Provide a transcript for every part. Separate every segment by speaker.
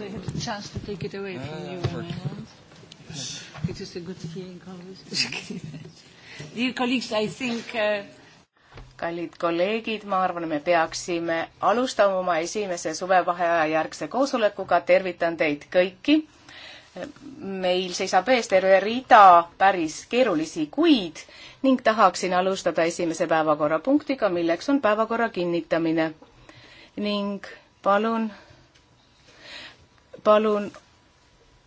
Speaker 1: So you have the chance to take it away from ah, you when you want. Yes. It is a good hearing always.
Speaker 2: Dear colleagues, I think uh, kallid kolleegid, ma arvan, me peaksime alustama oma esimese suvevaheaja järgse koosolekuga. tervitan teid kõiki. meil seisab ees terve rida päris keerulisi kuid ning tahaksin alustada esimese päevakorrapunktiga, milleks on päevakorra kinnitamine. ning palun palun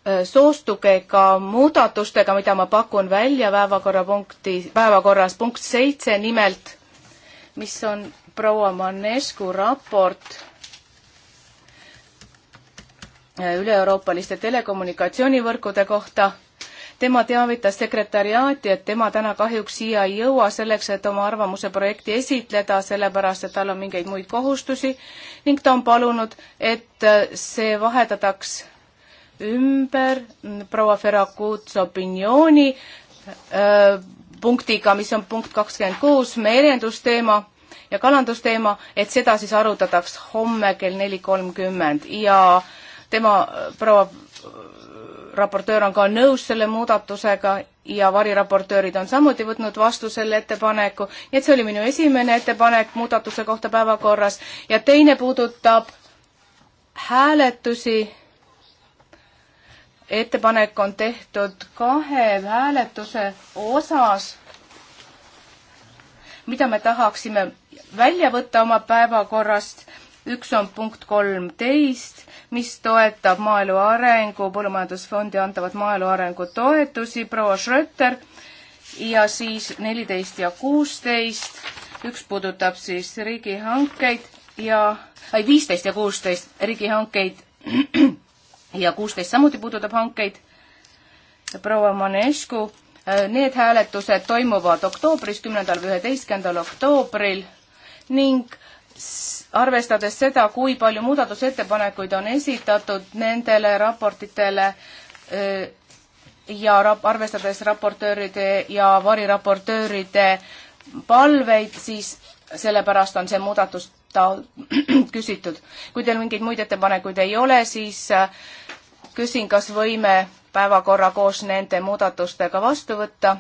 Speaker 2: äh, soostuge ka muudatustega, mida ma pakun välja päevakorrapunkti, päevakorras punkt seitse nimelt, mis on proua Manescu raport äh, üle-euroopaliste telekommunikatsioonivõrkude kohta tema teavitas sekretäriaati, et tema täna kahjuks siia ei jõua selleks, et oma arvamuse projekti esitleda, sellepärast et tal on mingeid muid kohustusi ning ta on palunud, et see vahetataks ümber proua Ferrakuts opiniooni äh, punktiga, mis on punkt kakskümmend kuus, merendusteema ja kalandusteema, et seda siis arutataks homme kell neli kolmkümmend ja tema äh, proua raportöör on ka nõus selle muudatusega ja variraportöörid on samuti võtnud vastu selle ettepaneku, nii et see oli minu esimene ettepanek muudatuse kohta päevakorras ja teine puudutab hääletusi. ettepanek on tehtud kahe hääletuse osas, mida me tahaksime välja võtta oma päevakorrast üks on punkt kolmteist, mis toetab maaelu arengu, Põllumajandusfondi antavat maaelu arengu toetusi, proua Schröter, ja siis neliteist ja kuusteist, üks puudutab siis riigihankeid ja, ei viisteist ja kuusteist riigihankeid ja kuusteist samuti puudutab hankeid, proua Manescu, äh, need hääletused toimuvad oktoobris, kümnendal või üheteistkümnendal oktoobril ning arvestades seda, kui palju muudatusettepanekuid on esitatud nendele raportitele eh, ja rap-, arvestades raportööride ja variraportööride palveid, siis sellepärast on see muudatus ta-, küsitud. kui teil mingeid muid ettepanekuid ei ole, siis eh, küsin, kas võime päevakorra koos nende muudatustega vastu võtta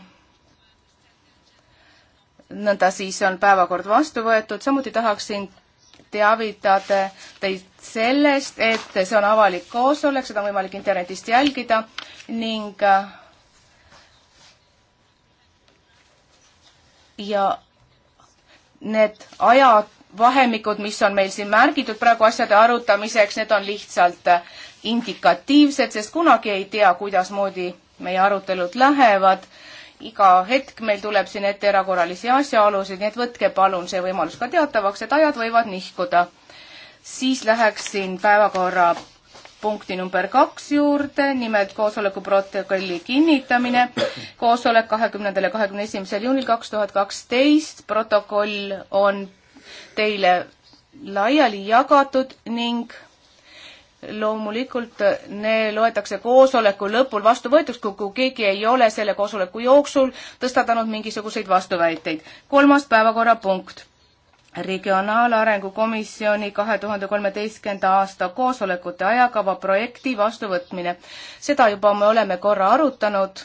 Speaker 2: nõnda siis on päevakord vastu võetud, samuti tahaksin teavitada teid sellest, et see on avalik koosolek, seda on võimalik internetist jälgida ning äh, ja need ajavahemikud, mis on meil siin märgitud praegu asjade arutamiseks, need on lihtsalt indikatiivsed, sest kunagi ei tea, kuidasmoodi meie arutelud lähevad iga hetk meil tuleb siin ette erakorralisi asjaolusid, nii et võtke palun see võimalus ka teatavaks, et ajad võivad nihkuda. siis läheksin päevakorra punkti number kaks juurde, nimelt koosoleku protokolli kinnitamine. koosolek kahekümnendal ja kahekümne esimesel juunil kaks tuhat kaksteist, protokoll on teile laiali jagatud ning loomulikult eh, ne loetakse koosoleku lõpul vastuvõetuks, kui keegi ei ole selle koosoleku jooksul tõstatanud mingisuguseid vastuväiteid. kolmas päevakorrapunkt. regionaalarengu komisjoni kahe tuhande kolmeteistkümnenda aasta koosolekute ajakava projekti vastuvõtmine. seda juba me oleme korra arutanud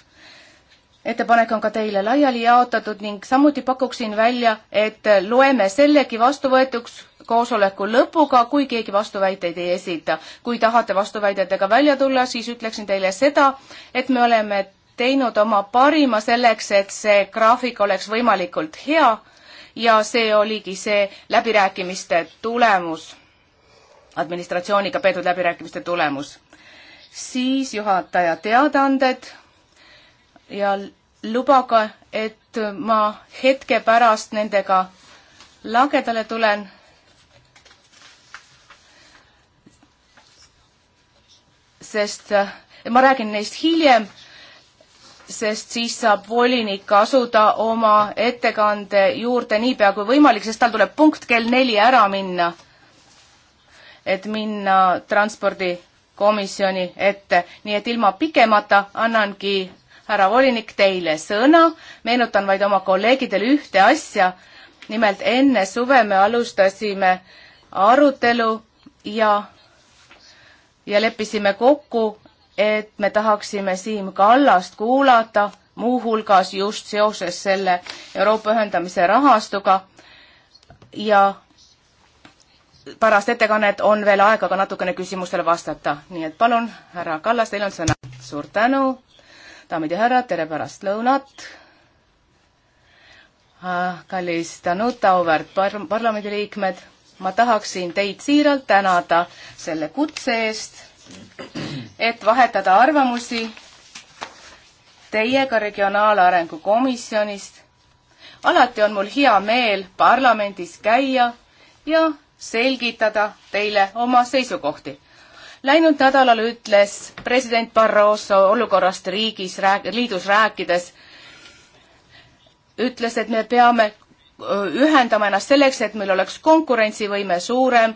Speaker 2: ettepanek on ka teile laiali jaotatud ning samuti pakuksin välja, et loeme sellegi vastuvõetuks, koosoleku lõpuga, kui keegi vastuväiteid ei esita. kui tahate vastuväidetega välja tulla, siis ütleksin teile seda, et me oleme teinud oma parima selleks, et see graafik oleks võimalikult hea ja see oligi see läbirääkimiste tulemus, administratsiooniga peetud läbirääkimiste tulemus. siis juhataja teadaanded ja lubage, et ma hetke pärast nendega lagedale tulen sest äh, ma räägin neist hiljem, sest siis saab volinik asuda oma ettekande juurde niipea kui võimalik, sest tal tuleb punkt kell neli ära minna, et minna transpordikomisjoni ette. nii et ilma pikemata annangi härra volinik teile sõna, meenutan vaid oma kolleegidele ühte asja, nimelt enne suve me alustasime arutelu ja ja leppisime kokku, et me tahaksime Siim Kallast kuulata, muuhulgas just seoses selle Euroopa ühendamise rahastuga ja pärast ettekannet on veel aega ka natukene küsimustele vastata, nii et palun, härra Kallas, teil on sõna. suur tänu, daamid ja härrad, tere pärastlõunat. Ah, kallis Danuta, auväärt par-, parlamendiliikmed ma tahaksin teid siiralt tänada selle kutse eest, et vahetada arvamusi teiega Regionaalarengu Komisjonist. alati on mul hea meel parlamendis käia ja selgitada teile oma seisukohti. Läinud nädalal ütles president Barroso olukorrast riigis, liidus rääkides, ütles, et me peame ühendama ennast selleks, et meil oleks konkurentsivõime suurem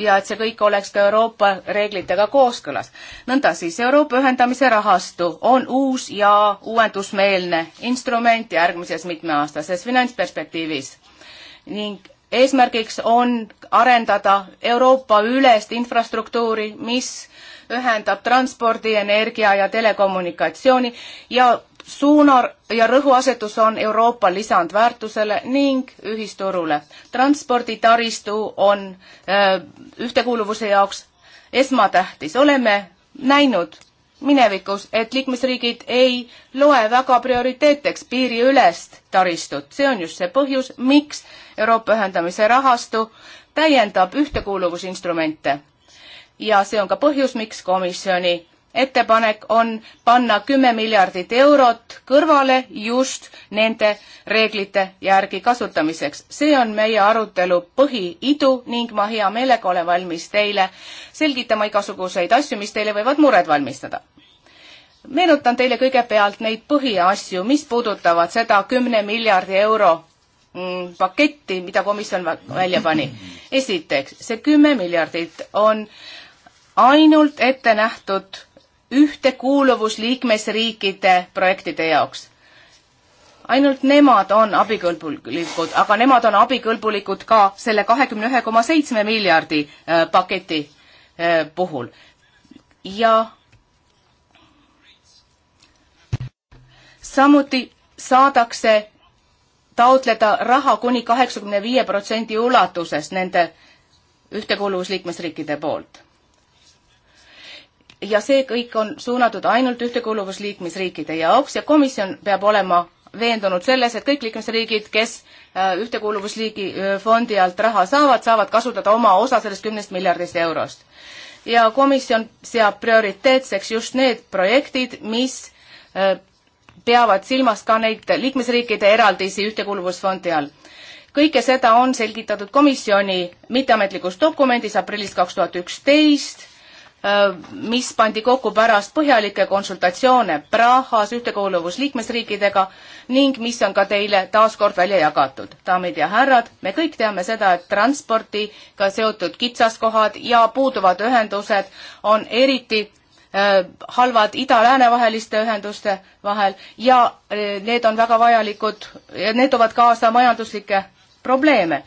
Speaker 2: ja et see kõik oleks ka Euroopa reeglitega kooskõlas. nõnda siis, Euroopa ühendamise rahastu on uus ja uuendusmeelne instrument järgmises mitmeaastases finantsperspektiivis ning eesmärgiks on arendada Euroopa ülest infrastruktuuri, mis ühendab transpordi, energia ja telekommunikatsiooni ja suuna ja rõhuasetus on Euroopa lisandväärtusele ning ühisturule. transporditaristu on öö, äh, ühtekuuluvuse jaoks esmatähtis. oleme näinud minevikus, et liikmesriigid ei loe väga prioriteeteks piiriülest taristut. see on just see põhjus, miks Euroopa ühendamise rahastu täiendab ühtekuuluvusinstrumente. ja see on ka põhjus, miks komisjoni ettepanek on panna kümme miljardit eurot kõrvale just nende reeglite järgi kasutamiseks. see on meie arutelu põhiidu ning ma hea meelega olen valmis teile selgitama igasuguseid asju, mis teile võivad mured valmistada meenutan teile kõigepealt neid põhiasju, mis puudutavad seda kümne miljardi euro mm, paketti, mida komisjon välja pani. esiteks, see kümme miljardit on ainult ette nähtud ühtekuuluvus liikmesriikide projektide jaoks. ainult nemad on abikõlbulikud, aga nemad on abikõlbulikud ka selle kahekümne ühe koma seitsme miljardi äh, paketi äh, puhul. ja samuti saadakse taotleda raha kuni kaheksakümne viie protsendi ulatuses nende ühtekuuluvusliikmesriikide poolt ja see kõik on suunatud ainult ühtekuuluvusliikmesriikide jaoks ja komisjon peab olema veendunud selles, et kõik liikmesriigid, kes äh, ühtekuuluvusliigi äh, fondi alt raha saavad, saavad kasutada oma osa sellest kümnest miljardist eurost. ja komisjon seab prioriteetseks just need projektid, mis äh, peavad silmas ka neid liikmesriikide eraldisi ühtekuuluvusfondi all. kõike seda on selgitatud komisjoni mitteametlikus dokumendis aprillist kaks tuhat üksteist Äh, mis pandi kokku pärast põhjalikke konsultatsioone Prahas ühtekuuluvus liikmesriikidega ning mis on ka teile taaskord välja jagatud. daamid ja härrad, me kõik teame seda, et transpordiga seotud kitsaskohad ja puuduvad ühendused on eriti äh, halvad ida-lääne vaheliste ühenduste vahel ja äh, need on väga vajalikud ja need toovad kaasa majanduslikke probleeme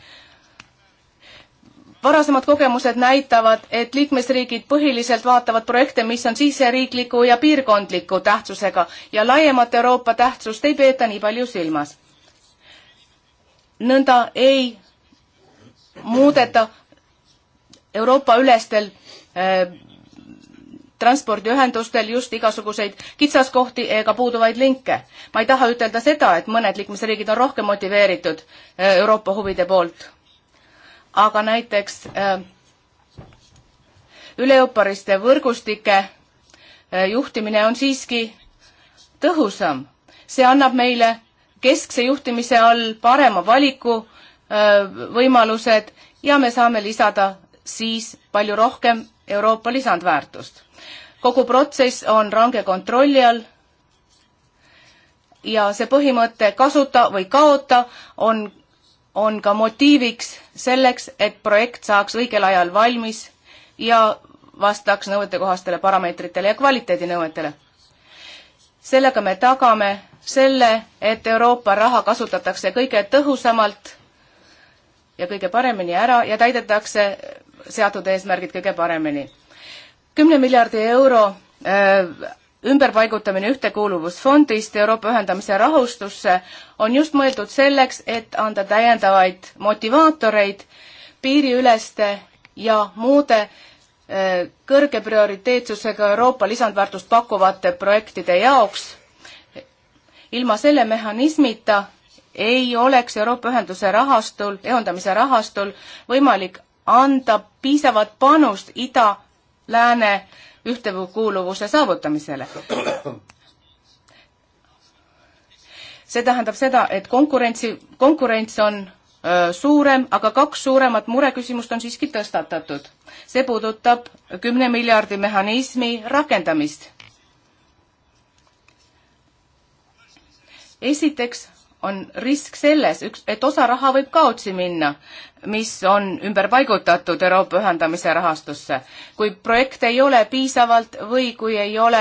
Speaker 2: varasemad kogemused näitavad, et liikmesriigid põhiliselt vaatavad projekte, mis on siseriikliku ja piirkondliku tähtsusega ja laiemat Euroopa tähtsust ei peeta nii palju silmas. nõnda ei muudeta Euroopa ülestel äh, transpordiühendustel just igasuguseid kitsaskohti ega puuduvaid linke. ma ei taha ütelda seda, et mõned liikmesriigid on rohkem motiveeritud äh, Euroopa huvide poolt aga näiteks äh, üleeupariste võrgustike äh, juhtimine on siiski tõhusam. see annab meile keskse juhtimise all parema valiku äh, võimalused ja me saame lisada siis palju rohkem Euroopa lisandväärtust. kogu protsess on range kontrolli all ja see põhimõte kasuta või kaota on on ka motiiviks selleks, et projekt saaks õigel ajal valmis ja vastaks nõuetekohastele parameetritele ja kvaliteedinõuetele. sellega me tagame selle, et Euroopa raha kasutatakse kõige tõhusamalt ja kõige paremini ära ja täidetakse seatud eesmärgid kõige paremini. kümne miljardi euro äh, ümberpaigutamine Ühtekuuluvusfondist Euroopa ühendamise rahustusse on just mõeldud selleks, et anda täiendavaid motivaatoreid piiriüleste ja muude äh, kõrge prioriteetsusega Euroopa lisandväärtust pakkuvate projektide jaoks. ilma selle mehhanismita ei oleks Euroopa ühenduse rahastul, ühendamise rahastul võimalik anda piisavat panust ida-lääne äh, ühtekuuluvuse saavutamisele. see tähendab seda, et konkurentsi, konkurents on öö, suurem, aga kaks suuremat mureküsimust on siiski tõstatatud. see puudutab kümne miljardi mehhanismi rakendamist. esiteks on risk selles, üks, et osa raha võib kaotsi minna, mis on ümber paigutatud Euroopa ühendamise rahastusse. kui projekte ei ole piisavalt või kui ei ole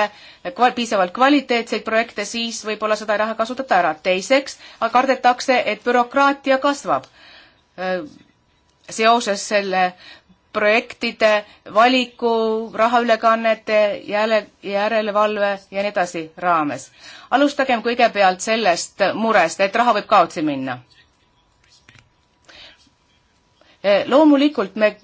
Speaker 2: kval piisavalt kvaliteetseid projekte, siis võib-olla seda raha kasutata ära. teiseks kardetakse, et bürokraatia kasvab seoses selle projektide valiku, rahaülekannete jäle, järelevalve ja nii edasi raames. alustagem kõigepealt sellest murest, et raha võib kaotsi minna. E, loomulikult me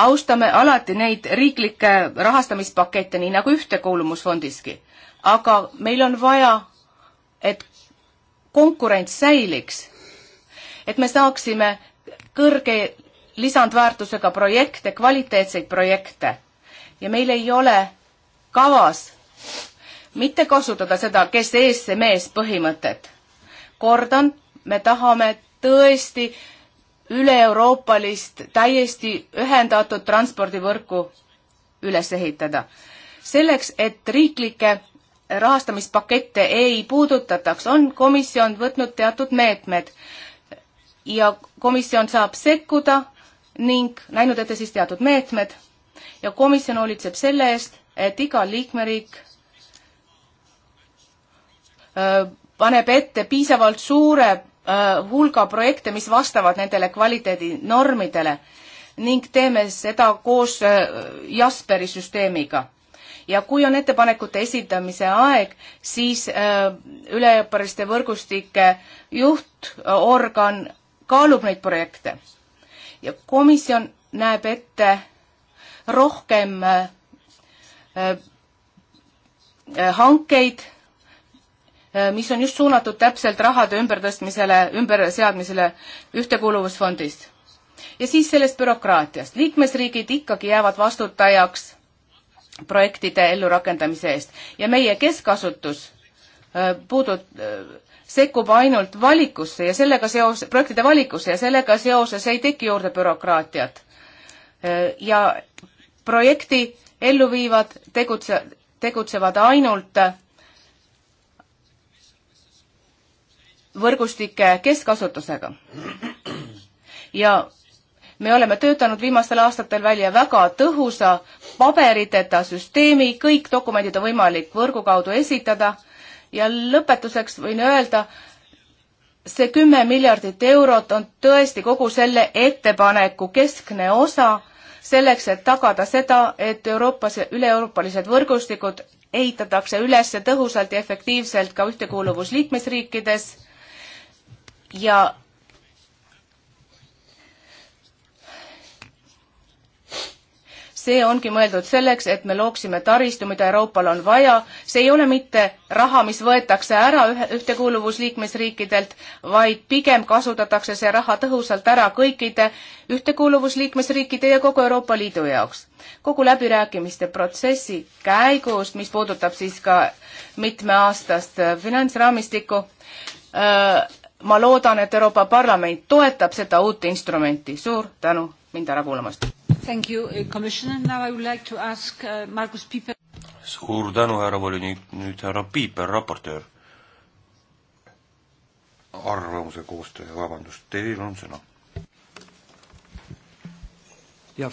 Speaker 2: austame alati neid riiklikke rahastamispakette, nii nagu Ühtekuuluvusfondiski, aga meil on vaja, et konkurents säiliks, et me saaksime kõrge lisandväärtusega projekte, kvaliteetseid projekte. ja meil ei ole kavas mitte kasutada seda, kes ees, see mees põhimõtet. kordan, me tahame tõesti üle-euroopalist täiesti ühendatud transpordivõrku üles ehitada. selleks, et riiklikke rahastamispakette ei puudutataks, on komisjon võtnud teatud meetmed ja komisjon saab sekkuda ning näinud ette siis teatud meetmed ja komisjon hoolitseb selle eest, et iga liikmeriik äh, paneb ette piisavalt suure äh, hulga projekte, mis vastavad nendele kvaliteedinormidele ning teeme seda koos äh, Jasperi süsteemiga. ja kui on ettepanekute esitamise aeg, siis üleeuroopaliste võrgustike juhtorgan kaalub neid projekte ja komisjon näeb ette rohkem äh, äh, hankeid, äh, mis on just suunatud täpselt rahade ümbertõstmisele, ümberseadmisele Ühtekuuluvusfondist. ja siis sellest bürokraatiast. liikmesriigid ikkagi jäävad vastutajaks projektide ellurakendamise eest ja meie keskasutus puudut-, sekkub ainult valikusse ja sellega seos, projektide valikusse ja sellega seoses ei teki juurde bürokraatiat. ja projekti ellu viivad, tegutse, tegutsevad ainult võrgustike keskasutusega. ja me oleme töötanud viimastel aastatel välja väga tõhusa paberiteta süsteemi, kõik dokumendid on võimalik võrgu kaudu esitada ja lõpetuseks võin öelda, see kümme miljardit eurot on tõesti kogu selle ettepaneku keskne osa, selleks et tagada seda, et Euroopas, üle-euroopalised võrgustikud ehitatakse üles tõhusalt ja efektiivselt ka ühtekuuluvus liikmesriikides ja see ongi mõeldud selleks, et me looksime taristu, mida Euroopal on vaja. see ei ole mitte raha, mis võetakse ära ühe, ühtekuuluvusliikmesriikidelt, vaid pigem kasutatakse see raha tõhusalt ära kõikide ühtekuuluvusliikmesriikide ja kogu Euroopa Liidu jaoks. kogu läbirääkimiste protsessi käigus, mis puudutab siis ka mitmeaastast äh, finantsraamistikku, äh, ma loodan, et Euroopa Parlament toetab seda uut instrumenti. suur tänu mind ära kuulamast! Thank you, uh, commissioner. Now I would like to ask
Speaker 1: uh, Margus Piiper.
Speaker 3: suur tänu, härra volinik, nüüd härra Piiper, raportöör. arvamuse koostöö, vabandust, teil on sõna. ja,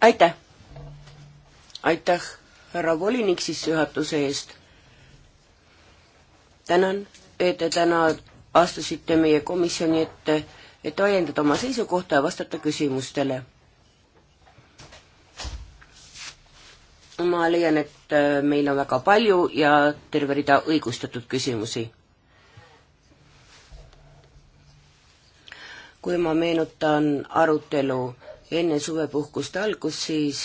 Speaker 1: aitäh. aitäh, härra volinik sissejuhatuse eest. tänan, et te täna astusite meie komisjoni ette et ajendada oma seisukohta ja vastata küsimustele. ma leian, et äh, meil on väga palju ja terve rida õigustatud küsimusi. kui ma meenutan arutelu enne suvepuhkuste algust, siis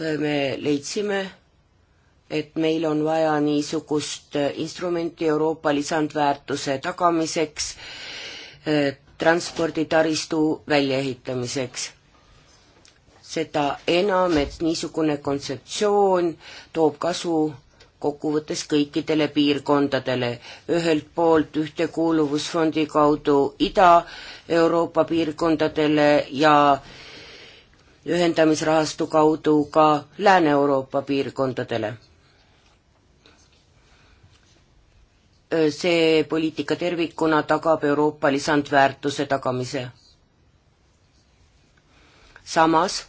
Speaker 1: äh, me leidsime, et meil on vaja niisugust äh, instrumenti Euroopa lisandväärtuse tagamiseks, transporditaristu väljaehitamiseks. seda enam, et niisugune kontseptsioon toob kasu kokkuvõttes kõikidele piirkondadele, ühelt poolt Ühtekuuluvusfondi kaudu Ida-Euroopa piirkondadele ja ühendamisrahastu kaudu ka Lääne-Euroopa piirkondadele see poliitika tervikuna tagab Euroopa lisandväärtuse tagamise. samas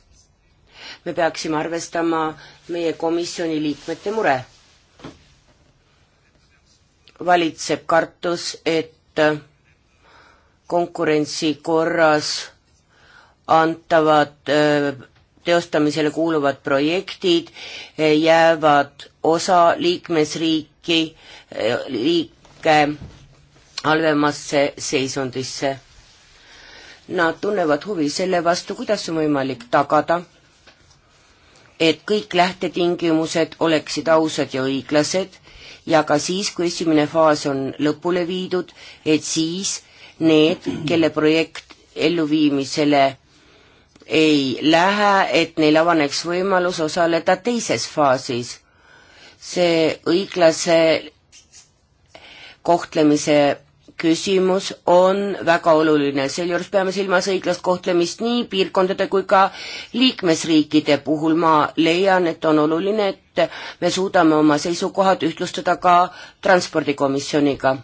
Speaker 1: me peaksime arvestama meie komisjoni liikmete mure. valitseb kartus, et konkurentsi korras antavad teostamisele kuuluvad projektid eh, jäävad osa liikmesriiki, eh, liike halvemasse seisundisse. Nad tunnevad huvi selle vastu, kuidas on võimalik tagada, et kõik lähtetingimused oleksid ausad ja õiglased ja ka siis, kui esimene faas on lõpule viidud, et siis need, kelle projekt elluviimisele ei lähe, et neil avaneks võimalus osaleda teises faasis. see õiglase kohtlemise küsimus on väga oluline, sealjuures peame silmas õiglast kohtlemist nii piirkondade kui ka liikmesriikide puhul. ma leian, et on oluline, et me suudame oma seisukohad ühtlustada ka transpordikomisjoniga.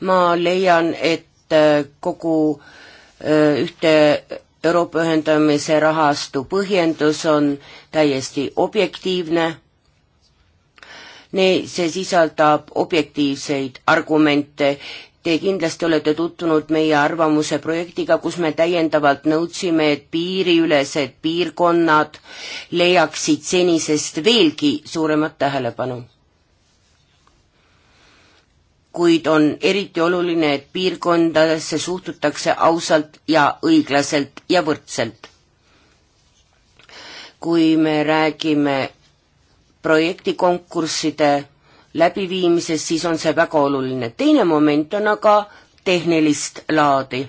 Speaker 1: ma leian, et kogu äh, Äh, ühte Euroopa ühendamise rahastu põhjendus on täiesti objektiivne. see sisaldab objektiivseid argumente. Te kindlasti olete tutvunud meie arvamuse projektiga, kus me täiendavalt nõudsime, et piiriülesed piirkonnad leiaksid senisest veelgi suuremat tähelepanu kuid on eriti oluline, et piirkondadesse suhtutakse ausalt ja õiglaselt ja võrdselt. kui me räägime projektikonkursside läbiviimises, siis on see väga oluline. teine moment on aga tehnilist laadi.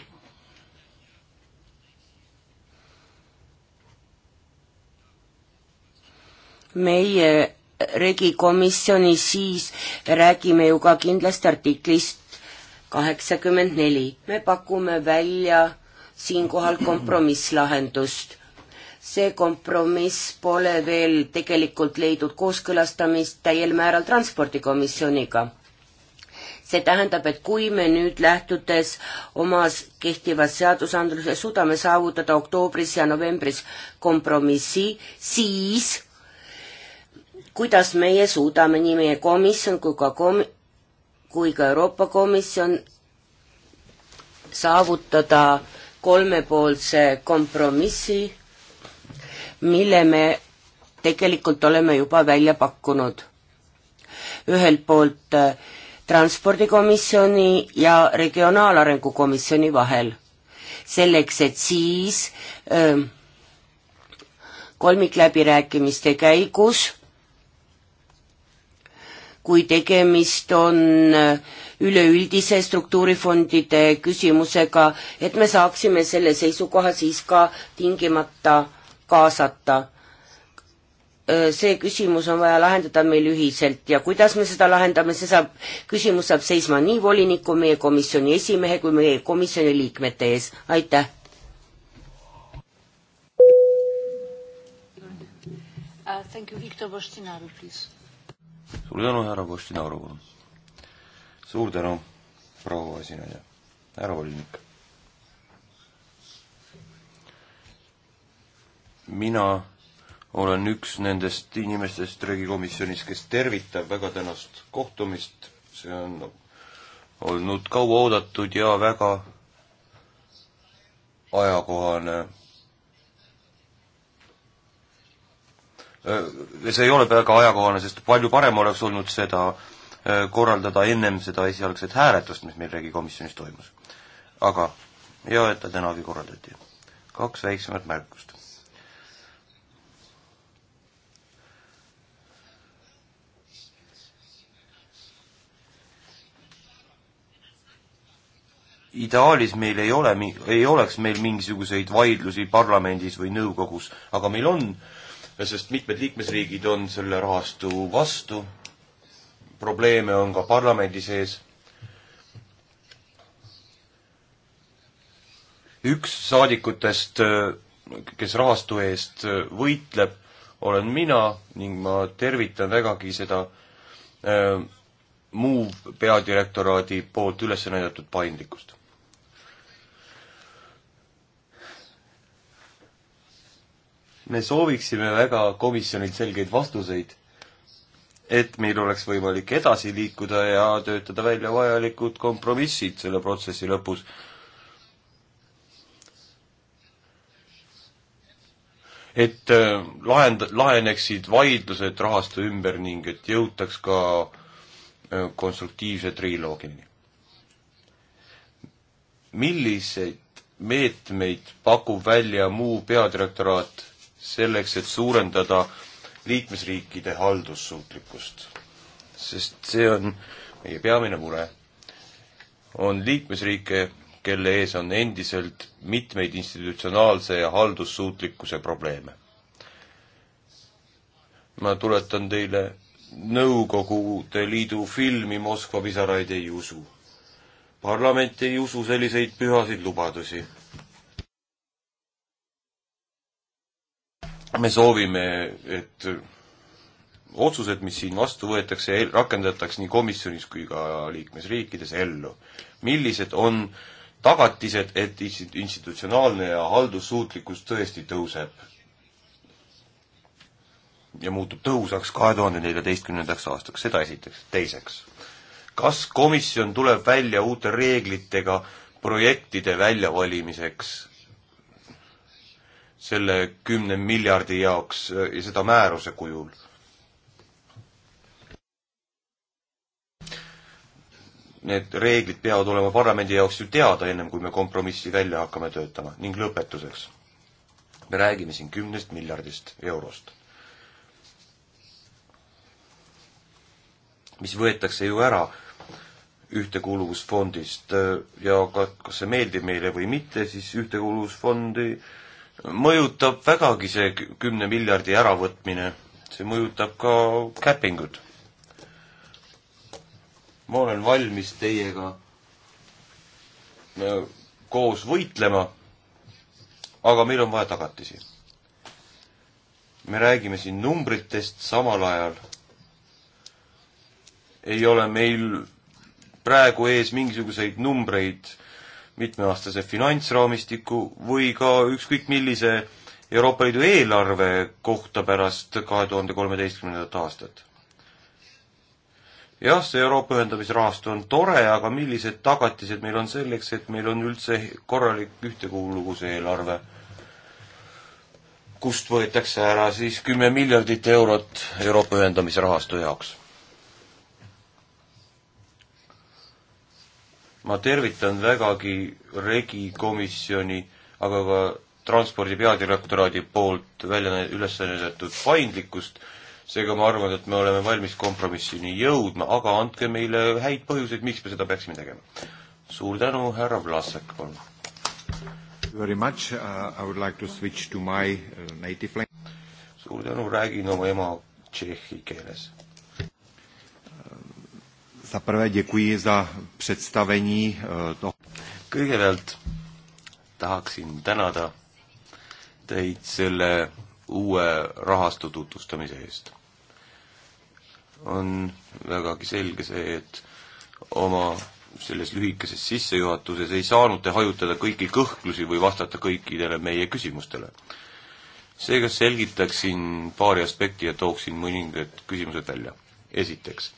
Speaker 1: meie regikomisjoni, siis räägime ju ka kindlasti artiklist kaheksakümmend neli. me pakume välja siinkohal kompromisslahendust. see kompromiss pole veel tegelikult leidnud kooskõlastamist täiel määral Transpordikomisjoniga see tähendab, et kui me nüüd lähtudes omas kehtivas seadusandluses suudame saavutada oktoobris ja novembris kompromissi, siis kuidas meie suudame, nii meie komisjon kui ka kom-, kui ka Euroopa Komisjon saavutada kolmepoolse kompromissi, mille me tegelikult oleme juba välja pakkunud. ühelt poolt äh, transpordikomisjoni ja regionaalarengu komisjoni vahel. selleks, et siis ähm, kolmikläbirääkimiste käigus kui tegemist on äh, üleüldise struktuurifondide küsimusega, et me saaksime selle seisukoha siis ka tingimata kaasata. Äh, see küsimus on vaja lahendada meil ühiselt ja kuidas me seda lahendame, see saab, küsimus saab seisma nii voliniku, meie komisjoni esimehe kui meie komisjoni liikmete ees, aitäh Uh, thank you. Victor Boștinaru, please suur tänu,
Speaker 3: härra Postinaru, palun. suur tänu, proua esinaine, härra volinik. mina olen üks nendest inimestest regikomisjonis, kes tervitab väga tänast kohtumist, see on olnud kaua oodatud ja väga ajakohane Äh, see ei ole väga ajakohane, sest palju parem oleks olnud seda äh, korraldada ennem seda esialgset hääletust, mis meil regikomisjonis toimus. aga hea, et ta tänagi korraldati. kaks väiksemat märkust. ideaalis meil ei ole, ei oleks meil mingisuguseid vaidlusi parlamendis või nõukogus, aga meil on äh, sest mitmed liikmesriigid on selle rahastu vastu. probleeme on ka parlamendi sees. üks saadikutest, kes rahastu eest võitleb, olen mina ning ma tervitan vägagi seda äh, muu peadirektoraadi poolt üles näidatud paindlikkust me sooviksime väga komisjonilt selgeid vastuseid, et meil oleks võimalik edasi liikuda ja töötada välja vajalikud kompromissid selle protsessi lõpus. et äh, lahend-, laheneksid vaidlused rahastu ümber ning et jõutaks ka äh, konstruktiivse triloogini. milliseid meetmeid pakub välja muu peadirektoraat selleks, et suurendada liikmesriikide haldussuutlikkust. sest see on meie peamine mure. on liikmesriike, kelle ees on endiselt mitmeid institutsionaalse ja haldussuutlikkuse probleeme. ma tuletan teile Nõukogude Liidu filmi Moskva pisaraid ei usu. parlament ei usu selliseid pühasid lubadusi me soovime, et otsused, mis siin vastu võetakse, rakendataks nii komisjonis kui ka liikmesriikides ellu. millised on tagatised, et institutsionaalne ja haldussuutlikkus tõesti tõuseb? ja muutub tõhusaks kahe tuhande neljateistkümnendaks aastaks, seda esiteks. teiseks, kas komisjon tuleb välja uute reeglitega projektide väljavalimiseks selle kümne miljardi jaoks äh, ja seda määruse kujul. Need reeglid peavad olema parlamendi jaoks ju teada, ennem kui me kompromissi välja hakkame töötama ning lõpetuseks. me räägime siin kümnest miljardist eurost. mis võetakse ju ära ühtekuuluvusfondist äh, ja ka, kas see meeldib meile või mitte, siis ühtekuuluvusfondi äh, mõjutab vägagi see kümne miljardi äravõtmine, see mõjutab ka käpingut. ma olen valmis teiega koos võitlema, aga meil on vaja tagatisi. me räägime siin numbritest samal ajal. ei ole meil praegu ees mingisuguseid numbreid mitmeaastase finantsraamistiku või ka ükskõik millise Euroopa Liidu eelarve kohta pärast kahe tuhande kolmeteistkümnendat aastat. jah, see Euroopa ühendamisrahastu on tore, aga millised tagatised meil on selleks, et meil on üldse korralik ühtekuuluvuse eelarve, kust võetakse ära siis kümme miljardit eurot Euroopa ühendamisrahastu jaoks ma tervitan vägagi Regi komisjoni, aga ka transpordi peadirektoraadi poolt välja üles näidatud paindlikkust, seega ma arvan, et me oleme valmis kompromissini jõudma, aga andke meile häid põhjuseid, miks me seda peaksime tegema. suur tänu, härra Vlasek, palun. Very much uh,, I would like to switch to my uh, native language. suur tänu, räägin oma ema tšehhi keeles Zaprvé děkuji za představení eh, toho. kõigepealt tahaksin tänada teid selle uue rahastu tutvustamise eest. on vägagi selge see, et oma selles lühikeses sissejuhatuses ei saanud te hajutada kõiki kõhklusi või vastata kõikidele meie küsimustele. seega selgitaksin paari aspekti ja tooksin mõningad küsimused välja. esiteks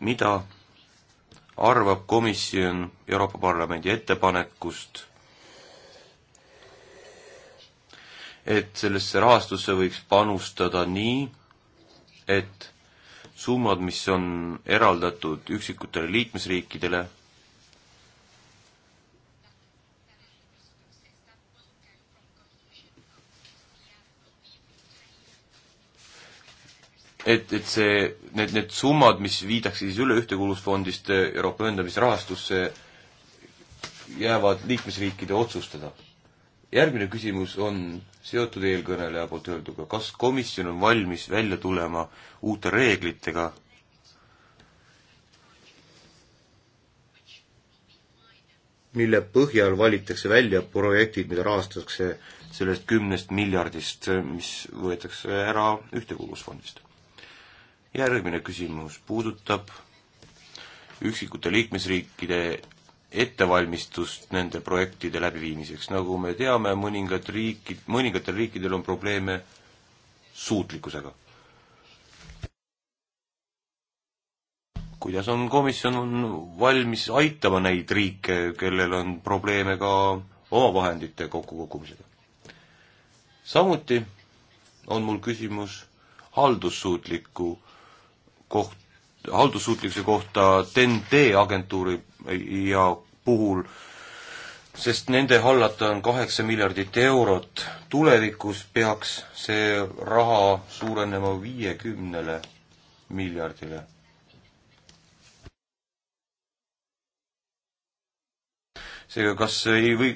Speaker 3: mida arvab komisjon Euroopa Parlamendi ettepanekust, et sellesse rahastusse võiks panustada nii, et summad, mis on eraldatud üksikutele liikmesriikidele, et, et see, need, need summad, mis viidakse siis üle Ühtekuuluvusfondist eh, Euroopa ühendamisrahastusse, jäävad liikmesriikide otsustada. järgmine küsimus on seotud eelkõneleja poolt öelduga, kas komisjon on valmis välja tulema uute reeglitega, mille põhjal valitakse välja projektid, mida rahastatakse sellest kümnest miljardist, mis võetakse ära Ühtekuuluvusfondist järgmine küsimus puudutab üksikute liikmesriikide ettevalmistust nende projektide läbiviimiseks. nagu me teame, mõningad riikid, mõningatel riikidel on probleeme suutlikkusega. kuidas on komisjon valmis aitama neid riike, kellel on probleeme ka omavahendite kokkukogumisega? samuti on mul küsimus haldussuutliku koht, haldussuutlikkuse kohta TEN-T agentuuri ja puhul, sest nende hallata on kaheksa miljardit eurot. tulevikus peaks see raha suurenema viiekümnele miljardile. seega, kas ei või,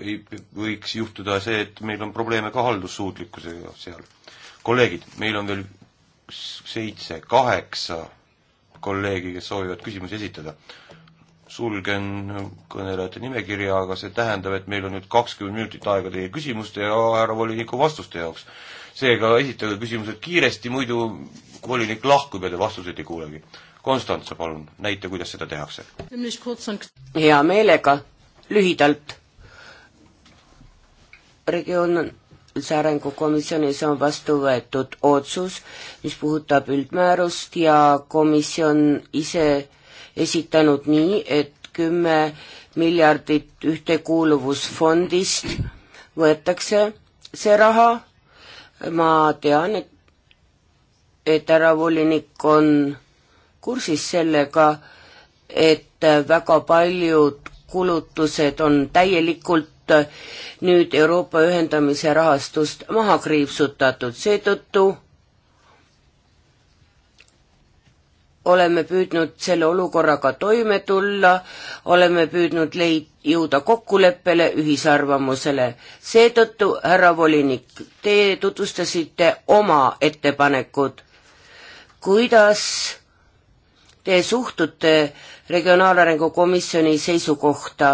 Speaker 3: ei võiks juhtuda see, et meil on probleeme ka haldussuutlikkusega seal? kolleegid, meil on veel üks, seitse, kaheksa kolleegi, kes soovivad küsimusi esitada. sulgen kõnelejate nimekirja, aga see tähendab, et meil on nüüd kakskümmend minutit aega teie küsimuste ja härra voliniku vastuste jaoks. seega esitage küsimused kiiresti, muidu volinik lahkub ja te vastuseid ei kuulegi. Konstantse, palun, näita, kuidas seda tehakse.
Speaker 1: hea meelega, lühidalt. regioon on see arengukomisjonis on vastu võetud otsus, mis puudutab üldmäärust ja komisjon ise esitanud nii, et kümme miljardit ühtekuuluvusfondist võetakse see raha. ma tean, et, et härra volinik on kursis sellega, et väga paljud kulutused on täielikult nüüd Euroopa ühendamise rahastust maha kriipsutatud, seetõttu oleme püüdnud selle olukorraga toime tulla, oleme püüdnud leid-, jõuda kokkuleppele, ühisarvamusele. seetõttu, härra volinik, te tutvustasite oma ettepanekud, kuidas te suhtute Regionaalarengu Komisjoni seisukohta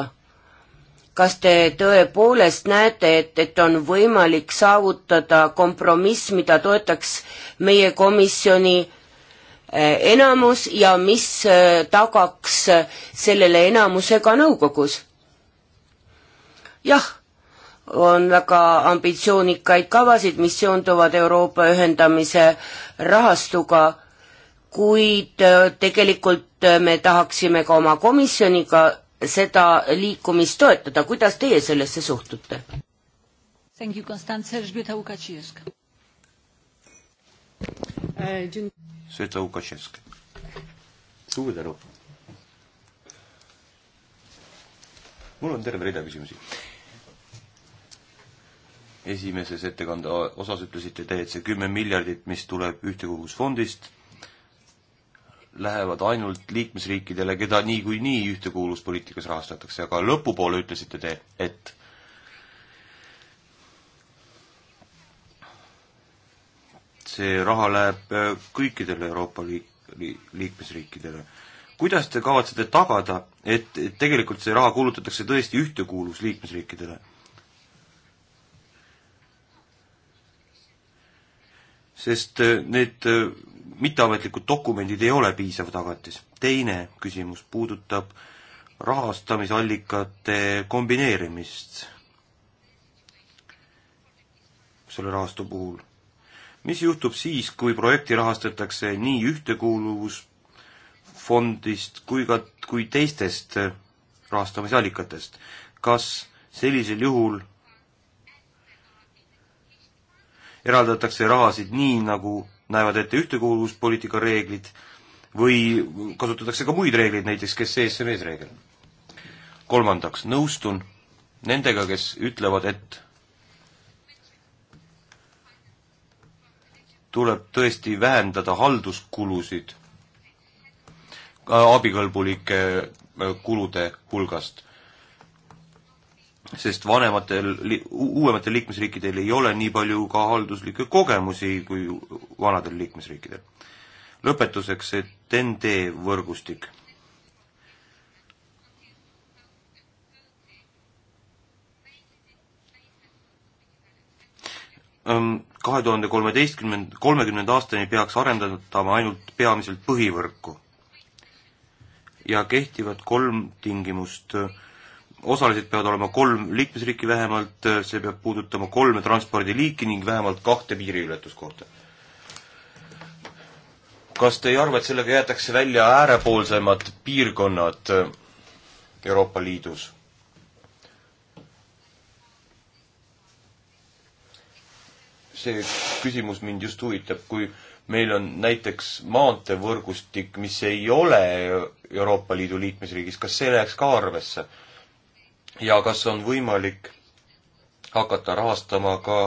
Speaker 1: kas te tõepoolest näete, et, et on võimalik saavutada kompromiss, mida toetaks meie komisjoni eh, enamus ja mis eh, tagaks eh, sellele enamuse ka nõukogus? jah, on väga ambitsioonikaid kavasid, mis seonduvad Euroopa ühendamise rahastuga, kuid tegelikult me tahaksime ka oma komisjoniga seda liikumist toetada, kuidas teie sellesse suhtute?
Speaker 3: Sveta Ukašesk. E, suur tänu. mul on terve rida küsimusi. esimeses ettekande osas ütlesite te, et see kümme miljardit, mis tuleb ühtekuuluvusfondist lähevad ainult liikmesriikidele, keda niikuinii nii ühtekuuluvuspoliitikas rahastatakse, aga lõpupoole ütlesite te, et see raha läheb äh, kõikidele Euroopa liik-, liikmesriikidele. kuidas te kavatsete tagada, et tegelikult see raha kulutatakse tõesti ühtekuuluvusliikmesriikidele? sest äh, need äh, mitteametlikud dokumendid ei ole piisav tagatis. teine küsimus puudutab rahastamisallikate kombineerimist selle rahastu puhul. mis juhtub siis, kui projekti rahastatakse nii ühtekuuluvusfondist kui ka, kui teistest rahastamisallikatest? kas sellisel juhul eraldatakse rahasid nii, nagu näevad ette ühtekuuluvuspoliitika reeglid või kasutatakse ka muid reegleid, näiteks kes ESM-is reegel. kolmandaks, nõustun nendega, kes ütlevad, et tuleb tõesti vähendada halduskulusid abikõlbulike kulude hulgast sest vanematel, uuematel liikmesriikidel ei ole nii palju ka halduslikke kogemusi kui vanadel liikmesriikidel. lõpetuseks see TEN-T võrgustik. kahe tuhande kolmeteistkümnend, kolmekümnenda aastani peaks arendatama ainult peamiselt põhivõrku. ja kehtivad kolm tingimust osalised peavad olema kolm liikmesriiki vähemalt, see peab puudutama kolme transpordiliiki ning vähemalt kahte piiriületuskohta. kas te ei arva, et sellega jäetakse välja äärepoolsemad piirkonnad Euroopa Liidus? see küsimus mind just huvitab, kui meil on näiteks maanteevõrgustik, mis ei ole Euroopa Liidu liikmesriigis, kas see läheks ka arvesse? ja kas on võimalik hakata rahastama ka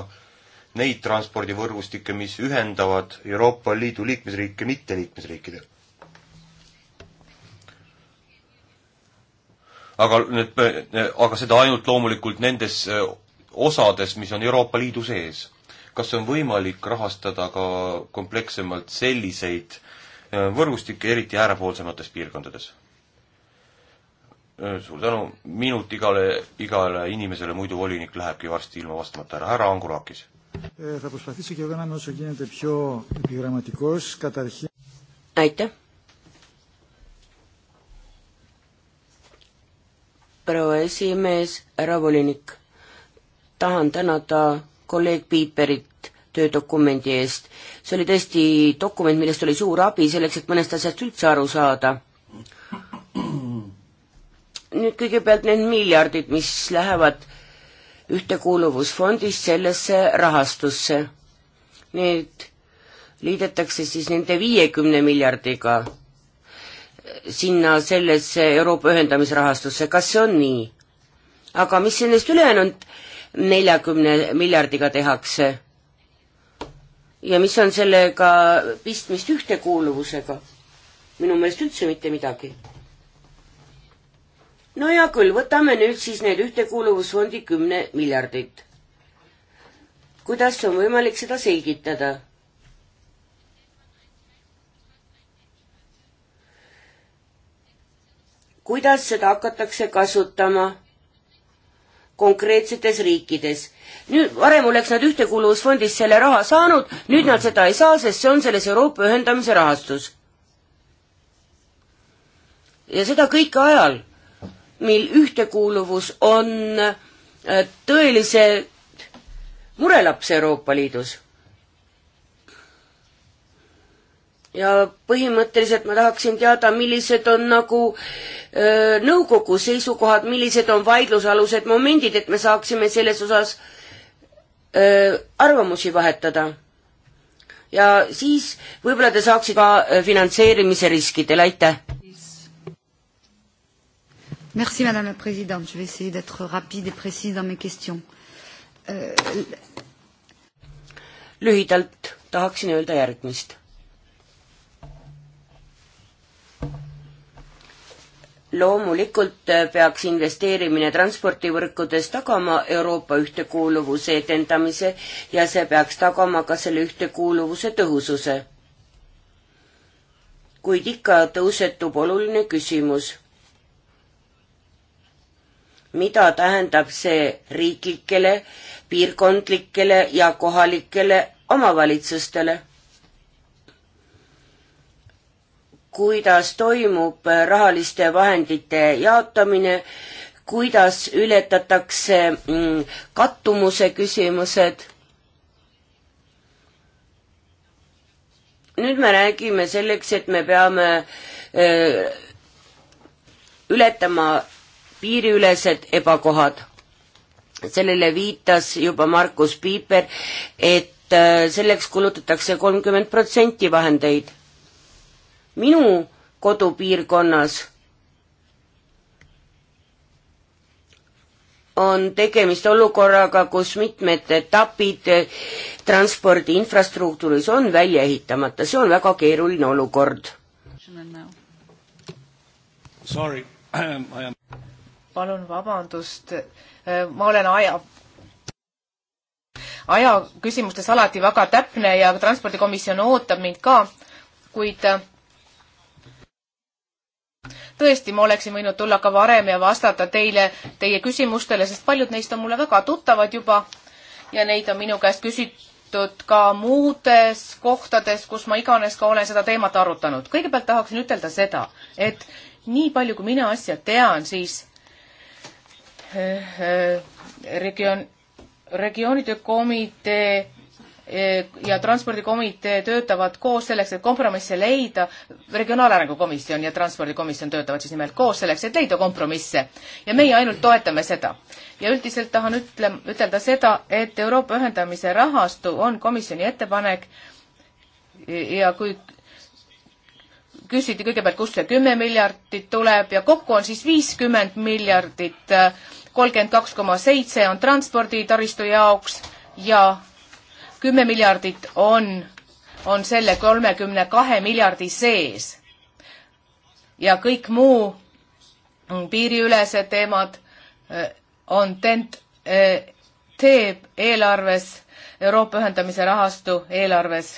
Speaker 3: neid transpordivõrgustikke, mis ühendavad Euroopa Liidu liikmesriike mitteliikmesriikidega? aga need, aga seda ainult loomulikult nendes eh, osades, mis on Euroopa Liidu sees. kas on võimalik rahastada ka komplekssemalt selliseid eh, võrgustikke, eriti äärepoolsemates piirkondades? Äh, suur tänu, minut igale, igale inimesele, muidu volinik lähebki varsti ilma vastamata ära, härra Angurakis.
Speaker 1: Eh, aitäh. proua esimees, härra volinik, tahan tänada kolleeg Piiperit töödokumendi eest. see oli tõesti dokument, millest oli suur abi selleks, et mõnest asjast üldse aru saada nüüd kõigepealt need miljardid, mis lähevad ühtekuuluvusfondist sellesse rahastusse. Need liidetakse siis nende viiekümne miljardiga sinna sellesse Euroopa ühendamisrahastusse, kas see on nii? aga mis sellest ülejäänud neljakümne miljardiga tehakse? ja mis on sellega pistmist ühtekuuluvusega? minu meelest üldse mitte midagi no hea küll, võtame nüüd siis need ühtekuuluvusfondi kümne miljardit. kuidas on võimalik seda selgitada? kuidas seda hakatakse kasutama konkreetsetes riikides. nüüd, varem oleks nad Ühtekuuluvusfondist selle raha saanud, nüüd nad seda ei saa, sest see on selles Euroopa ühendamise rahastus. ja seda kõike ajal, mil ühtekuuluvus on äh, tõelise murelaps Euroopa Liidus. ja põhimõtteliselt ma tahaksin teada, millised on nagu öö, äh, nõukogu seisukohad, millised on vaidlusalused momendid, et me saaksime selles osas öö, äh, arvamusi vahetada. ja siis võib-olla te saaksite ka finantseerimise riskidele, aitäh!
Speaker 2: Merci Madame la Présidente. Je vais
Speaker 3: essayer d'être rapide et précise dans mes questions. Euh...
Speaker 1: lühidalt tahaksin öelda järgmist. loomulikult peaks investeerimine transpordivõrkudes tagama Euroopa ühtekuuluvuse edendamise ja see peaks tagama ka selle ühtekuuluvuse tõhususe. kuid ikka tõusetub oluline küsimus mida tähendab see riiklikele, piirkondlikele ja kohalikele omavalitsustele. kuidas toimub rahaliste vahendite jaotamine, kuidas ületatakse mm, kattumuse küsimused nüüd me räägime selleks, et me peame öö, ületama piiriülesed ebakohad. sellele viitas juba Markus Piiper, et äh, selleks kulutatakse kolmkümmend protsenti vahendeid. minu kodupiirkonnas on tegemist olukorraga, kus mitmed etapid transpordi infrastruktuuris on välja ehitamata, see on väga keeruline olukord.
Speaker 3: Am
Speaker 2: palun vabandust, äh, ma olen aja, aja küsimustes alati väga täpne ja transpordikomisjon ootab mind ka, kuid äh, tõesti, ma oleksin võinud tulla ka varem ja vastata teile, teie küsimustele, sest paljud neist on mulle väga tuttavad juba ja neid on minu käest küsitud ka muudes kohtades, kus ma iganes ka olen seda teemat arutanud. kõigepealt tahaksin ütelda seda, et nii palju, kui mina asja tean, siis Eh, regioon, regioonide komitee eh, ja transpordikomitee töötavad koos selleks, et kompromisse leida. regionaalarengu komisjon ja transpordikomisjon töötavad siis nimelt koos selleks, et leida kompromisse ja meie ainult toetame seda. ja üldiselt tahan ütle, ütelda seda, et Euroopa ühendamise rahastu on komisjoni ettepanek ja kui küsiti kõigepealt, kust see kümme miljardit tuleb ja kokku on siis viiskümmend miljardit, kolmkümmend kaks koma seitse on transporditaristu jaoks ja kümme miljardit on, on selle kolmekümne kahe miljardi sees. ja kõik muu, mm, piiriülesed teemad eh, on TENT, eh, teeb eelarves, Euroopa ühendamise rahastu eelarves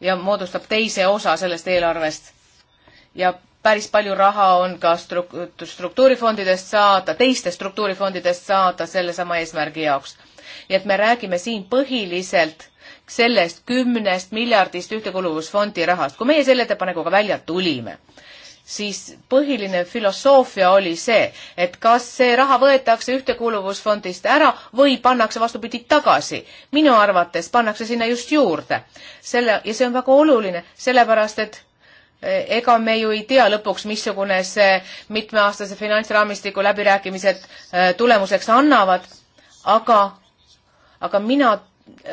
Speaker 2: ja moodustab teise osa sellest eelarvest ja päris palju raha on ka struktuurifondidest saada, teiste struktuurifondidest saada sellesama eesmärgi jaoks. nii et me räägime siin põhiliselt sellest kümnest miljardist ühtekuuluvusfondi rahast. kui meie selle ettepanekuga välja tulime, siis põhiline filosoofia oli see, et kas see raha võetakse ühtekuuluvusfondist ära või pannakse vastupidi tagasi. minu arvates pannakse sinna just juurde. selle, ja see on väga oluline, sellepärast et ega me ju ei tea lõpuks, missugune see mitmeaastase finantsraamistiku läbirääkimised äh, tulemuseks annavad, aga, aga mina,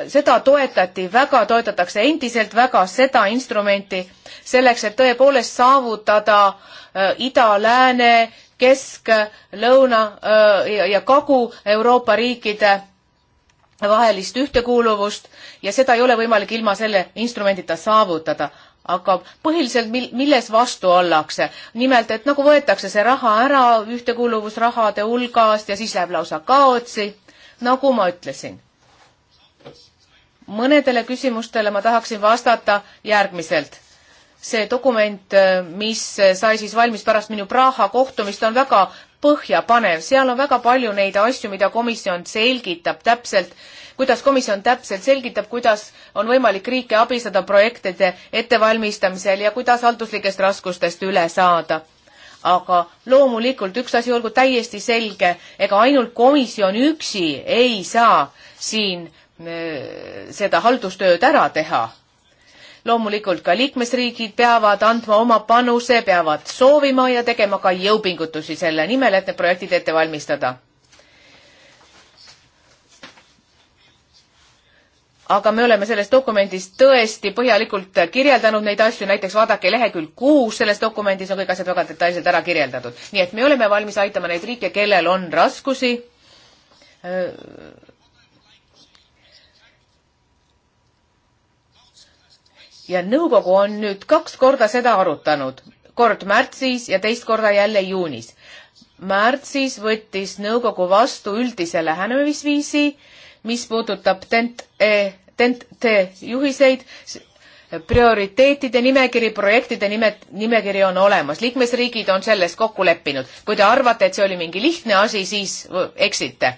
Speaker 2: seda toetati väga, toetatakse endiselt väga seda instrumenti selleks, et tõepoolest saavutada äh, ida-lääne, kesk, lõuna äh, ja, ja kagu Euroopa riikide vahelist ühtekuuluvust ja seda ei ole võimalik ilma selle instrumendita saavutada aga põhiliselt mil-, milles vastu ollakse? nimelt, et nagu võetakse see raha ära ühtekuuluvusrahade hulgast ja siis läheb lausa kaotsi, nagu ma ütlesin. mõnedele küsimustele ma tahaksin vastata järgmiselt. see dokument, mis sai siis valmis pärast minu Praha kohtumist, on väga põhjapanev, seal on väga palju neid asju, mida komisjon selgitab täpselt kuidas komisjon täpselt selgitab, kuidas on võimalik riike abistada projektide ettevalmistamisel ja kuidas halduslikest raskustest üle saada aga loomulikult üks asi olgu täiesti selge, ega ainult komisjon üksi ei saa siin äh, seda haldustööd ära teha. loomulikult ka liikmesriigid peavad andma oma panuse, peavad soovima ja tegema ka jõupingutusi selle nimel, et need projektid ette valmistada aga me oleme selles dokumendis tõesti põhjalikult kirjeldanud neid asju, näiteks vaadake lehekülg kuus, selles dokumendis on kõik asjad väga detailselt ära kirjeldatud. nii et me oleme valmis aitama neid riike, kellel on raskusi. ja nõukogu on nüüd kaks korda seda arutanud, kord märtsis ja teist korda jälle juunis. märtsis võttis nõukogu vastu üldise lähenemisviisi äh, mis puudutab TENT-E, TENT-T juhiseid, prioriteetide nimekiri, projektide nime, nimekiri on olemas, liikmesriigid on selles kokku leppinud. kui te arvate, et see oli mingi lihtne asi, siis eksite.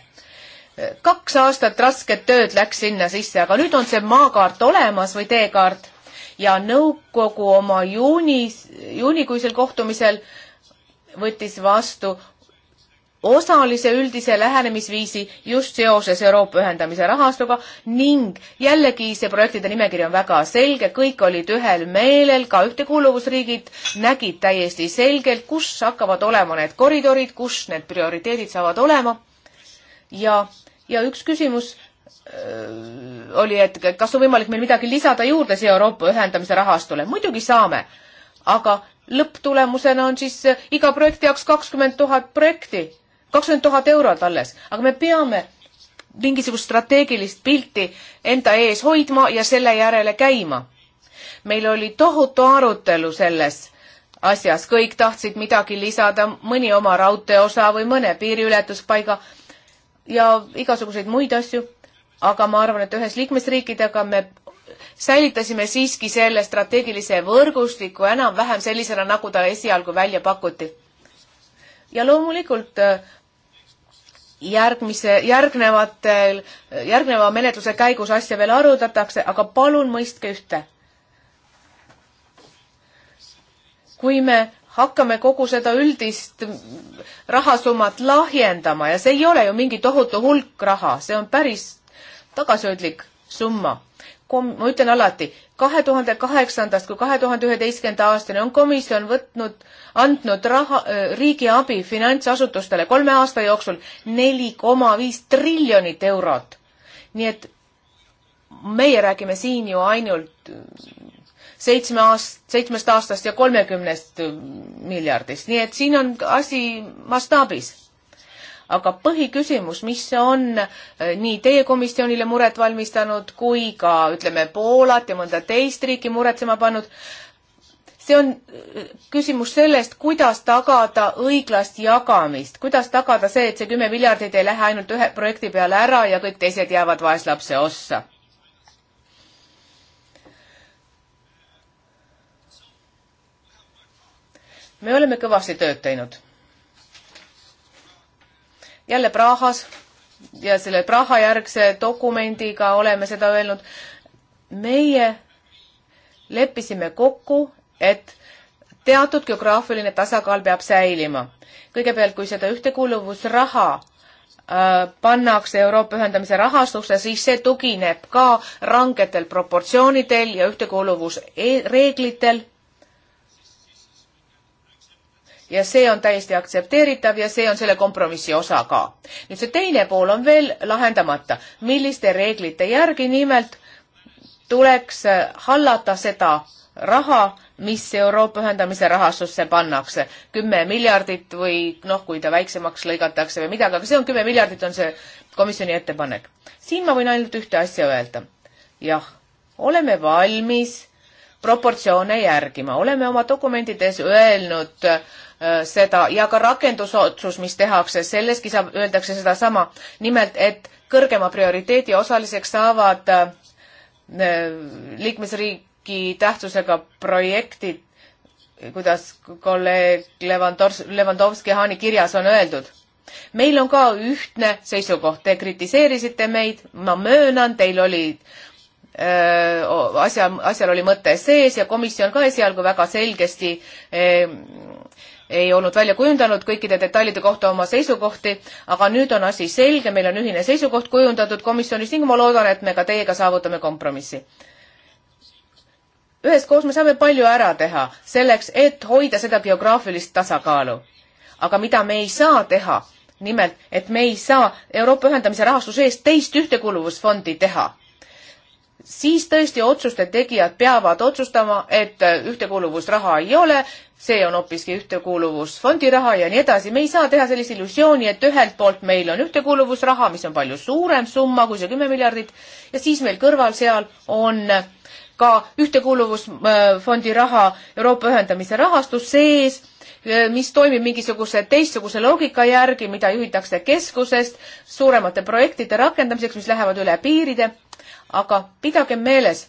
Speaker 2: kaks aastat rasket tööd läks sinna sisse, aga nüüd on see maakaart olemas või teekaart ja nõukogu oma juunis, juunikuisel kohtumisel võttis vastu osalise üldise lähenemisviisi just seoses Euroopa ühendamise rahastuga ning jällegi see projektide nimekiri on väga selge, kõik olid ühel meelel, ka ühtekuuluvusriigid nägid täiesti selgelt, kus hakkavad olema need koridorid, kus need prioriteedid saavad olema. ja, ja üks küsimus öö, äh, oli, et kas on võimalik meil midagi lisada juurde siia Euroopa ühendamise rahastule, muidugi saame, aga lõpptulemusena on siis iga projekti jaoks kakskümmend tuhat projekti kakskümmend tuhat eurot alles, aga me peame mingisugust strateegilist pilti enda ees hoidma ja selle järele käima. meil oli tohutu arutelu selles asjas, kõik tahtsid midagi lisada, mõni oma raudteeosa või mõne piiriületuspaiga ja igasuguseid muid asju. aga ma arvan, et ühes liikmesriikidega me säilitasime siiski selle strateegilise võrgustiku enam-vähem sellisena, nagu ta esialgu välja pakuti. ja loomulikult äh, järgmise, järgnevatel, järgneva menetluse käigus asja veel arutatakse, aga palun mõistke ühte. kui me hakkame kogu seda üldist rahasummat lahjendama ja see ei ole ju mingi tohutu hulk raha, see on päris tagasihoidlik summa kom-, ma ütlen alati, kahe tuhande kaheksandast kui kahe tuhande üheteistkümnenda aastani on komisjon võtnud, andnud raha, riigiabi finantsasutustele kolme aasta jooksul neli koma viis triljonit eurot. nii et meie räägime siin ju ainult seitsme aast-, seitsmest aastast ja kolmekümnest miljardist, nii et siin on asi mastaabis aga põhiküsimus, mis on eh, nii teie komisjonile muret valmistanud kui ka ütleme, Poolat ja mõnda teist riiki muretsema pannud, see on eh, küsimus sellest, kuidas tagada õiglast jagamist, kuidas tagada see, et see kümme miljardit ei lähe ainult ühe projekti peale ära ja kõik teised jäävad vaeslapse ossa me oleme kõvasti tööd teinud jälle Prahas ja selle Praha järgse dokumendiga oleme seda öelnud. meie leppisime kokku, et teatud geograafiline tasakaal peab säilima. kõigepealt, kui seda ühtekuuluvusraha äh, pannakse Euroopa ühendamise rahastusse, siis see tugineb ka rangetel proportsioonidel ja ühtekuuluvusreeglitel e-, ja see on täiesti aktsepteeritav ja see on selle kompromissi osa ka. nüüd see teine pool on veel lahendamata, milliste reeglite järgi nimelt tuleks hallata seda raha, mis Euroopa ühendamise rahastusse pannakse, kümme miljardit või noh, kui ta väiksemaks lõigatakse või midagi, aga see on kümme miljardit, on see komisjoni ettepanek. siin ma võin ainult ühte asja öelda. jah, oleme valmis proportsioone järgima, oleme oma dokumentides öelnud äh, seda ja ka rakendusotsus, mis tehakse, selleski saab, öeldakse sedasama. nimelt, et kõrgema prioriteedi osaliseks saavad liikmesriigi tähtsusega projektid, kuidas kolleeg Levandovski Haani kirjas on öeldud meil on ka ühtne seisukoht, te kritiseerisite meid, ma möönan, teil oli äh, asja, asjal oli mõte sees ja komisjon ka esialgu väga selgesti äh, ei olnud välja kujundanud kõikide detailide kohta oma seisukohti, aga nüüd on asi selge, meil on ühine seisukoht kujundatud komisjonis ning ma loodan, et me ka teiega saavutame kompromissi. üheskoos me saame palju ära teha selleks, et hoida seda geograafilist tasakaalu. aga mida me ei saa teha, nimelt, et me ei saa Euroopa ühendamise rahastuse eest teist ühtekuuluvusfondi teha siis tõesti otsuste tegijad peavad otsustama, et ühtekuuluvusraha ei ole see on hoopiski ühtekuuluvusfondi raha ja nii edasi. me ei saa teha sellist illusiooni, et ühelt poolt meil on ühtekuuluvusraha, mis on palju suurem summa kui see kümme miljardit ja siis meil kõrval seal on ka ühtekuuluvusfondi raha, Euroopa ühendamise rahastus sees, mis toimib mingisuguse teistsuguse loogika järgi, mida juhitakse keskusest suuremate projektide rakendamiseks, mis lähevad üle piiride. aga pidagem meeles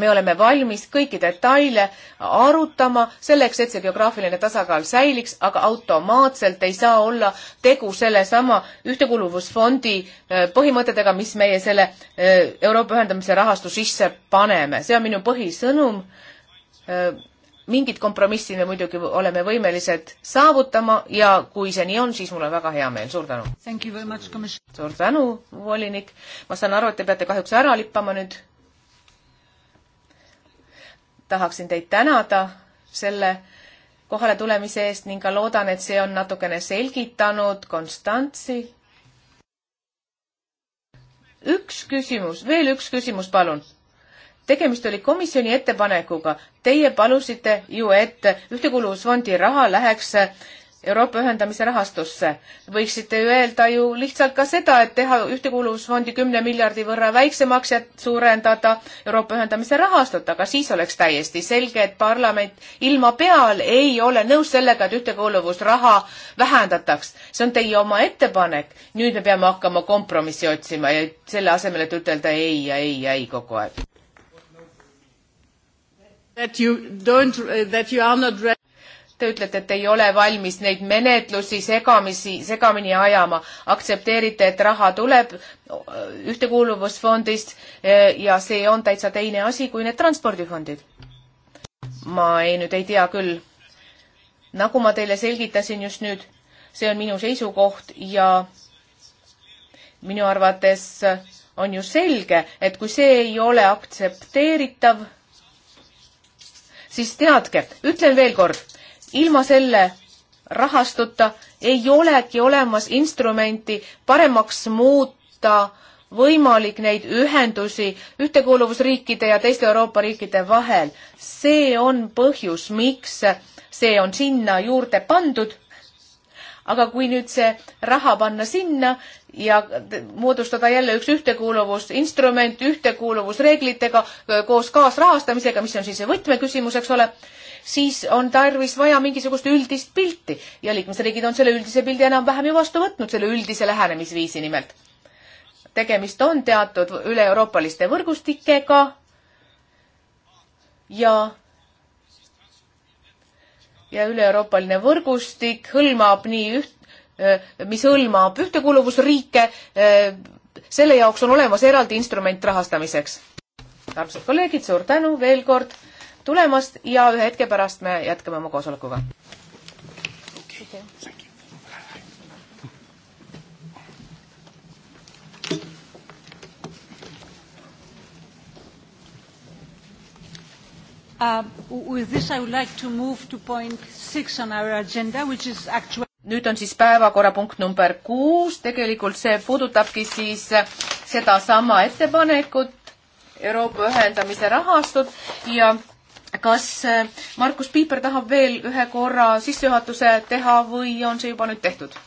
Speaker 2: me oleme valmis kõiki detaile arutama selleks, et see geograafiline tasakaal säiliks, aga automaatselt ei saa olla tegu sellesama ühtekuuluvusfondi äh, põhimõtetega, mis meie selle äh, Euroopa ühendamise rahastu sisse paneme. see on minu põhisõnum. Äh, mingit kompromissi me muidugi oleme võimelised saavutama ja kui see nii on, siis mul on väga hea meel. suur tänu! suur tänu, volinik! ma saan aru, et te peate kahjuks ära lippama nüüd tahaksin teid tänada selle kohale tulemise eest ning ka loodan, et see on natukene selgitanud Konstantsi. üks küsimus, veel üks küsimus, palun. tegemist oli komisjoni ettepanekuga. Teie palusite ju, et Ühtekuuluvusfondi raha läheks Euroopa ühendamise rahastusse. võiksite ju öelda ju lihtsalt ka seda, et teha ühtekuuluvusfondi kümne miljardi võrra väiksemaks ja suurendada Euroopa ühendamise rahastut, aga siis oleks täiesti selge, et parlament ilma peal ei ole nõus sellega, et ühtekuuluvusraha vähendataks. see on teie oma ettepanek. nüüd me peame hakkama kompromissi otsima ja selle asemel, et ütelda ei ja ei ja ei kogu aeg. That you don't, that you are not ready Te ütlete, et ei ole valmis neid menetlusi segamisi, segamini ajama. aktsepteerite, et raha tuleb äh, ühtekuuluvusfondist äh, ja see on täitsa teine asi kui need transpordifondid. ma ei, nüüd ei tea küll. nagu ma teile selgitasin just nüüd, see on minu seisukoht ja minu arvates on ju selge, et kui see ei ole aktsepteeritav, siis teadke, ütlen veel kord, ilma selle rahastuta ei olegi olemas instrumenti paremaks muuta võimalik neid ühendusi ühtekuuluvusriikide ja teiste Euroopa riikide vahel. see on põhjus, miks see on sinna juurde pandud aga kui nüüd see raha panna sinna ja moodustada jälle üks ühtekuuluvusinstrument ühtekuuluvusreeglitega koos kaasrahastamisega, mis on siis see võtmeküsimus, eks ole, siis on tarvis vaja mingisugust üldist pilti ja liikmesriigid on selle üldise pildi enam-vähem ju vastu võtnud, selle üldise lähenemisviisi nimelt. tegemist on teatud üle-euroopaliste võrgustikega ja ja üle-euroopaline võrgustik hõlmab nii üht, mis hõlmab ühtekuluvusriike, selle jaoks on olemas eraldi instrument rahastamiseks. armsad kolleegid, suur tänu veel kord tulemast ja ühe hetke pärast me jätkame oma koosolekuga okay.. Uh, nüüd on siis päevakorrapunkt number kuus, tegelikult see puudutabki siis sedasama ettepanekut, Euroopa ühendamise rahastut ja kas eh, Markus Piiper tahab veel ühe korra sissejuhatuse teha või on see juba nüüd tehtud?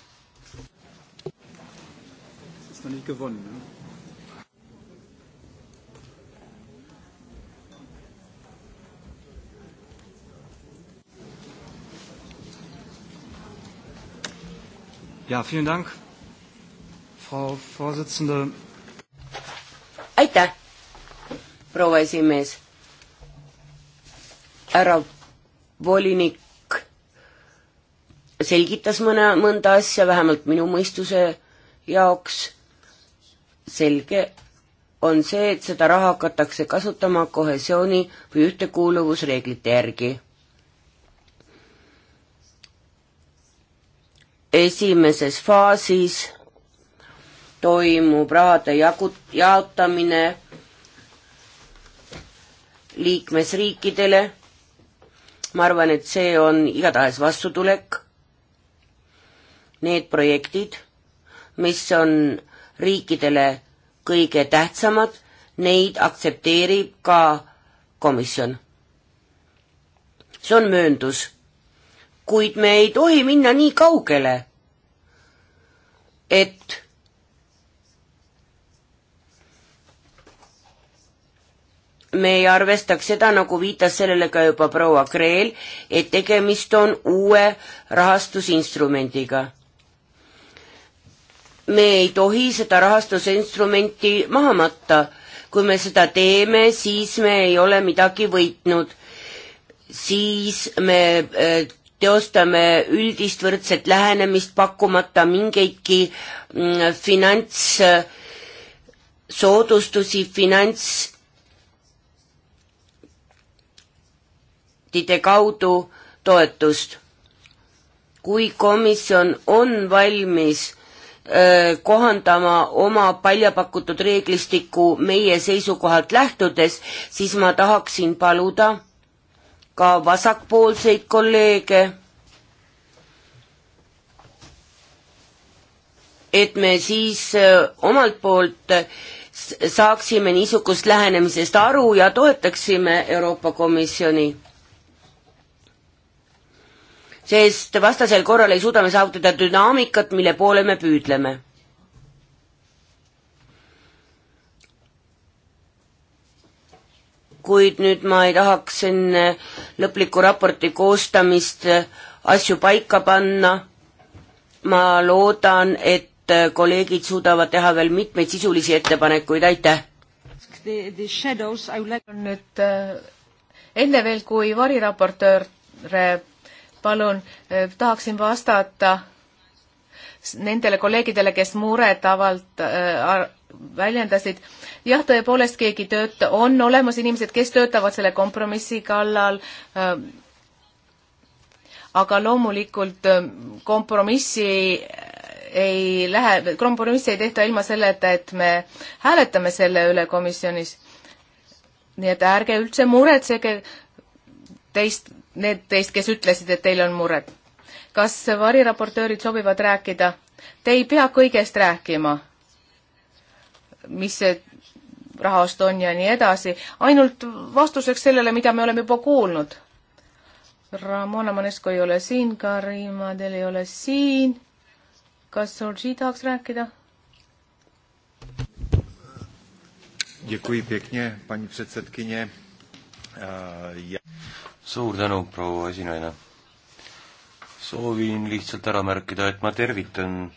Speaker 3: ja, vielen Dank, Frau Vorsitzende.
Speaker 1: aitäh, proua esimees. härra volinik selgitas mõne, mõnda asja, vähemalt minu mõistuse jaoks. selge on see, et seda raha hakatakse kasutama kohesiooni või ühtekuuluvusreeglite järgi esimeses faasis toimub rahade jagu-, jaotamine liikmesriikidele. ma arvan, et see on igatahes vastutulek. Need projektid, mis on riikidele kõige tähtsamad, neid aktsepteerib ka komisjon. see on mööndus kuid me ei tohi minna nii kaugele, et me ei arvestaks seda, nagu viitas sellele ka juba proua Kreel, et tegemist on uue rahastusinstrumendiga. me ei tohi seda rahastusinstrumenti maha matta. kui me seda teeme, siis me ei ole midagi võitnud. siis me äh, teostame üldist võrdset lähenemist, pakkumata mingeidki mm, finantssoodustusi, finantside kaudu toetust. kui komisjon on valmis öö, kohandama oma väljapakutud reeglistikku meie seisukohalt lähtudes, siis ma tahaksin paluda ka vasakpoolseid kolleege, et me siis äh, omalt poolt saaksime niisugust lähenemisest aru ja toetaksime Euroopa Komisjoni. sest vastasel korral ei suuda me saavutada dünaamikat, mille poole me püüdleme kuid nüüd ma ei tahaks enne lõpliku raporti koostamist asju paika panna. ma loodan, et kolleegid suudavad teha veel mitmeid sisulisi ettepanekuid, aitäh!
Speaker 2: nüüd äh, enne veel, kui variraportööre palun, äh, tahaksin vastata nendele kolleegidele, kes muret avalt äh, väljendasid jah, tõepoolest keegi tööt-, on olemas inimesed, kes töötavad selle kompromissi kallal äh,, aga loomulikult äh, kompromissi ei lähe, kompromissi ei tehta ilma selleta, et me hääletame selle üle komisjonis. nii et ärge üldse muretsege teist, need teist, kes ütlesid, et teil on mured. kas variraportöörid sobivad rääkida? Te ei pea kõigest rääkima, mis see raha osta on ja nii edasi, ainult vastuseks sellele, mida me oleme juba kuulnud. Ramona Manesco ei ole siin, Karima Del ei ole siin. kas Sorgi tahaks rääkida?
Speaker 3: Děkuji pěkně, paní předsedkyně. Eh, ja... suur tänu, proua esinaine. soovin lihtsalt ära märkida, et ma tervitan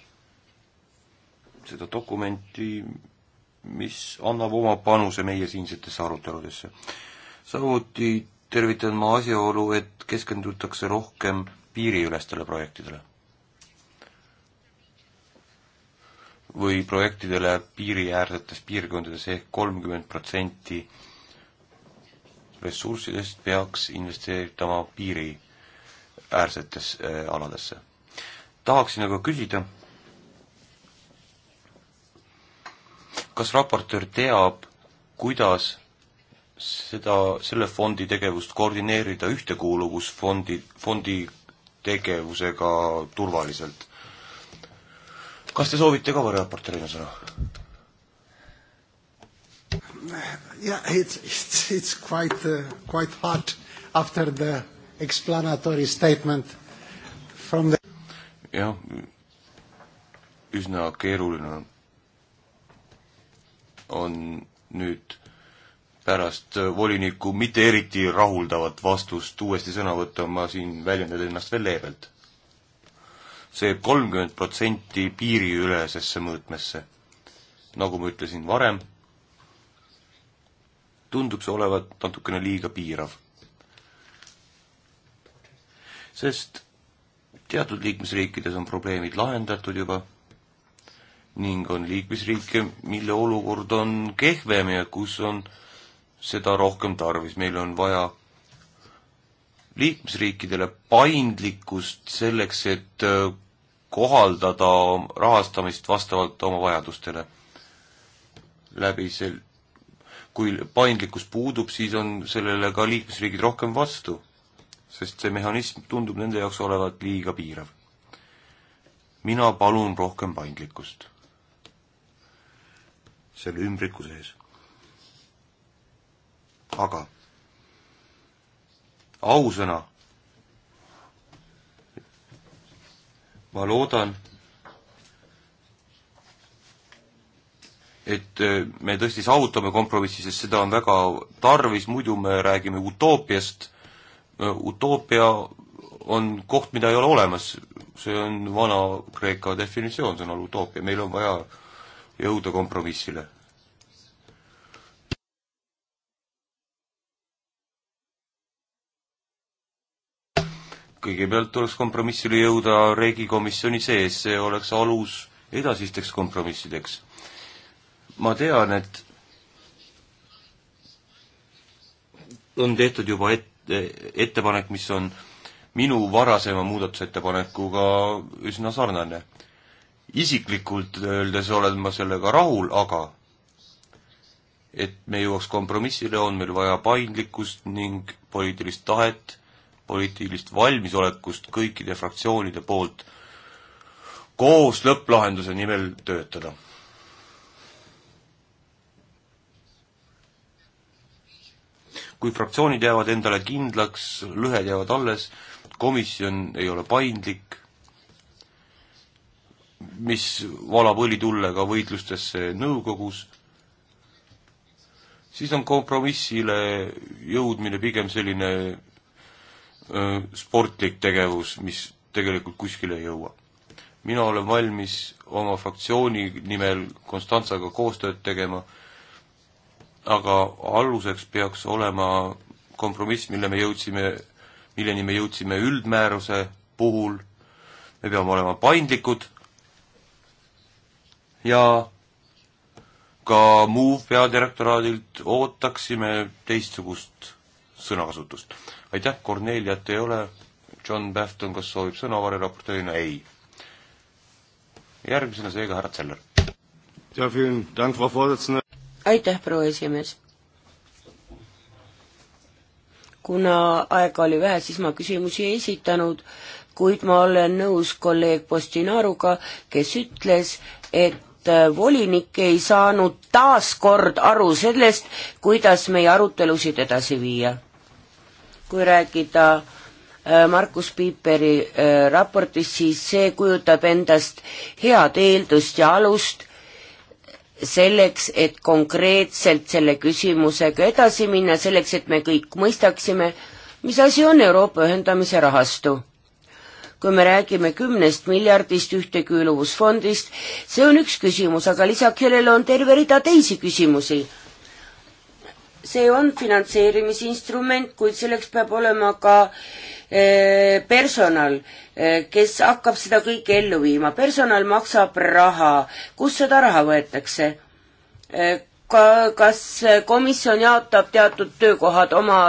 Speaker 3: seda dokumenti, mis annab oma panuse meie siinsetesse aruteludesse. samuti tervitan ma asjaolu, et keskendutakse rohkem piiriülestele projektidele. või projektidele piiriäärsetes piirkondades ehk kolmkümmend protsenti ressurssidest peaks investeeritama piiriäärsetesse eh, aladesse. tahaksin aga küsida, kas raportöör teab, kuidas seda, selle fondi tegevust koordineerida ühtekuuluvusfondi, fondi tegevusega turvaliselt? kas te soovite ka variraportöörina sõna? Yeah, it's, it's, it's quite, uh, quite hard after the explanatory statement from the jah, üsna keeruline on on nüüd pärast äh, voliniku mitte eriti rahuldavat vastust uuesti sõna võtta, ma siin väljendan ennast veel leebelt see. see kolmkümmend protsenti piiriülesesse mõõtmesse, nagu ma ütlesin varem, tundub see olevat natukene liiga piirav. sest teatud liikmesriikides on probleemid lahendatud juba ning on liikmesriike, mille olukord on kehvem ja kus on seda rohkem tarvis, meil on vaja liikmesriikidele paindlikkust selleks, et äh, kohaldada rahastamist vastavalt oma vajadustele. läbi sel-, kui paindlikkus puudub, siis on sellele ka liikmesriigid rohkem vastu, sest see mehhanism tundub nende jaoks olevat liiga piirav. mina palun rohkem paindlikkust selle ümbriku sees. aga ausõna. ma loodan, et äh, me tõesti saavutame kompromissi, sest seda on väga tarvis, muidu me räägime utoopiast. Äh, utoopia on koht, mida ei ole olemas, see on Vana-Kreeka definitsioon sõnal utoopia, meil on vaja jõuda kompromissile. kõigepealt tuleks kompromissile jõuda riigikomisjoni sees, see oleks alus edasisteks kompromissideks. ma tean, et on tehtud juba et, ettepanek, mis on minu varasema muudatusettepanekuga üsna sarnane isiklikult öeldes olen ma sellega rahul, aga et me jõuaks kompromissile, on meil vaja paindlikkust ning poliitilist tahet, poliitilist valmisolekust kõikide fraktsioonide poolt koos lõpplahenduse nimel töötada. kui fraktsioonid jäävad endale kindlaks, lõhed jäävad alles, komisjon ei ole paindlik mis valab õlitullega võitlustesse nõukogus, siis on kompromissile jõudmine pigem selline öö, sportlik tegevus, mis tegelikult kuskile ei jõua. mina olen valmis oma fraktsiooni nimel Konstantsaga koostööd tegema, aga aluseks peaks olema kompromiss, mille me jõudsime, milleni me jõudsime üldmääruse puhul, me peame olema paindlikud ja ka muu peadirektoraadilt ootaksime teistsugust sõnakasutust. aitäh, Korneliat ei ole, John Bafton, kas soovib sõna variraportöörina? ei. järgmisena seega härra Zeller.
Speaker 1: aitäh, proua esimees. kuna aega oli vähe, siis ma küsimusi ei esitanud, kuid ma olen nõus kolleeg Postinaruga, kes ütles, et Äh, volinik ei saanud taaskord aru sellest, kuidas meie arutelusid edasi viia. kui rääkida äh, Markus Piiperi äh, raportist, siis see kujutab endast head eeldust ja alust selleks, et konkreetselt selle küsimusega edasi minna, selleks, et me kõik mõistaksime, mis asi on Euroopa ühendamise rahastu kui me räägime kümnest miljardist ühtekuuluvusfondist, see on üks küsimus, aga lisaks sellele on terve rida teisi küsimusi. see on finantseerimisinstrument, kuid selleks peab olema ka e, personal, e, kes hakkab seda kõike ellu viima, personal maksab raha, kust seda raha võetakse? E, ka, kas komisjon jaotab teatud töökohad oma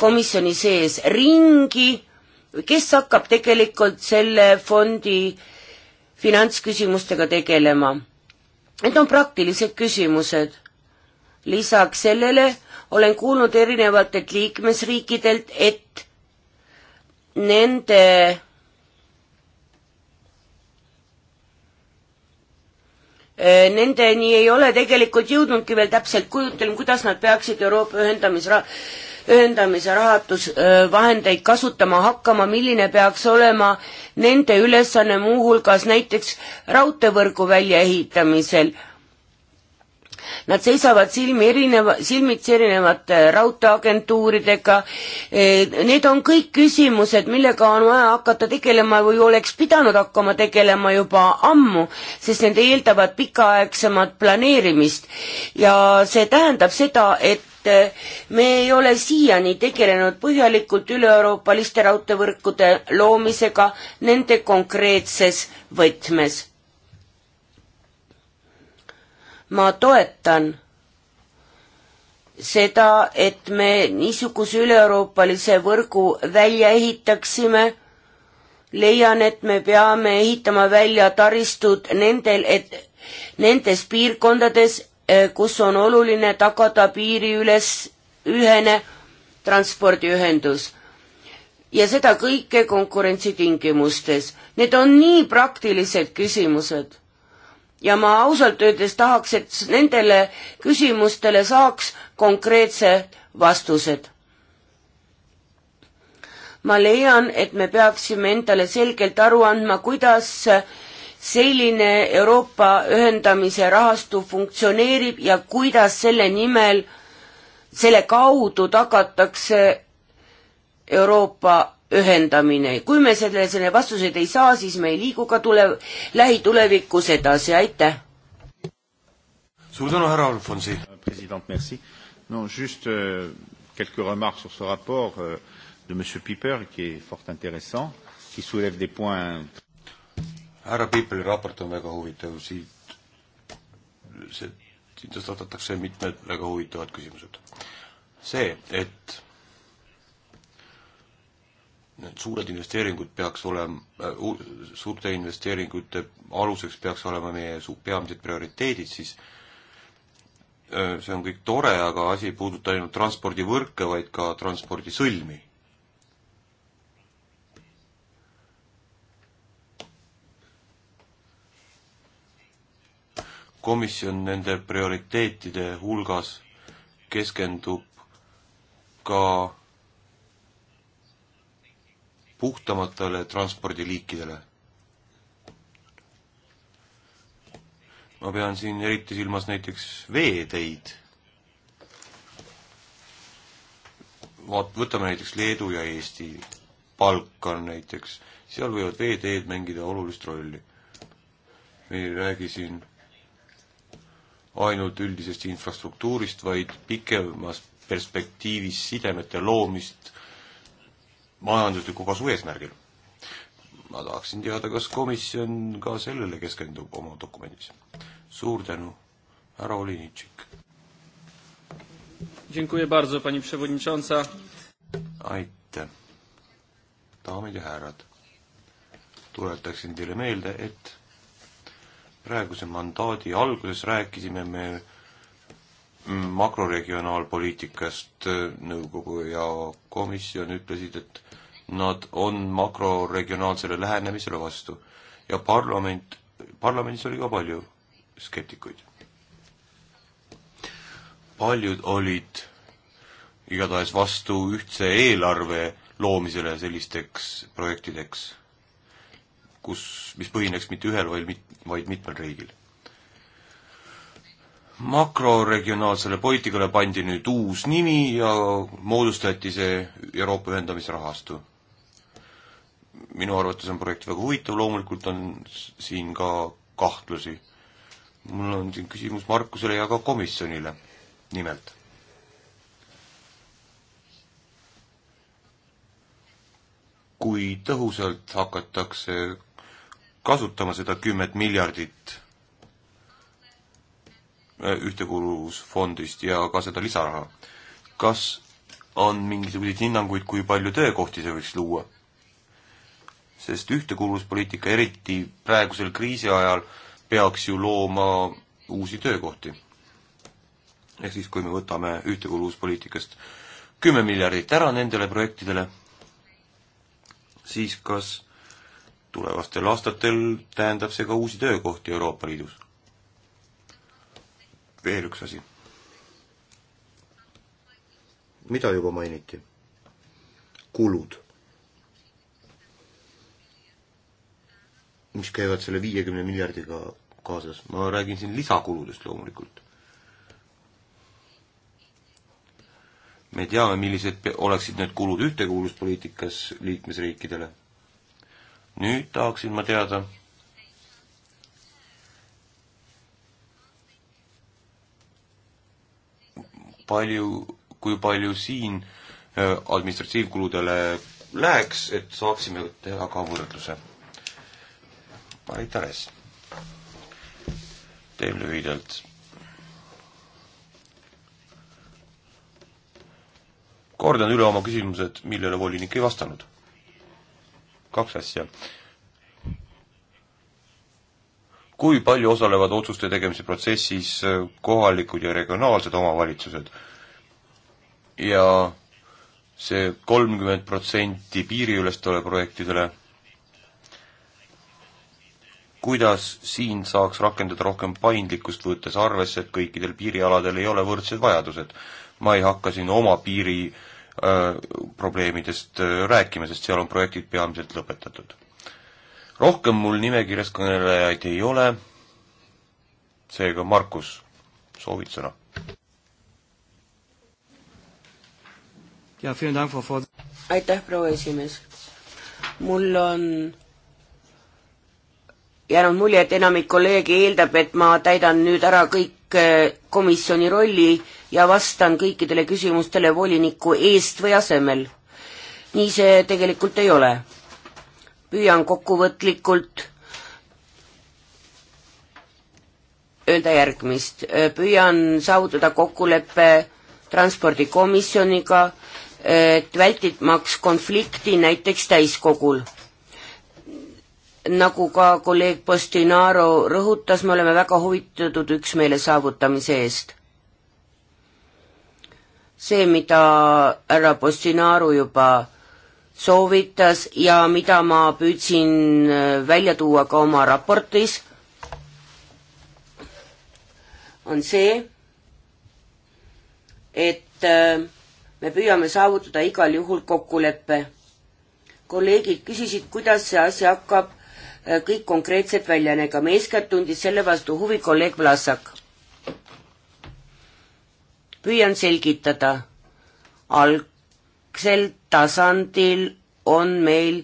Speaker 1: komisjoni sees ringi kes hakkab tegelikult selle fondi finantsküsimustega tegelema? Need on praktilised küsimused. lisaks sellele olen kuulnud erinevatelt liikmesriikidelt, et nende äh, nendeni ei ole tegelikult jõudnudki veel täpselt kujutlema, kuidas nad peaksid Euroopa ühendamisra-, ühendamise rahatusvahendeid kasutama hakkama, milline peaks olema nende ülesanne muuhulgas näiteks raudteevõrgu väljaehitamisel Nad seisavad silmi erineva, silmitsi erinevate raudteeagentuuridega. Eh, need on kõik küsimused, millega on vaja hakata tegelema või oleks pidanud hakkama tegelema juba ammu, sest need eeldavad pikaaegsemat planeerimist. ja see tähendab seda, et eh, me ei ole siiani tegelenud põhjalikult üle-euroopaliste raudteevõrkude loomisega nende konkreetses võtmes ma toetan seda, et me niisuguse üleeuroopalise võrgu välja ehitaksime, leian, et me peame ehitama välja taristud nendel, et nendes piirkondades, eh, kus on oluline tagada piiri üles ühene transpordiühendus ja seda kõike konkurentsitingimustes. Need on nii praktilised küsimused ja ma ausalt öeldes tahaks, et nendele küsimustele saaks konkreetsed vastused. ma leian, et me peaksime endale selgelt aru andma, kuidas selline Euroopa ühendamise rahastu funktsioneerib ja kuidas selle nimel, selle kaudu tagatakse Euroopa ühendamine. kui me selle, selle vastuseid ei saa, siis me ei liigu ka tule, lähitulevikus edasi, aitäh!
Speaker 3: suur tänu, härra Alfonsi! president, merci! no just euh, quelques remarques sur ce rapport euh, de monsieur Piper qui est fort intéressant, qui soulève des points härra Piipeli raport on väga huvitav, siit, see, siit tõstatatakse mitmed väga huvitavad küsimused. see, et need suured investeeringud peaks olema, äh, suurte investeeringute aluseks peaks olema meie peamised prioriteedid, siis äh, see on kõik tore, aga asi ei puuduta ainult transpordivõrke, vaid ka transpordisõlmi. komisjon nende prioriteetide hulgas keskendub ka puhtamatele transpordiliikidele. ma pean siin eriti silmas näiteks veeteid. vaat-, võtame näiteks Leedu ja Eesti, Balkan näiteks, seal võivad veeteed mängida olulist rolli. me ei räägi siin ainult üldisest infrastruktuurist, vaid pikemas perspektiivis sidemete loomist majandusliku kasu eesmärgil. ma tahaksin teada, kas komisjon ka sellele keskendub oma dokumendis. suur tänu, härra Olinitšik. aitäh. daamid ja härrad, tuletaksin teile meelde, et praeguse mandaadi alguses rääkisime me makroregionaalpoliitikast nõukogu ja komisjon ütlesid, et nad on makroregionaalsele lähenemisele vastu ja parlament, parlamendis oli ka palju skeptikuid. paljud olid igatahes vastu ühtse eelarve loomisele sellisteks projektideks, kus, mis põhineks mitte ühel, vaid mit-, vaid mitmel riigil. makroregionaalsele poliitikale pandi nüüd uus nimi ja moodustati see Euroopa ühendamisrahastu minu arvates on projekt väga huvitav, loomulikult on siin ka kahtlusi. mul on siin küsimus Markusele ja ka komisjonile nimelt. kui tõhusalt hakatakse kasutama seda kümmet miljardit äh, ühtekuuluvusfondist ja ka seda lisaraha, kas on mingisuguseid hinnanguid, kui palju töökohti see võiks luua? sest ühtekuuluvuspoliitika, eriti praegusel kriisi ajal, peaks ju looma uusi töökohti. ehk siis, kui me võtame ühtekuuluvuspoliitikast kümme miljardit ära nendele projektidele, siis kas tulevastel aastatel tähendab see ka uusi töökohti Euroopa Liidus? veel üks asi. mida juba mainiti? kulud mis käivad selle viiekümne miljardiga kaasas, ma räägin siin lisakuludest loomulikult. me teame, millised oleksid need kulud ühtekuuluvuspoliitikas liikmesriikidele. nüüd tahaksin ma teada, palju, kui palju siin äh, administratiivkuludele läheks, et saaksime teha ka võrdluse Marita Res. teen lühidalt. kordan üle oma küsimused, millele volinik ei vastanud. kaks asja. kui palju osalevad otsuste tegemise protsessis kohalikud ja regionaalsed omavalitsused ja see kolmkümmend protsenti piiriülestele projektidele kuidas siin saaks rakendada rohkem paindlikkust, võttes arvesse, et kõikidel piirialadel ei ole võrdsed vajadused. ma ei hakka siin oma piiri äh, probleemidest äh, rääkima, sest seal on projektid peamiselt lõpetatud. rohkem mul nimekirjas kõnelejaid ei ole, seega Markus, soovid sõna?
Speaker 1: aitäh, proua esimees! mul on jäänud mulje, et enamik kolleege eeldab, et ma täidan nüüd ära kõik äh, komisjoni rolli ja vastan kõikidele küsimustele voliniku eest või asemel. nii see tegelikult ei ole. püüan kokkuvõtlikult öelda järgmist, äh, püüan saavutada kokkuleppe transpordikomisjoniga, äh, et vältimaks konflikti näiteks täiskogul nagu ka kolleeg Postinaro rõhutas, me oleme väga huvitatud üksmeele saavutamise eest. see, mida härra Postinaro juba soovitas ja mida ma püüdsin äh, välja tuua ka oma raportis, on see, et äh, me püüame saavutada igal juhul kokkuleppe. kolleegid küsisid, kuidas see asi hakkab Äh, kõik konkreetselt välja nägema, eeskätt tundis selle vastu huvi kolleeg Vlasak. püüan selgitada. algsel tasandil on meil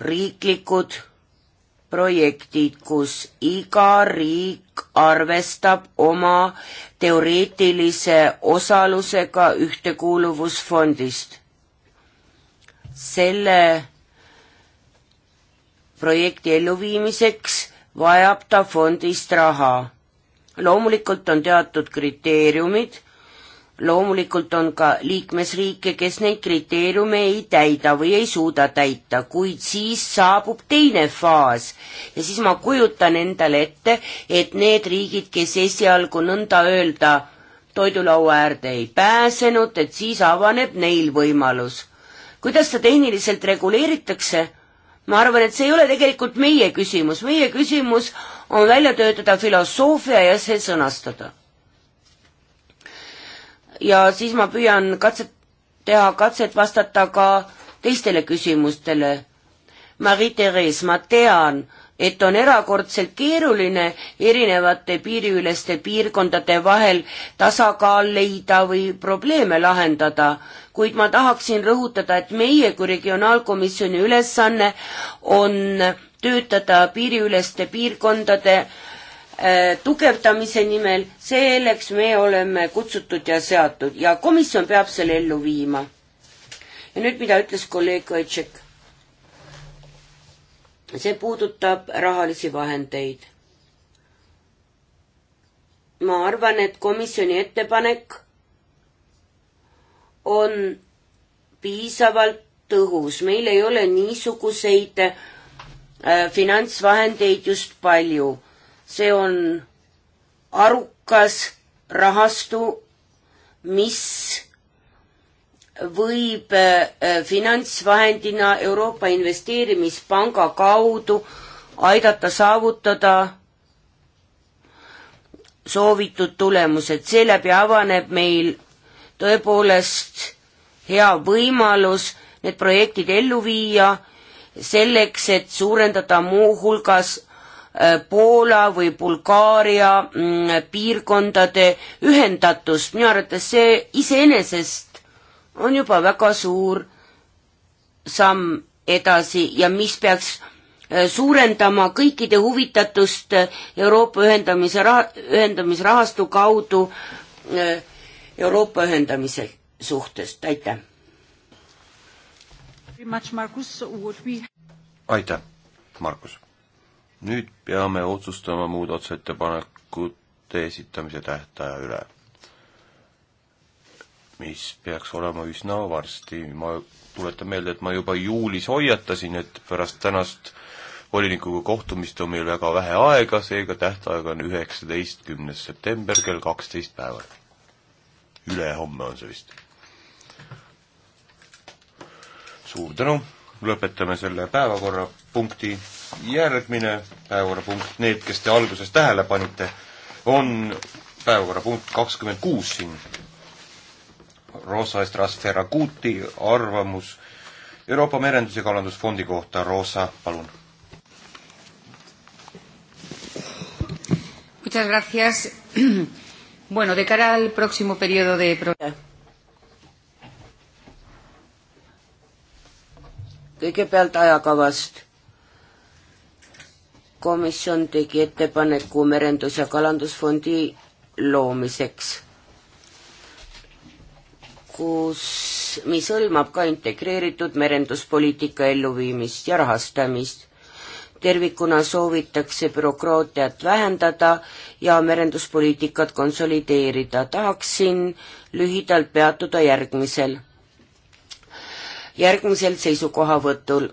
Speaker 1: riiklikud projektid, kus iga riik arvestab oma teoreetilise osalusega ühtekuuluvusfondist. selle projekti elluviimiseks vajab ta fondist raha. loomulikult on teatud kriteeriumid, loomulikult on ka liikmesriike, kes neid kriteeriume ei täida või ei suuda täita, kuid siis saabub teine faas ja siis ma kujutan endale ette, et need riigid, kes esialgu nõnda öelda toidulaua äärde ei pääsenud, et siis avaneb neil võimalus. kuidas seda tehniliselt reguleeritakse? ma arvan, et see ei ole tegelikult meie küsimus, meie küsimus on välja töötada filosoofia ja see sõnastada. ja siis ma püüan katset, teha katset vastata ka teistele küsimustele. Marie-Therese, ma tean, et on erakordselt keeruline erinevate piiriüleste piirkondade vahel tasakaal leida või probleeme lahendada, kuid ma tahaksin rõhutada, et meie kui Regionaalkomisjoni ülesanne on töötada piiriüleste piirkondade äh, tugevdamise nimel, selleks me oleme kutsutud ja seatud ja komisjon peab selle ellu viima. ja nüüd, mida ütles kolleeg Kaitšek see puudutab rahalisi vahendeid. ma arvan, et komisjoni ettepanek on piisavalt tõhus, meil ei ole niisuguseid äh, finantsvahendeid just palju. see on arukas rahastu, mis võib äh, finantsvahendina Euroopa Investeerimispanga kaudu aidata saavutada soovitud tulemused, seeläbi avaneb meil tõepoolest hea võimalus need projektid ellu viia, selleks, et suurendada muuhulgas äh, Poola või Bulgaaria mm, piirkondade ühendatust, minu arvates see iseenesest on juba väga suur samm edasi ja mis peaks äh, suurendama kõikide huvitatust äh, Euroopa ühendamise raha, ühendamisrahastu kaudu äh, Euroopa ühendamise suhtest, aitäh.
Speaker 3: aitäh, Markus. nüüd peame otsustama muudatusettepanekute esitamise tähtaja üle mis peaks olema üsna varsti. ma tuletan meelde, et ma juba juulis hoiatasin, et pärast tänast volinikuga kohtumist on meil väga vähe aega, seega tähtaeg on üheksateistkümnes september kell kaksteist päeval. ülehomme on see vist. suur tänu, lõpetame selle päevakorrapunkti. järgmine päevakorrapunkt, need, kes te alguses tähele panite, on päevakorrapunkt kakskümmend kuus siin Rosa Estras Ferraguti arvamus Euroopa Merendus- ja Kalandusfondi kohta. Rosa, palun.
Speaker 1: Muchas gracias. Bueno, de cara al próximo periodo de kõigepealt ajakavast. komisjon tegi ettepaneku Merendus- ja Kalandusfondi loomiseks kus, mis hõlmab ka integreeritud merenduspoliitika elluviimist ja rahastamist. tervikuna soovitakse bürokraatiat vähendada ja merenduspoliitikat konsolideerida. tahaksin lühidalt peatuda järgmisel, järgmisel seisukohavõtul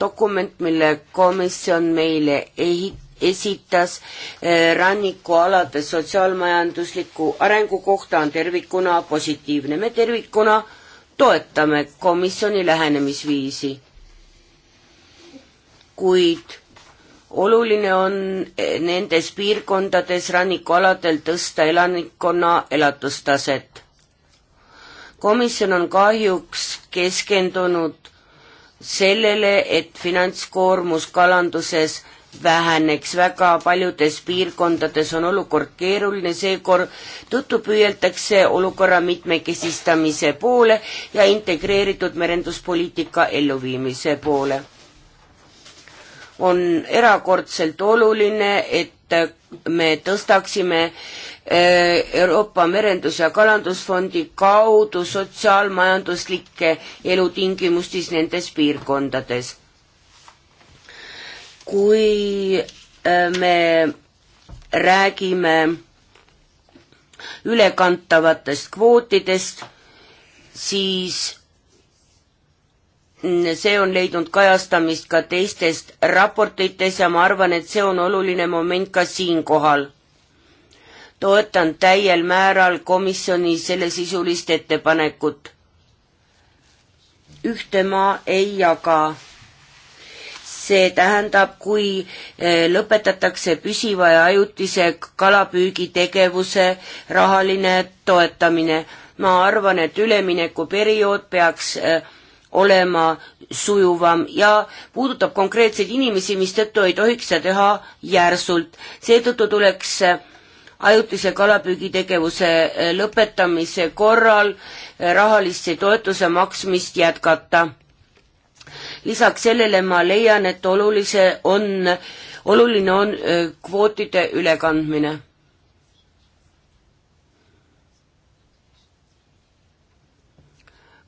Speaker 1: dokument, mille komisjon meile ehit-, esitas eh, rannikualade sotsiaalmajandusliku arengu kohta on tervikuna positiivne. me tervikuna toetame komisjoni lähenemisviisi. kuid oluline on eh, nendes piirkondades rannikualadel tõsta elanikkonna elatustaset. komisjon on kahjuks keskendunud sellele, et finantskoormus kalanduses väheneks, väga paljudes piirkondades on olukord keeruline, seekord tõttu püüeldakse olukorra mitmekesistamise poole ja integreeritud merenduspoliitika elluviimise poole. on erakordselt oluline, et me tõstaksime eh, Euroopa Merendus- ja Kalandusfondi kaudu sotsiaalmajanduslikke elutingimustes nendes piirkondades kui äh, me räägime ülekantavatest kvootidest, siis mm, see on leidnud kajastamist ka teistest raportites ja ma arvan, et see on oluline moment ka siinkohal. toetan täiel määral komisjoni sellesisulist ettepanekut. ühte ma ei jaga see tähendab, kui eh, lõpetatakse püsiva ja ajutise kalapüügitegevuse rahaline toetamine. ma arvan, et üleminekuperiood peaks eh, olema sujuvam ja puudutab konkreetseid inimesi, mistõttu ei tohiks seda teha järsult. seetõttu tuleks eh, ajutise kalapüügitegevuse lõpetamise korral rahalise toetuse maksmist jätkata lisaks sellele ma leian, et olulise on, oluline on äh, kvootide ülekandmine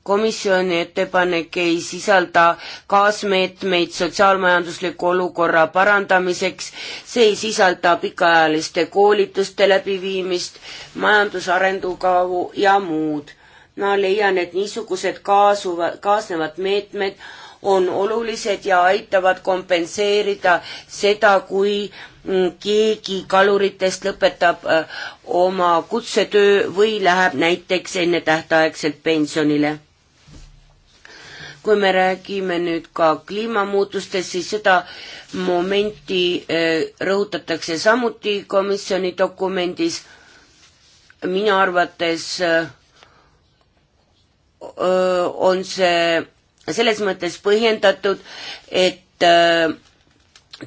Speaker 1: komisjoni ettepanek ei sisalda kaasmeetmeid sotsiaalmajandusliku olukorra parandamiseks, see ei sisalda pikaajaliste koolituste läbiviimist, majandusarendukavu ja muud. ma leian, et niisugused kaasuva, kaasnevad meetmed on olulised ja aitavad kompenseerida seda, kui mm, keegi kaluritest lõpetab äh, oma kutsetöö või läheb näiteks ennetähtaegselt pensionile. kui me räägime nüüd ka kliimamuutustest, siis seda momenti äh, rõhutatakse samuti komisjoni dokumendis. minu arvates äh, on see selles mõttes põhjendatud, et äh,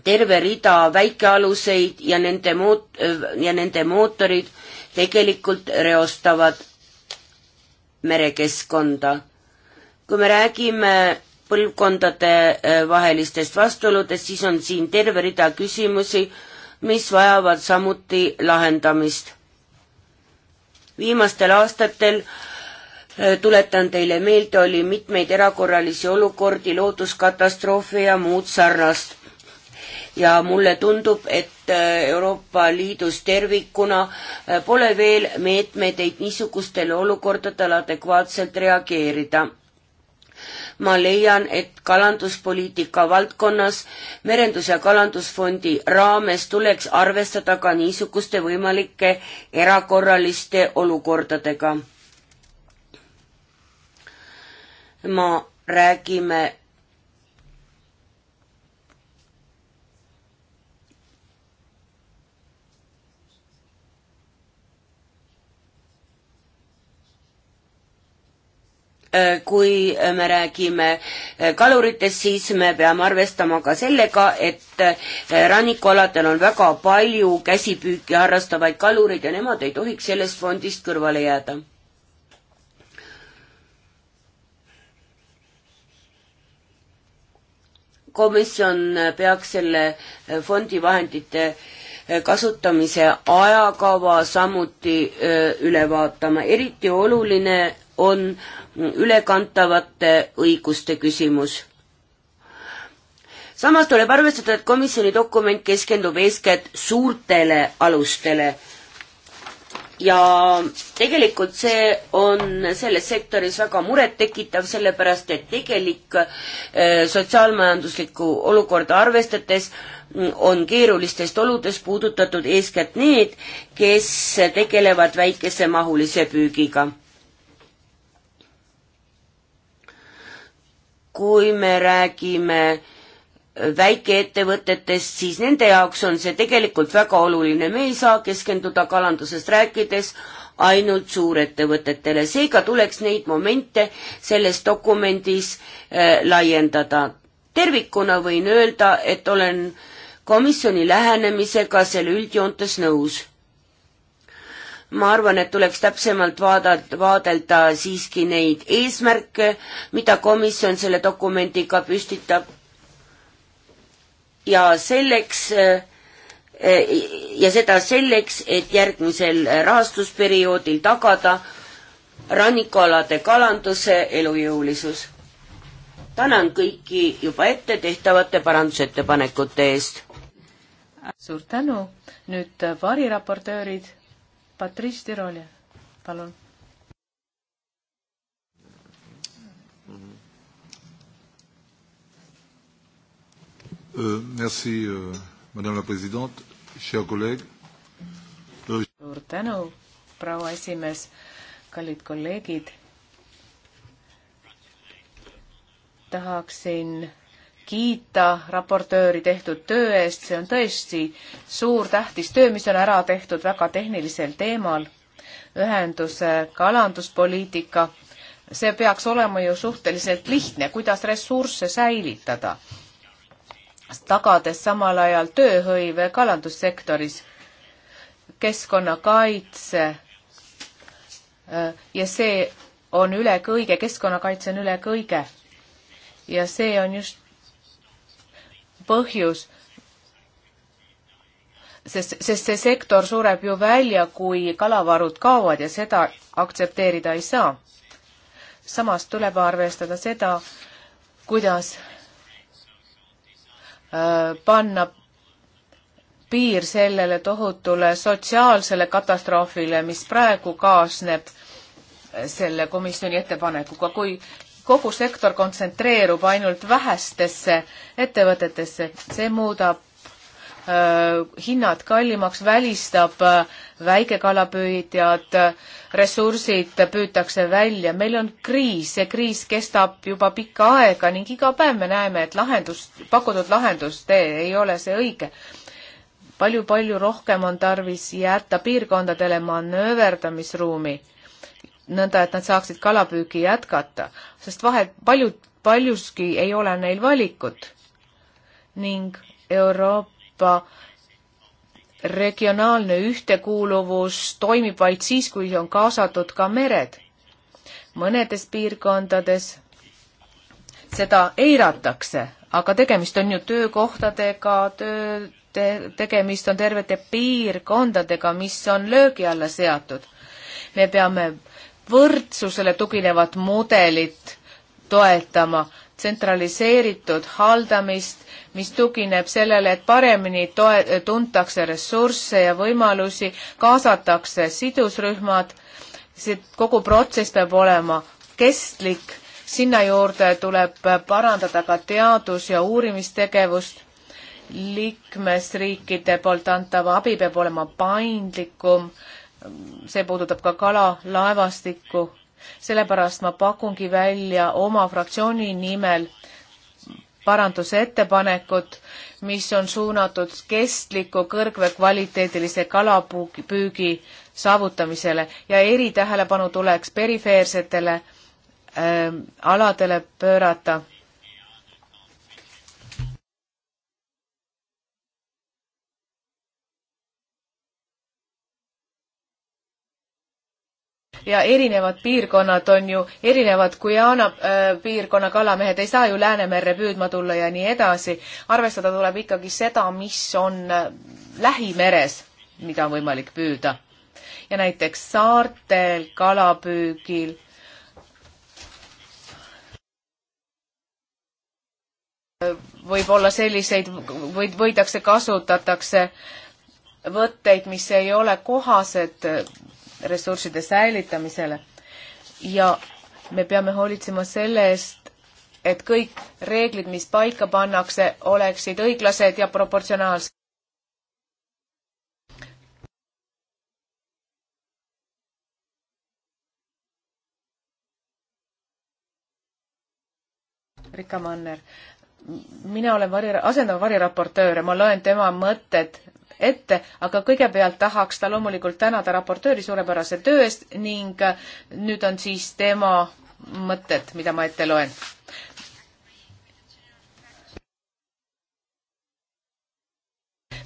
Speaker 1: terve rida väikealuseid ja nende moot-, äh, ja nende mootorid tegelikult reostavad merekeskkonda. kui me räägime põlvkondade äh, vahelistest vastuoludest, siis on siin terve rida küsimusi, mis vajavad samuti lahendamist. viimastel aastatel äh, Äh, tuletan teile meelde, oli mitmeid erakorralisi olukordi, looduskatastroofe ja muud sarnast. ja mulle tundub, et äh, Euroopa Liidus tervikuna äh, pole veel meetmeid, et niisugustele olukordadele adekvaatselt reageerida ma leian, et kalanduspoliitika valdkonnas Merendus- ja Kalandusfondi raames tuleks arvestada ka niisuguste võimalike erakorraliste olukordadega ma räägime kui me räägime kaluritest, siis me peame arvestama ka sellega, et rannikualadel on väga palju käsipüüki harrastavaid kalureid ja nemad ei tohiks sellest fondist kõrvale jääda komisjon peaks selle fondi vahendite kasutamise ajakava samuti üle vaatama, eriti oluline on ülekantavate õiguste küsimus. samas tuleb arvestada, et komisjoni dokument keskendub eeskätt suurtele alustele ja tegelikult see on selles sektoris väga murettekitav, sellepärast et tegelik äh, sotsiaalmajanduslikku olukorda arvestades mm, on keerulistest oludest puudutatud eeskätt need, kes tegelevad väikesemahulise püügiga. kui me räägime äh, väikeettevõtetest, siis nende jaoks on see tegelikult väga oluline, me ei saa keskenduda kalandusest rääkides ainult suurettevõtetele, seega tuleks neid momente selles dokumendis äh, laiendada. tervikuna võin öelda, et olen komisjoni lähenemisega selle üldjoontes nõus. ma arvan, et tuleks täpsemalt vaadata, vaadelda siiski neid eesmärke, mida komisjon selle dokumendiga püstitab ja selleks ja seda selleks, et järgmisel rahastusperioodil tagada rannikualade kalanduse elujõulisus. tänan kõiki juba ette tehtavate parandusettepanekute eest.
Speaker 2: suur tänu, nüüd variraportöörid, Patrice Tiroli, palun
Speaker 3: Euh, merci, euh, Madame la Présidente, chers collègues. Euh...
Speaker 2: suur tänu, proua esimees, kallid kolleegid. tahaksin kiita raportööri tehtud töö eest, see on tõesti suur tähtis töö, mis on ära tehtud väga tehnilisel teemal, ühenduse kalanduspoliitika, see peaks olema ju suhteliselt lihtne, kuidas ressursse säilitada tagades samal ajal tööhõive kalandussektoris, keskkonnakaitse äh, ja see on üle kõige, keskkonnakaitse on üle kõige. ja see on just põhjus, sest, sest see sektor sureb ju välja, kui kalavarud kaovad ja seda aktsepteerida ei saa. samas tuleb arvestada seda, kuidas Äh, panna piir sellele tohutule sotsiaalsele katastroofile, mis praegu kaasneb selle komisjoni ettepanekuga, kui kogu sektor kontsentreerub ainult vähestesse ettevõtetesse, see muudab Äh, hinnad kallimaks, välistab äh, väikekalapüüdjad, äh, ressursid püütakse välja, meil on kriis, see kriis kestab juba pikka aega ning iga päev me näeme, et lahendus, pakutud lahendustee ei ole see õige palju-palju rohkem on tarvis jätta piirkondadele manööverdamisruumi, nõnda et nad saaksid kalapüüki jätkata, sest vahet, paljud, paljuski ei ole neil valikut. ning Euroopa Euroopa regionaalne ühtekuuluvus toimib vaid siis, kui on kaasatud ka mered. mõnedes piirkondades seda eiratakse, aga tegemist on ju töökohtadega, töö te, tegemist on tervete piirkondadega, mis on löögi alla seatud. me peame võrdsusele tuginevat mudelit toetama tsentraliseeritud haldamist, mis tugineb sellele, et paremini toe-, tuntakse ressursse ja võimalusi, kaasatakse sidusrühmad, see kogu protsess peab olema kestlik, sinna juurde tuleb parandada ka teadus- ja uurimistegevust, liikmesriikide poolt antav abi peab olema paindlikum, see puudutab ka kalalaevastikku sellepärast ma pakungi välja oma fraktsiooni nimel parandusettepanekut, mis on suunatud kestliku kõrgkvaliteedilise kalapüügi saavutamisele ja eritähelepanu tuleks perifeersetele äh, aladele pöörata ja erinevad piirkonnad on ju erinevad, Guyana äh, piirkonna kalamehed ei saa ju Läänemerre püüdma tulla ja nii edasi. arvestada tuleb ikkagi seda, mis on äh, lähimeres, mida on võimalik püüda. ja näiteks saartel kalapüügil võib olla selliseid, võid, võidakse, kasutatakse võtteid, mis ei ole kohased ressursside säilitamisele. ja me peame hoolitsema selle eest, et kõik reeglid, mis paika pannakse, oleksid õiglased ja proportsionaalsed. Rika Manner, mina olen vari, asendava variraportöör ja ma loen tema mõtted ette, aga kõigepealt tahaks ta loomulikult tänada raportööri suurepärase töö eest ning nüüd on siis tema mõtted, mida ma ette loen.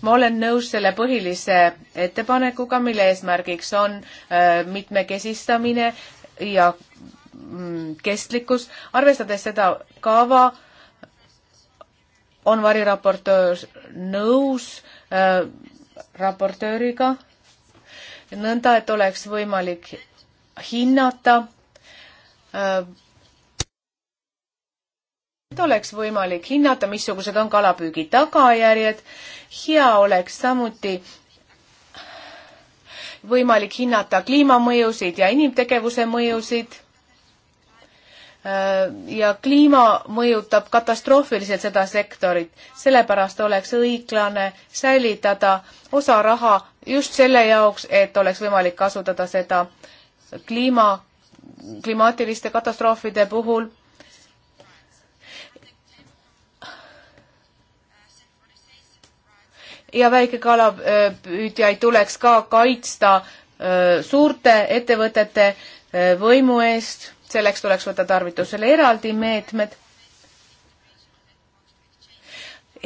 Speaker 2: ma olen nõus selle põhilise ettepanekuga, mille eesmärgiks on äh, mitmekesistamine ja mm, kestlikkus, arvestades seda kava, on variraportöör nõus äh, raportööriga, nõnda et oleks võimalik hinnata äh,, et oleks võimalik hinnata, missugused on kalapüügi tagajärjed, hea oleks samuti võimalik hinnata kliimamõjusid ja inimtegevuse mõjusid Äh, ja kliima mõjutab katastroofiliselt seda sektorit. sellepärast oleks õiglane säilitada osa raha just selle jaoks, et oleks võimalik kasutada seda kliima, klimaatiliste katastroofide puhul. ja väikekalapüüdjaid tuleks ka kaitsta äh, suurte ettevõtete äh, võimu eest selleks tuleks võtta tarvitusele eraldi meetmed.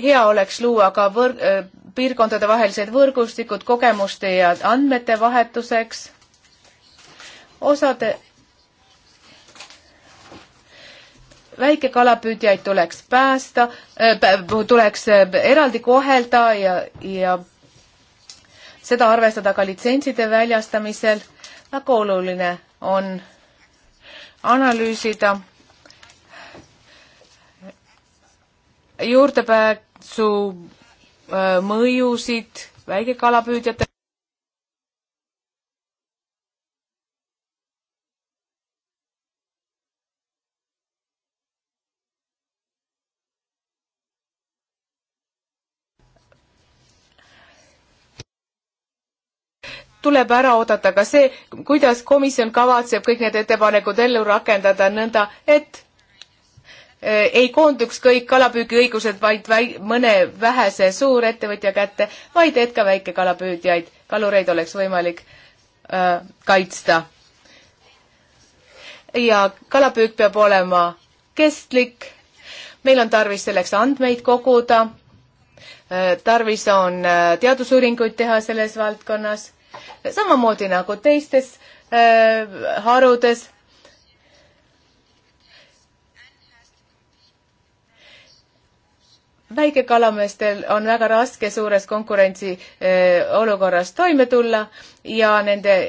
Speaker 2: hea oleks luua ka võr-, äh, piirkondade vahelised võrgustikud kogemuste ja andmete vahetuseks. osade väikekalapüüdjaid tuleks päästa, äh, tuleks äh, eraldi kohelda ja, ja seda arvestada ka litsentside väljastamisel. väga oluline on analüüsida juurdepääsu äh, mõjusid väikekalapüüdjatele. tuleb ära oodata ka see, kuidas komisjon kavatseb kõik need ettepanekud ellu rakendada nõnda, et eh, ei koonduks kõik kalapüügiõigused vaid väi, mõne vähese suurettevõtja kätte, vaid et ka väikekalapüüdjaid, kalureid oleks võimalik äh, kaitsta. ja kalapüük peab olema kestlik, meil on tarvis selleks andmeid koguda äh,, tarvis on äh, teadusuuringuid teha selles valdkonnas samamoodi nagu teistes äh, harudes. väikekalameestel on väga raske suures konkurentsiolukorras äh, toime tulla ja nende äh,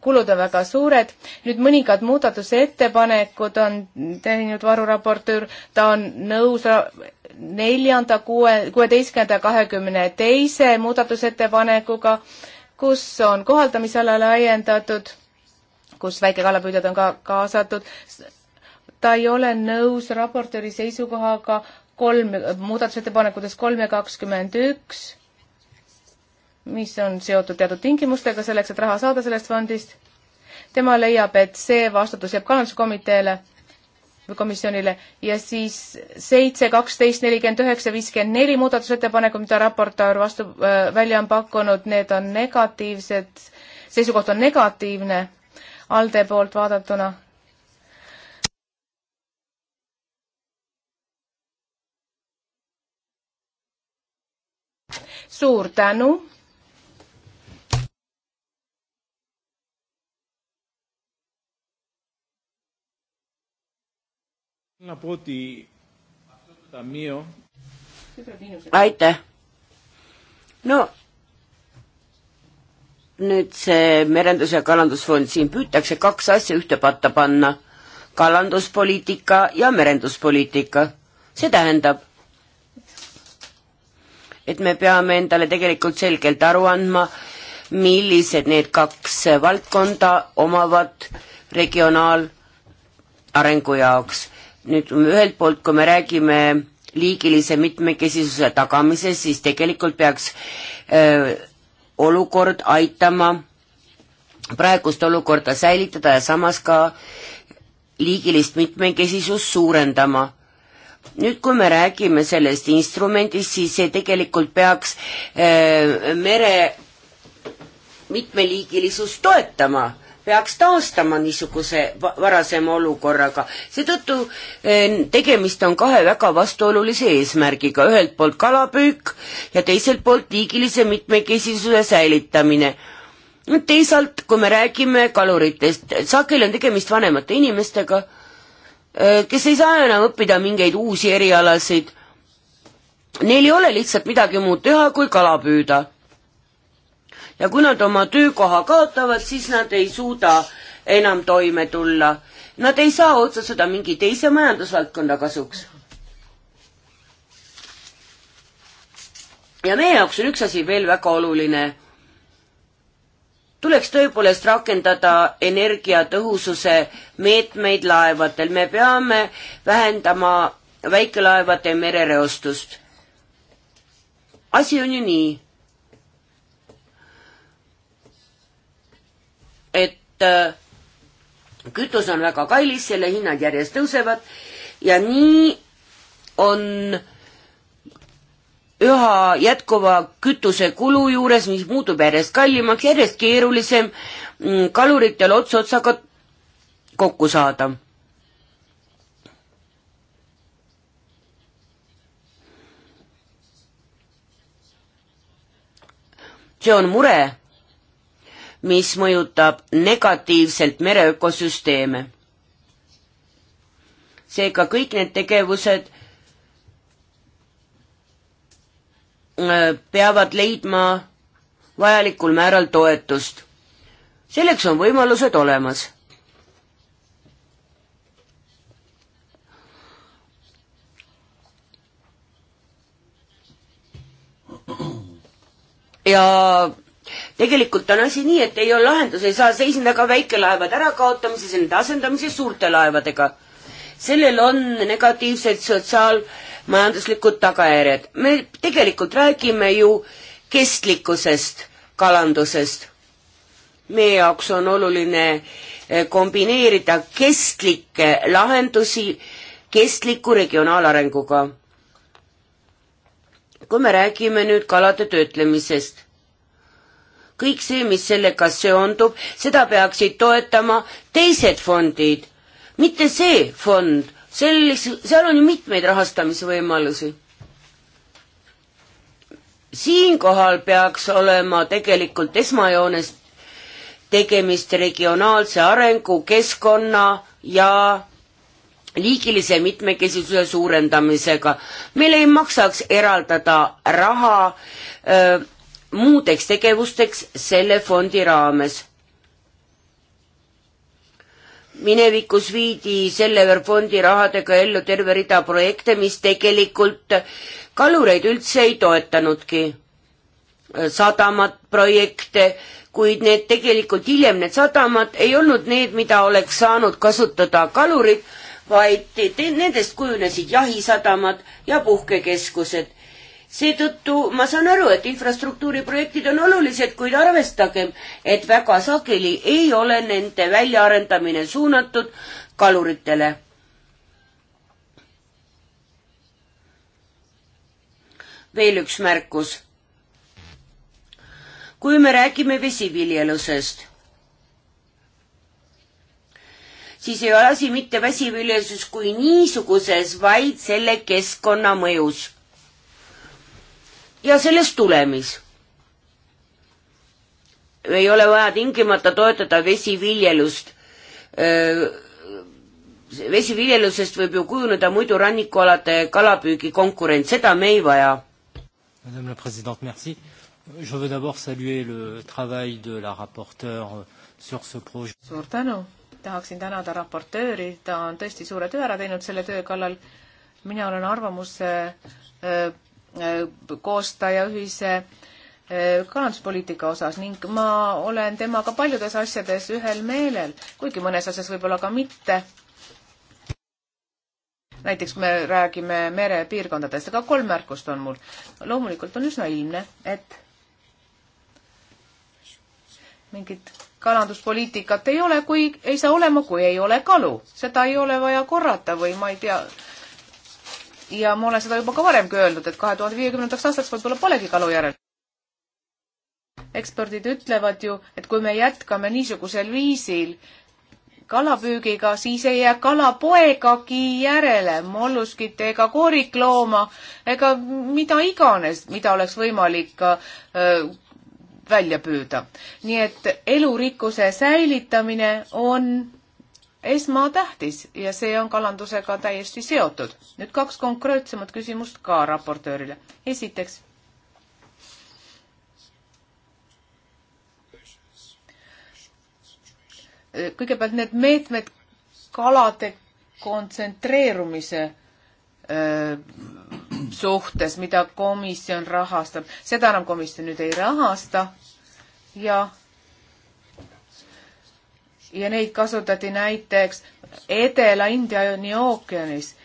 Speaker 2: kulud on väga suured. nüüd mõningad muudatusettepanekud on teinud varuraportöör, ta on nõus neljanda, kuue, kuueteistkümnenda, kahekümne teise muudatusettepanekuga äh, kus on kohaldamisala laiendatud, kus väikekalapüüdjad on ka kaasatud. ta ei ole nõus raportööri seisukohaga kolm, muudatusettepanekutes kolm ja kakskümmend üks, mis on seotud teatud tingimustega selleks, et raha saada sellest fondist. tema leiab, et see vastutus jääb kalanduskomiteele komisjonile ja siis seitse, kaksteist, nelikümmend üheksa, viiskümmend neli muudatusettepanekut, mida raportöör vastu äh,, välja on pakkunud, need on negatiivsed, seisukoht on negatiivne ALDE poolt vaadatuna. suur tänu aitäh.
Speaker 1: no nüüd see merendus- ja kalandusfond, siin püütakse kaks asja ühte patta panna, kalanduspoliitika ja merenduspoliitika. see tähendab, et me peame endale tegelikult selgelt aru andma, millised need kaks valdkonda omavad regionaalarengu jaoks nüüd ühelt poolt, kui me räägime liigilise mitmekesisuse tagamisest, siis tegelikult peaks öö, äh, olukord aitama praegust olukorda säilitada ja samas ka liigilist mitmekesisust suurendama. nüüd, kui me räägime sellest instrumendist, siis see tegelikult peaks öö, äh, mere mitmeliigilisust toetama peaks taastama niisuguse varasema olukorraga. seetõttu eh, tegemist on kahe väga vastuolulise eesmärgiga, ühelt poolt kalapüük ja teiselt poolt liigilise mitmekesisuse säilitamine teisalt, kui me räägime kaluritest, sageli on tegemist vanemate inimestega, eh, kes ei saa enam õppida mingeid uusi erialasid. Neil ei ole lihtsalt midagi muud teha, kui kala püüda ja kui nad oma töökoha kaotavad, siis nad ei suuda enam toime tulla. Nad ei saa otsustada mingi teise majandusvaldkonda kasuks. ja meie jaoks on üks asi veel väga oluline. tuleks tõepoolest rakendada energiatõhususe meetmeid laevadel, me peame vähendama väikelaevade merereostust. asi on ju nii Äh, kütus on väga kallis, selle hinnad järjest tõusevad ja nii on üha jätkuva kütusekulu juures, mis muutub järjest kallimaks, järjest keerulisem mm, kaluritel ots otsaga kokku saada. see on mure mis mõjutab negatiivselt mere ökosüsteeme. seega kõik need tegevused äh, peavad leidma vajalikul määral toetust. selleks on võimalused olemas. ja tegelikult on asi nii, et ei ole lahendus, ei saa seisneda ka väikelaevade ärakaotamises ja nende asendamises suurte laevadega. sellel on negatiivsed sotsiaalmajanduslikud tagajärjed. me tegelikult räägime ju kestlikkusest kalandusest. meie jaoks on oluline eh, kombineerida kestlikke lahendusi kestliku regionaalarenguga. kui me räägime nüüd kalade töötlemisest kõik see, mis sellega seondub, seda peaksid toetama teised fondid, mitte see fond, sellis-, seal on ju mitmeid rahastamisvõimalusi. siinkohal peaks olema tegelikult esmajoones tegemist regionaalse arengu, keskkonna ja liigilise mitmekesisuse suurendamisega. meil ei maksaks eraldada raha öö, muudeks tegevusteks selle fondi raames. minevikus viidi selle fondi rahadega ellu terve rida projekte, mis tegelikult kalureid üldse ei toetanudki. sadamad, projekte, kuid need tegelikult hiljem, need sadamad ei olnud need, mida oleks saanud kasutada kalurid, vaid nendest kujunesid jahisadamad ja puhkekeskused seetõttu ma saan aru, et infrastruktuuriprojektid on olulised, kuid arvestagem, et väga sageli ei ole nende väljaarendamine suunatud kaluritele. veel üks märkus. kui me räägime vesiviljelusest, siis ei ole asi mitte vesiviljeluses kui niisuguses, vaid selle keskkonnamõjus ja sellest tulemis. ei ole vaja tingimata toetada vesiviljelust. vesiviljelusest võib ju kujuneda muidu rannikualade kalapüügi konkurent, seda me ei vaja.
Speaker 2: Madame la Présidente, merci. Je veux d'abord saluer
Speaker 1: le travail de la rapporteure sur ce projet.
Speaker 2: suur tänu, tahaksin tänada raportööri, ta on tõesti suure töö ära teinud selle töö kallal. mina olen arvamuse äh, Äh, koostaja ühise äh, kalanduspoliitika osas ning ma olen temaga paljudes asjades ühel meelel, kuigi mõnes asjas võib-olla ka mitte. näiteks me räägime merepiirkondadest, aga kolm märkust on mul. loomulikult on üsna ilmne, et mingit kalanduspoliitikat ei ole, kui ei saa olema, kui ei ole kalu. seda ei ole vaja korrata või ma ei tea, ja ma olen seda juba ka varemgi öelnud, et kahe tuhande viiekümnendaks aastaks võib-olla polegi kalu järel. eksperdid ütlevad ju, et kui me jätkame niisugusel viisil kalapüügiga, siis ei jää kalapoegagi järele, molluskit ega kooriklooma ega mida iganes, mida oleks võimalik öö, välja püüda. nii et elurikkuse säilitamine on esmatähtis ja see on kalandusega täiesti seotud. nüüd kaks konkreetsemat küsimust ka raportöörile. esiteks. kõigepealt need meetmed kalade kontsentreerumise öö, suhtes, mida komisjon rahastab, seda enam komisjon nüüd ei rahasta ja ja neid kasutati näiteks Edela-Indiani ookeanis.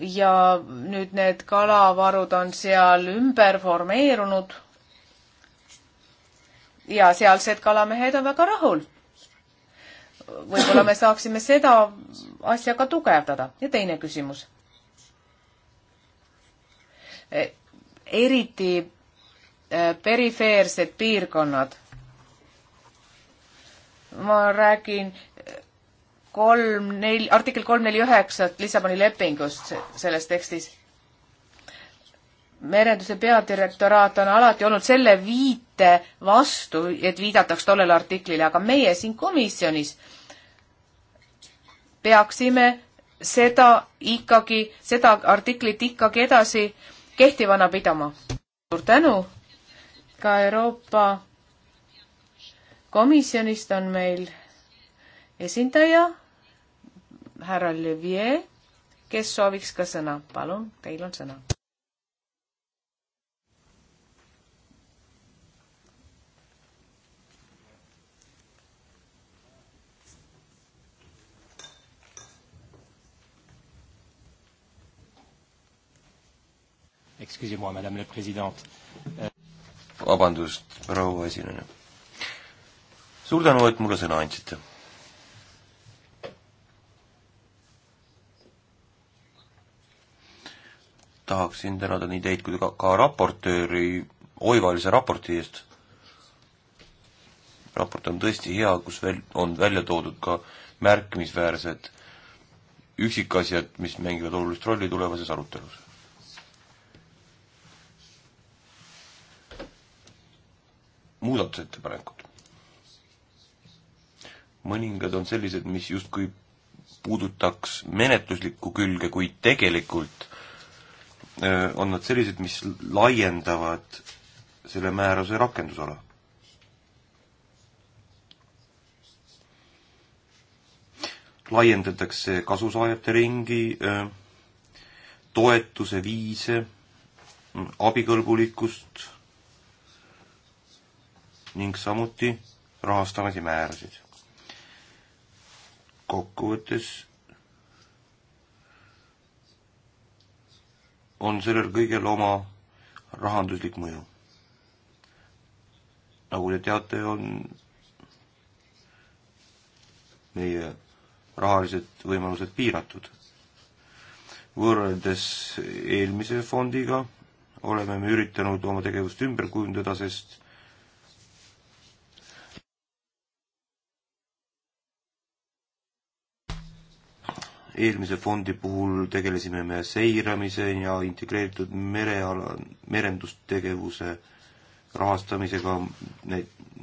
Speaker 2: ja nüüd need kalavarud on seal ümber formeerunud. ja sealsed kalamehed on väga rahul. võib-olla me saaksime seda asja ka tugevdada. ja teine küsimus. E, eriti e, perifeersed piirkonnad ma räägin kolm, neli, artikkel kolm, neli, üheksat Lissaboni lepingust selles tekstis. merenduse peadirektoraat on alati olnud selle viite vastu, et viidataks tollele artiklile, aga meie siin komisjonis peaksime seda ikkagi, seda artiklit ikkagi edasi kehtivana pidama. suur tänu ka Euroopa komisjonist on meil esindaja härra Levier, kes sooviks ka sõna. palun, teil on sõna.
Speaker 3: Excusez-moi, madame la présidente. Euh, vabandust, proua esineja suur tänu, et mulle sõna andsite. tahaksin tänada nii teid kui ka, ka raportööri oivalise raporti eest. raport on tõesti hea, kus veel on välja toodud ka märkimisväärsed üksikasjad, mis mängivad olulist rolli tulevases arutelus muudatusettepanekud mõningad on sellised, mis justkui puudutaks menetluslikku külge, kuid tegelikult äh, on nad sellised, mis laiendavad selle määruse rakendusala. laiendatakse kasusaajate ringi, äh, toetuse viise, mm, abikõlbulikkust ning samuti rahastamisi määrasid kokkuvõttes on sellel kõigel oma rahanduslik mõju. nagu te teate, on meie rahalised võimalused piiratud. võrreldes eelmise fondiga oleme me üritanud oma tegevust ümber kujundada, sest eelmise fondi puhul tegelesime me seiramise ja integreeritud mereala, merendustegevuse rahastamisega,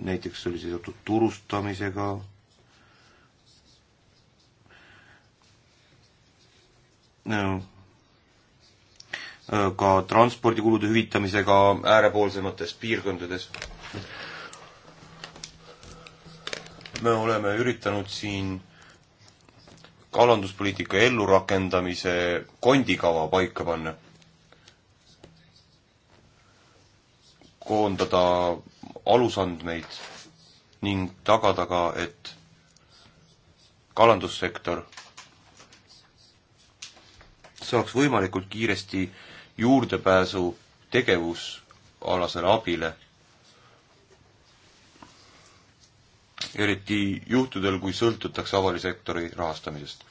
Speaker 3: näiteks oli seotud turustamisega, äh, ka transpordikulude hüvitamisega äärepoolsemates piirkondades. me oleme üritanud siin äh, kalanduspoliitika ellurakendamise kondikava paika panna. koondada alusandmeid ning tagada ka, et kalandussektor saaks võimalikult kiiresti juurdepääsu tegevusalasele abile eriti juhtudel, kui sõltutakse avalisektori rahastamisest.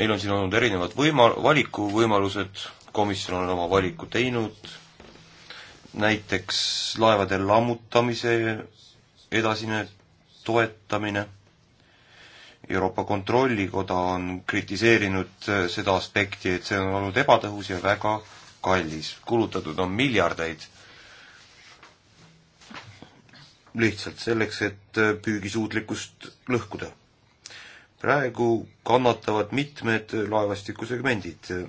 Speaker 3: meil on siin olnud erinevad võima-, valikuvõimalused, komisjon on oma valiku teinud, näiteks laevade lammutamise edasine toetamine, Euroopa Kontrollikoda on kritiseerinud äh, seda aspekti, et see on olnud ebatõhus ja väga kallis, kulutatud on miljardeid lihtsalt selleks, et äh, püügisuutlikkust lõhkuda. praegu kannatavad mitmed äh, laevastikusegmendid. Äh.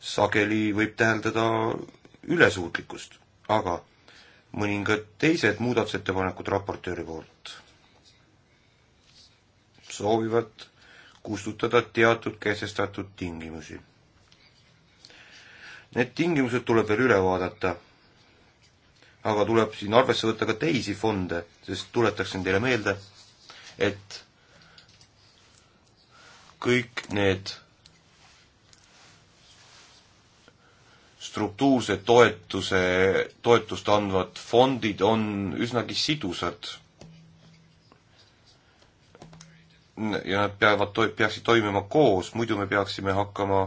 Speaker 3: sageli võib täheldada ülesuutlikkust, aga mõningad teised muudatusettepanekud raportööri poolt soovivad kustutada teatud kehtestatud tingimusi. Need tingimused tuleb veel üle vaadata aga tuleb siin arvesse võtta ka teisi fonde, sest tuletaksin teile meelde, et kõik need struktuurse toetuse, toetust andvad fondid on üsnagi sidusad. ja nad peavad, peaksid toimima koos, muidu me peaksime hakkama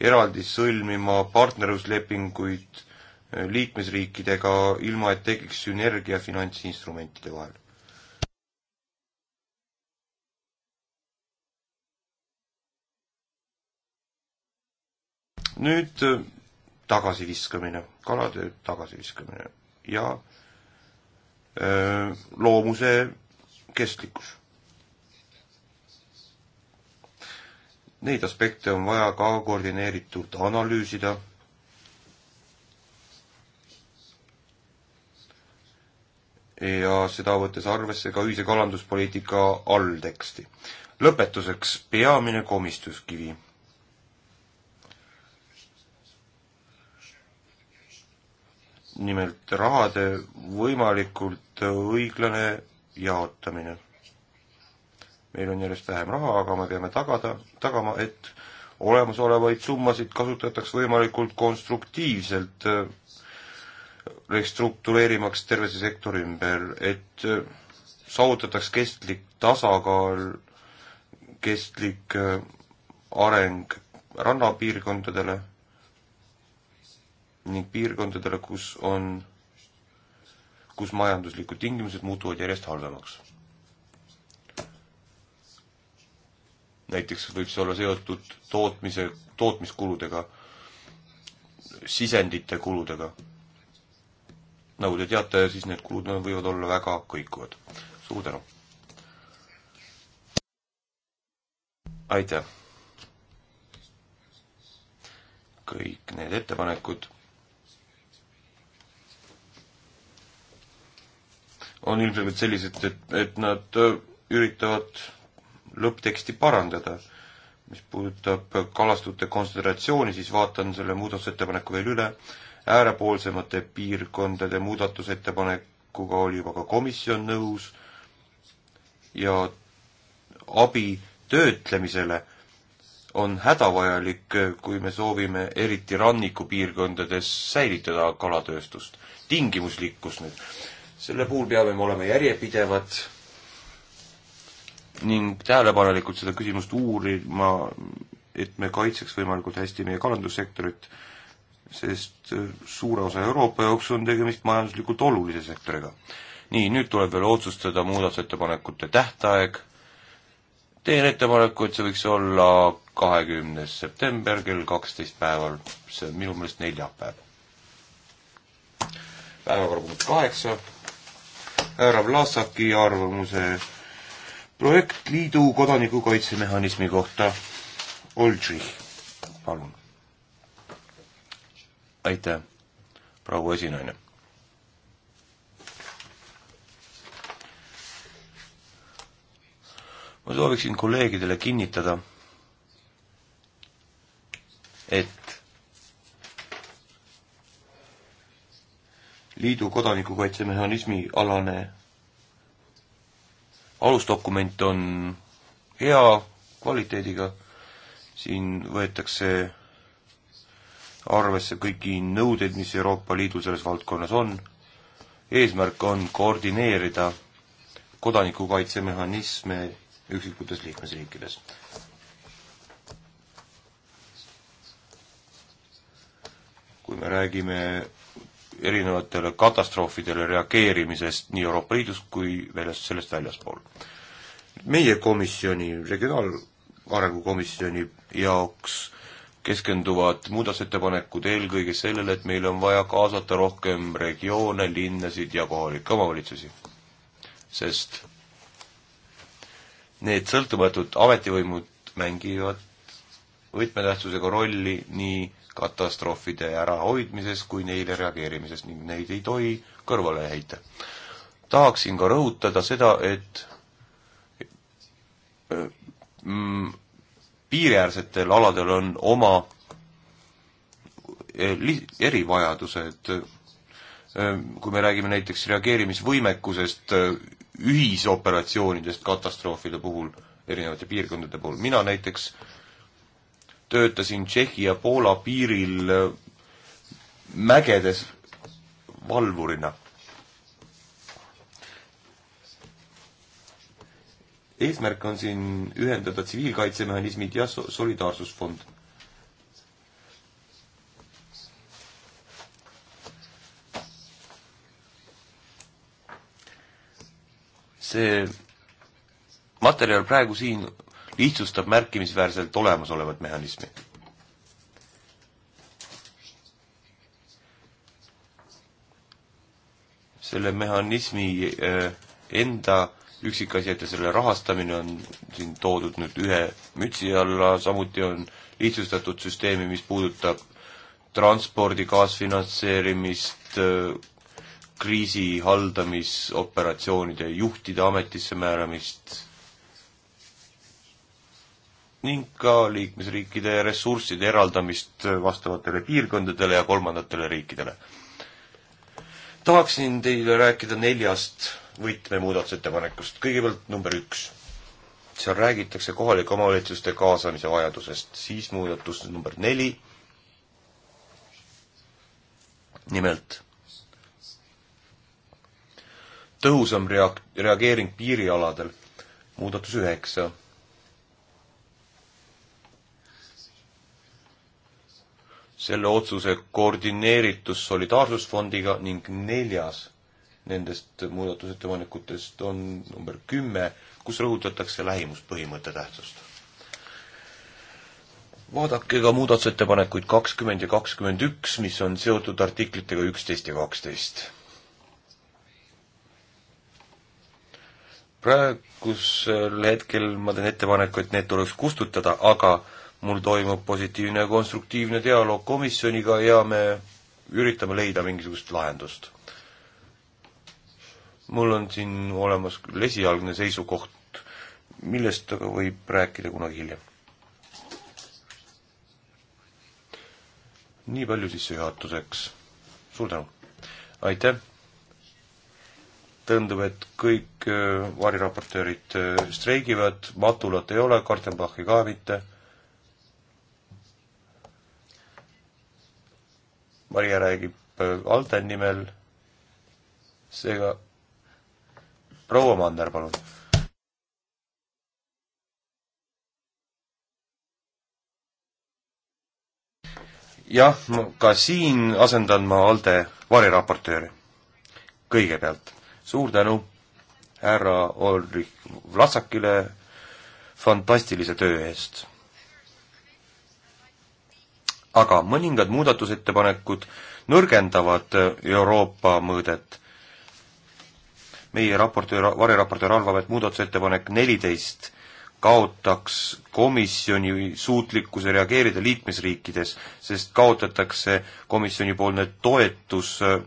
Speaker 3: eraldi sõlmima partnerluslepinguid liikmesriikidega, ilma et tekiks sünergia finantsinstrumentide vahel? nüüd äh, tagasiviskamine, kalade tagasiviskamine ja öö, äh, loomuse kestlikkus. Neid aspekte on vaja ka koordineeritult analüüsida ja seda võttes arvesse ka ühise kalanduspoliitika allteksti. lõpetuseks peamine komistuskivi. nimelt rahade võimalikult õiglane jaotamine. meil on järjest vähem raha, aga me peame tagada, tagama, et olemasolevaid summasid kasutataks võimalikult konstruktiivselt restruktureerimaks terve see sektor ümber, et äh, saavutataks kestlik tasakaal, kestlik äh, areng rannapiirkondadele ning piirkondadele, kus on, kus majanduslikud tingimused muutuvad järjest halvemaks. näiteks võib see olla seotud tootmise, tootmiskuludega, sisendite kuludega nagu te teate, siis need kulud võivad olla väga kõikuvad. suur tänu! aitäh! kõik need ettepanekud on ilmselgelt sellised, et, et nad äh, üritavad lõppteksti parandada. mis puudutab kalastute kontsentratsiooni, siis vaatan selle muudatusettepaneku veel üle äärepoolsemate piirkondade muudatusettepanekuga oli juba ka komisjon nõus ja abi töötlemisele on hädavajalik, kui me soovime eriti rannikupiirkondades säilitada kalatööstust. tingimuslikkus nüüd. selle puhul peame me olema järjepidevad ning tähelepanelikult seda küsimust uurima, et me kaitseks võimalikult hästi meie kalandussektorit sest äh, suure osa Euroopa jaoks on tegemist majanduslikult olulise sektoriga. nii, nüüd tuleb veel otsustada muudatusettepanekute tähtaeg, teen ettepaneku, et see võiks olla kahekümnes september kell kaksteist päeval, see on minu meelest neljapäev. päevakorrapunkt kaheksa, härra Vlasaki arvamuse projekt liidu kodanikukaitsemehhanismi kohta, Oldrich, palun aitäh, proua esinaine. ma sooviksin kolleegidele kinnitada, et liidu kodanikukaitsemehhanismi alane alusdokument on hea kvaliteediga, siin võetakse arvesse kõiki nõudeid, mis Euroopa Liidul selles valdkonnas on. eesmärk on koordineerida kodanikukaitsemehhanisme üksikutes liikmesriikides. kui me räägime erinevatele katastroofidele reageerimisest nii Euroopa Liidus kui väljas, sellest väljaspool. meie komisjoni, regionaalarengu komisjoni jaoks keskenduvad muudatusettepanekud eelkõige sellele, et meil on vaja kaasata rohkem regioone, linnasid ja kohalikke omavalitsusi. sest need sõltumatud ametivõimud mängivad võtmetähtsusega rolli nii katastroofide ärahoidmises kui neile reageerimises ning neid ei tohi kõrvale heita. tahaksin ka rõhutada seda, et mm, piiriäärsetel aladel on oma eh, erivajadused. Ehm, kui me räägime näiteks reageerimisvõimekusest, eh, ühisoperatsioonidest katastroofide puhul, erinevate piirkondade puhul, mina näiteks töötasin Tšehhi ja Poola piiril eh, mägedes valvurina eesmärk on siin ühendada tsiviilkaitsemehhanismid ja so-, solidaarsusfond. see materjal praegu siin lihtsustab märkimisväärselt olemasolevat mehhanismi. selle mehhanismi eh, enda äh, üksikasi, et selle rahastamine on siin toodud nüüd ühe mütsi alla, samuti on lihtsustatud süsteemi, mis puudutab transpordi kaasfinantseerimist, kriisi haldamisoperatsioonide juhtide ametisse määramist ning ka liikmesriikide ressursside eraldamist vastavatele piirkondadele ja kolmandatele riikidele. tahaksin teile rääkida neljast võtmemuudatusettepanekust, kõigepealt number üks. seal räägitakse kohalike omavalitsuste kaasamise vajadusest, siis muudatus number neli, nimelt tõhusam reak-, reageering piirialadel, muudatus üheksa selle otsuse koordineeritus solidaarsusfondiga ning neljas nendest muudatusettepanekutest on number kümme, kus rõhutatakse lähimuspõhimõtte tähtsust. vaadake ka muudatusettepanekuid kakskümmend ja kakskümmend üks, mis on seotud artiklitega üksteist ja kaksteist. praegusel hetkel ma teen ettepaneku, et need tuleks kustutada, aga mul toimub positiivne ja konstruktiivne dialoog komisjoniga ja me üritame leida mingisugust lahendust mul on siin olemas küll esialgne seisukoht, millest aga võib rääkida kunagi hiljem. nii palju sissejuhatuseks. suur tänu! aitäh! tundub, et kõik äh, variraportöörid äh, streigivad, Matulat ei ole, Kartenbachi ka mitte. Maria räägib äh, Alten nimel, seega proua Mander, palun. jah, ka siin asendan ma ALDE variraportööri. kõigepealt suur tänu härra Ulrich Vlasakile fantastilise töö eest. aga mõningad muudatusettepanekud nõrgendavad Euroopa mõõdet meie raportöör, variraportöör arvab, et muudatusettepanek neliteist kaotaks komisjoni suutlikkuse reageerida liikmesriikides, sest kaotatakse komisjonipoolne toetus äh,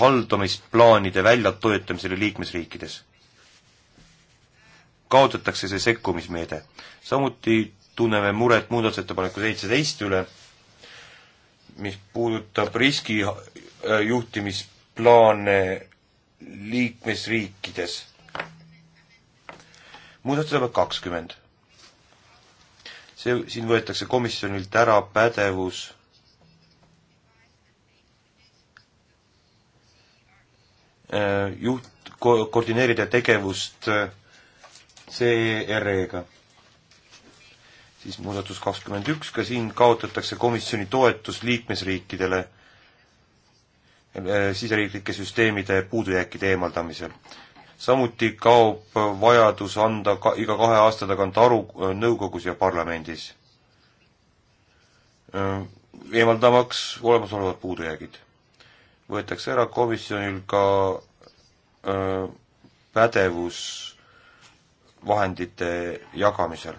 Speaker 3: haldamisplaanide väljatoetamisele liikmesriikides. kaotatakse see sekkumismeede. samuti tunneme muret muudatusettepaneku seitseteist üle, mis puudutab riskijuhtimisplaane liikmesriikides. muudatusettepanek kakskümmend. see, siin võetakse komisjonilt ära pädevus äh, juht, ko-, koordineerida tegevust CRE-ga. E siis muudatus kakskümmend üks, ka siin kaotatakse komisjoni toetus liikmesriikidele Äh, siseriiklike süsteemide puudujääkide eemaldamisel. samuti kaob vajadus anda ka iga kahe aasta tagant aru äh, nõukogus ja parlamendis, äh, eemaldamaks olemasolevad puudujäägid. võetakse ära komisjonil ka öö, pädevus vahendite jagamisel.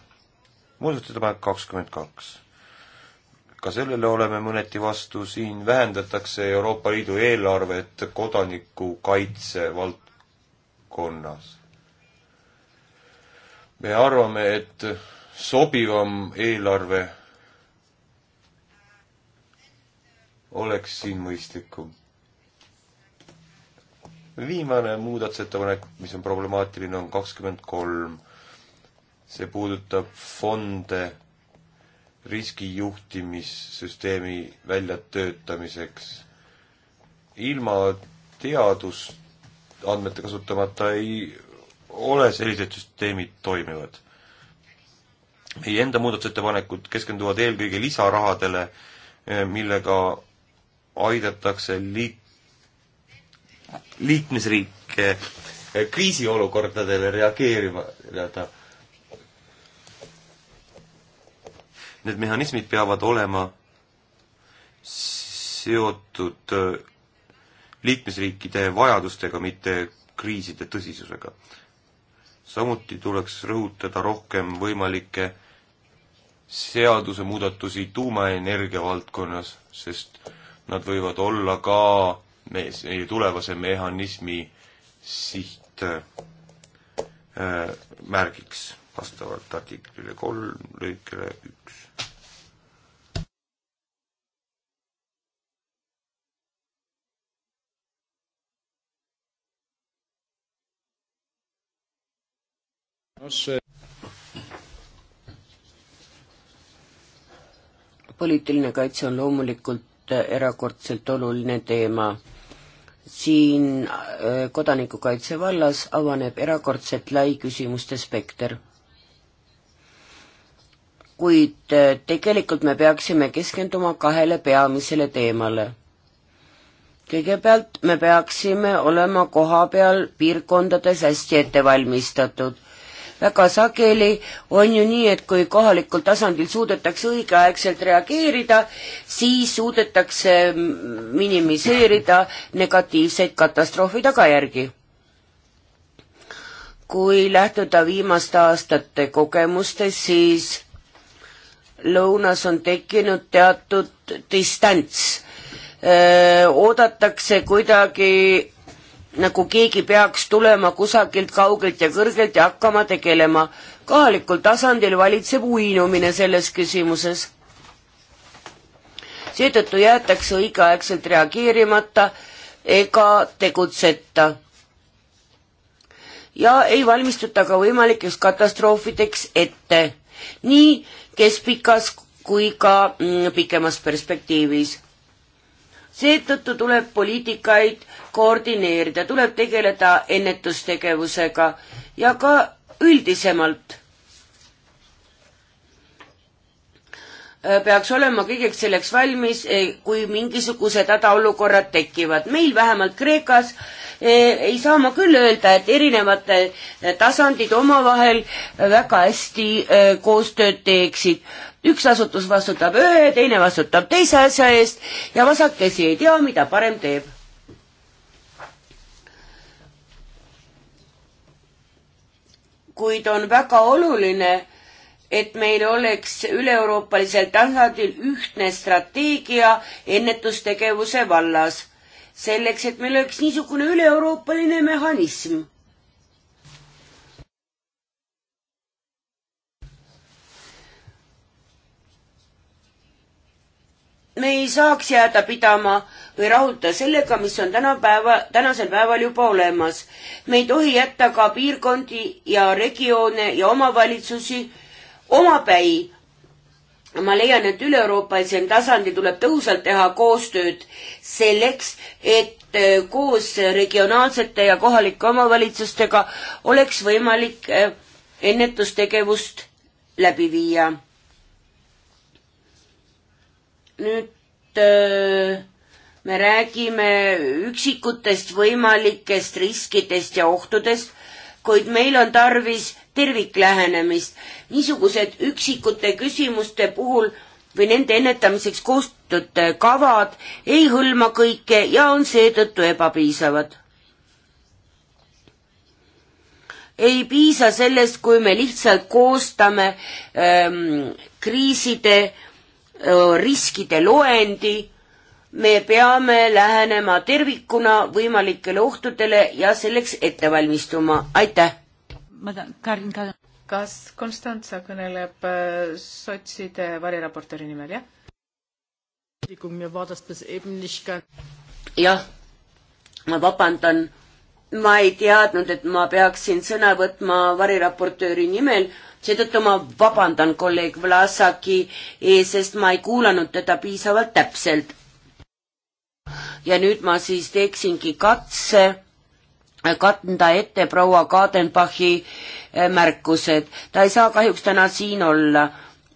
Speaker 3: muudatusettepanek kakskümmend kaks ka sellele oleme mõneti vastu, siin vähendatakse Euroopa Liidu eelarvet kodanikukaitse valdkonnas. me arvame, et sobivam eelarve oleks siin mõistlikum. viimane muudatusettepanek, mis on problemaatiline, on kakskümmend kolm. see puudutab fonde riskijuhtimissüsteemi väljatöötamiseks. ilma teadusandmete kasutamata ei ole sellised süsteemid toimivad. meie enda muudatusettepanekud keskenduvad eelkõige lisarahadele, eh, millega aidatakse liik-, liikmesriike eh, kriisiolukordadele reageerida need mehhanismid peavad olema seotud äh, liikmesriikide vajadustega, mitte kriiside tõsisusega. samuti tuleks rõhutada rohkem võimalikke seadusemuudatusi tuumaenergia valdkonnas, sest nad võivad olla ka meie tulevase mehhanismi siht äh, märgiks vastavalt artiklile kolm lõikele üks.
Speaker 1: poliitiline kaitse on loomulikult äh, erakordselt oluline teema. siin äh, kodanikukaitse vallas avaneb erakordselt lai küsimuste spekter kuid äh, tegelikult me peaksime keskenduma kahele peamisele teemale. kõigepealt me peaksime olema kohapeal piirkondades hästi ettevalmistatud. väga sageli on ju nii, et kui kohalikul tasandil suudetakse õigeaegselt reageerida, siis suudetakse minimiseerida negatiivseid katastroofi tagajärgi kui lähtuda viimaste aastate kogemustest, siis lõunas on tekkinud teatud distants. oodatakse kuidagi nagu keegi peaks tulema kusagilt kaugelt ja kõrgelt ja hakkama tegelema. kohalikul tasandil valitseb uinumine selles küsimuses. seetõttu jäetakse õigeaegselt reageerimata ega tegutseta. ja ei valmistuta ka võimalikeks katastroofideks ette. nii keskpikas kui ka mm, pikemas perspektiivis. seetõttu tuleb poliitikaid koordineerida, tuleb tegeleda ennetustegevusega ja ka üldisemalt Äh, peaks olema kõigeks selleks valmis, äh, kui mingisugused hädaolukorrad tekivad. meil vähemalt Kreekas äh, ei saa ma küll öelda, et erinevate tasandid omavahel väga hästi koostööd teeksid. üks asutus vastutab ühe, teine vastutab teise asja eest ja vasakesi ei tea, mida parem teeb. kuid on väga oluline et meil oleks üle-euroopalisel tasandil ühtne strateegia ennetustegevuse vallas, selleks et meil oleks niisugune üle-euroopaline mehhanism. me ei saaks jääda pidama või rahulda sellega, mis on tänapäeva, tänasel päeval juba olemas. me ei tohi jätta ka piirkondi ja regioone ja omavalitsusi omapäi ma leian, et üle-euroopalisel tasandil tuleb tõhusalt teha koostööd selleks, et äh, koos regionaalsete ja kohalike omavalitsustega oleks võimalik äh, ennetustegevust läbi viia. nüüd äh, me räägime üksikutest võimalikest riskidest ja ohtudest, kuid meil on tarvis terviklähenemist. niisugused üksikute küsimuste puhul või nende ennetamiseks koostatud kavad ei hõlma kõike ja on seetõttu ebapiisavad. ei piisa sellest, kui me lihtsalt koostame ähm, kriiside öö, äh, riskide loendi, me peame lähenema tervikuna võimalikele ohtudele ja selleks ette valmistuma, aitäh!
Speaker 2: kas Konstantsa kõneleb äh, sotside variraportööri nimel, jah?
Speaker 1: jah, ma vabandan, ma ei teadnud, et ma peaksin sõna võtma variraportööri nimel, seetõttu ma vabandan kolleeg Vlasaki ees, sest ma ei kuulanud teda piisavalt täpselt. ja nüüd ma siis teeksingi katse kanda ette proua Kadenbachi äh, märkused. ta ei saa kahjuks täna siin olla.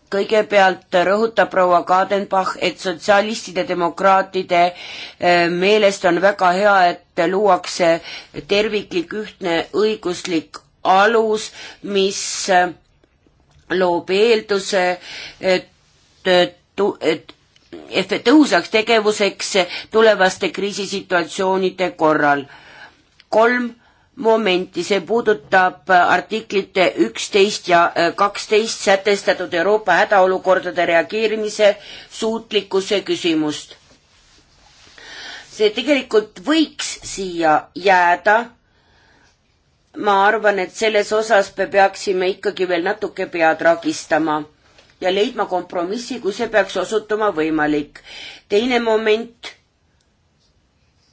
Speaker 1: kõigepealt rõhutab proua Kadenbach, et sotsialistide demokraatide äh, meelest on väga hea, et luuakse terviklik ühtne õiguslik alus, mis äh, loob eelduse, et, et, et tõhusaks tegevuseks tulevaste kriisisituatsioonide korral kolm momenti, see puudutab äh, artiklite üksteist ja äh, kaksteist sätestatud Euroopa hädaolukordade reageerimise suutlikkuse küsimust. see tegelikult võiks siia jääda. ma arvan, et selles osas me peaksime ikkagi veel natuke pead ragistama ja leidma kompromissi, kui see peaks osutuma võimalik. teine moment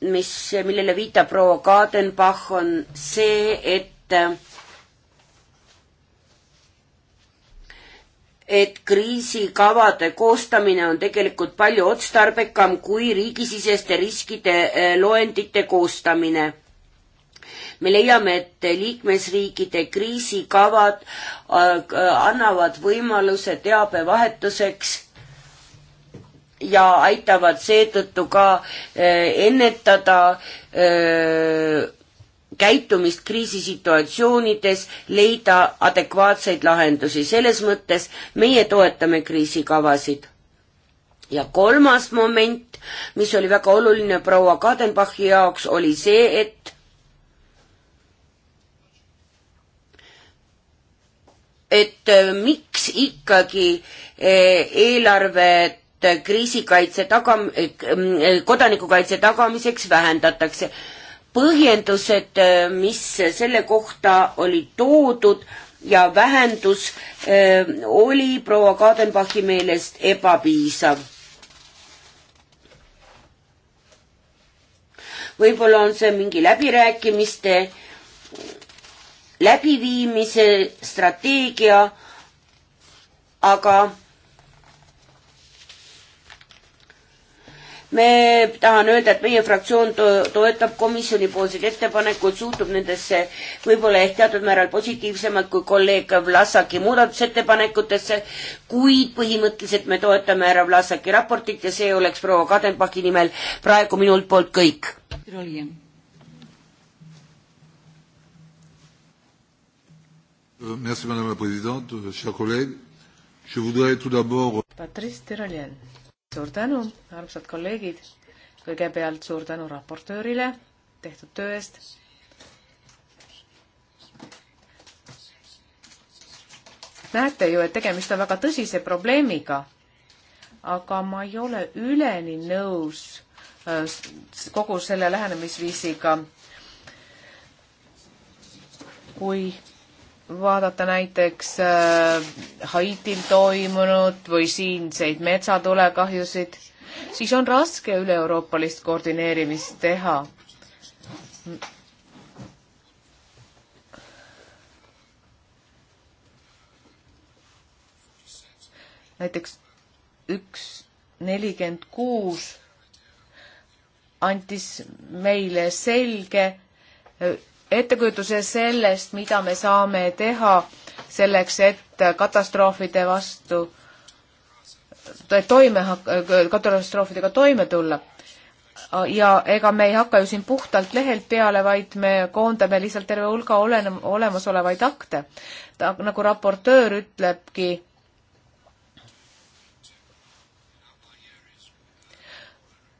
Speaker 1: mis, millele viitab proua Kadenbach, on see, et et kriisikavade koostamine on tegelikult palju otstarbekam kui riigisiseste riskide eh, loendite koostamine me leiame, et liikmesriikide kriisikavad eh, annavad võimaluse teabevahetuseks ja aitavad seetõttu ka eh, ennetada eh, käitumist kriisisituatsioonides, leida adekvaatseid lahendusi, selles mõttes meie toetame kriisikavasid. ja kolmas moment, mis oli väga oluline proua Kadenbachi jaoks, oli see, et et eh, miks ikkagi eelarvet kriisikaitse taga, eh, kodanikukaitse tagamiseks vähendatakse. põhjendused, eh, mis selle kohta olid toodud ja vähendus eh, oli proua Kadenbachi meelest ebapiisav. võib-olla on see mingi läbirääkimiste läbiviimise strateegia, aga me tahan öelda, et meie fraktsioon to toetab komisjonipoolseid ettepanekuid, suhtub nendesse võib-olla ehk teatud määral positiivsemalt kui kolleeg Vlasaki muudatusettepanekutesse, kuid põhimõtteliselt me toetame härra Vlasaki raportit ja see oleks proua Kadenbachi nimel praegu minult poolt kõik.
Speaker 3: Euh, merci Madame la Présidente, euh, chers collègues. Je voudrais tout d'abord.
Speaker 2: Patrice Terolien suur tänu, armsad kolleegid. kõigepealt suur tänu raportöörile tehtud töö eest. näete ju, et tegemist on väga tõsise probleemiga. aga ma ei ole üleni nõus äh, kogu selle lähenemisviisiga. kui vaadata näiteks äh, Haitil toimunut või siinseid metsatulekahjusid, siis on raske üle-euroopalist koordineerimist teha. näiteks üks nelikümmend kuus andis meile selge ettekujutuse sellest, mida me saame teha selleks, et katastroofide vastu toime, katastroofidega toime tulla. ja ega me ei hakka ju siin puhtalt lehelt peale, vaid me koondame lihtsalt terve hulga ole, olemasolevaid akte. ta, nagu raportöör ütlebki,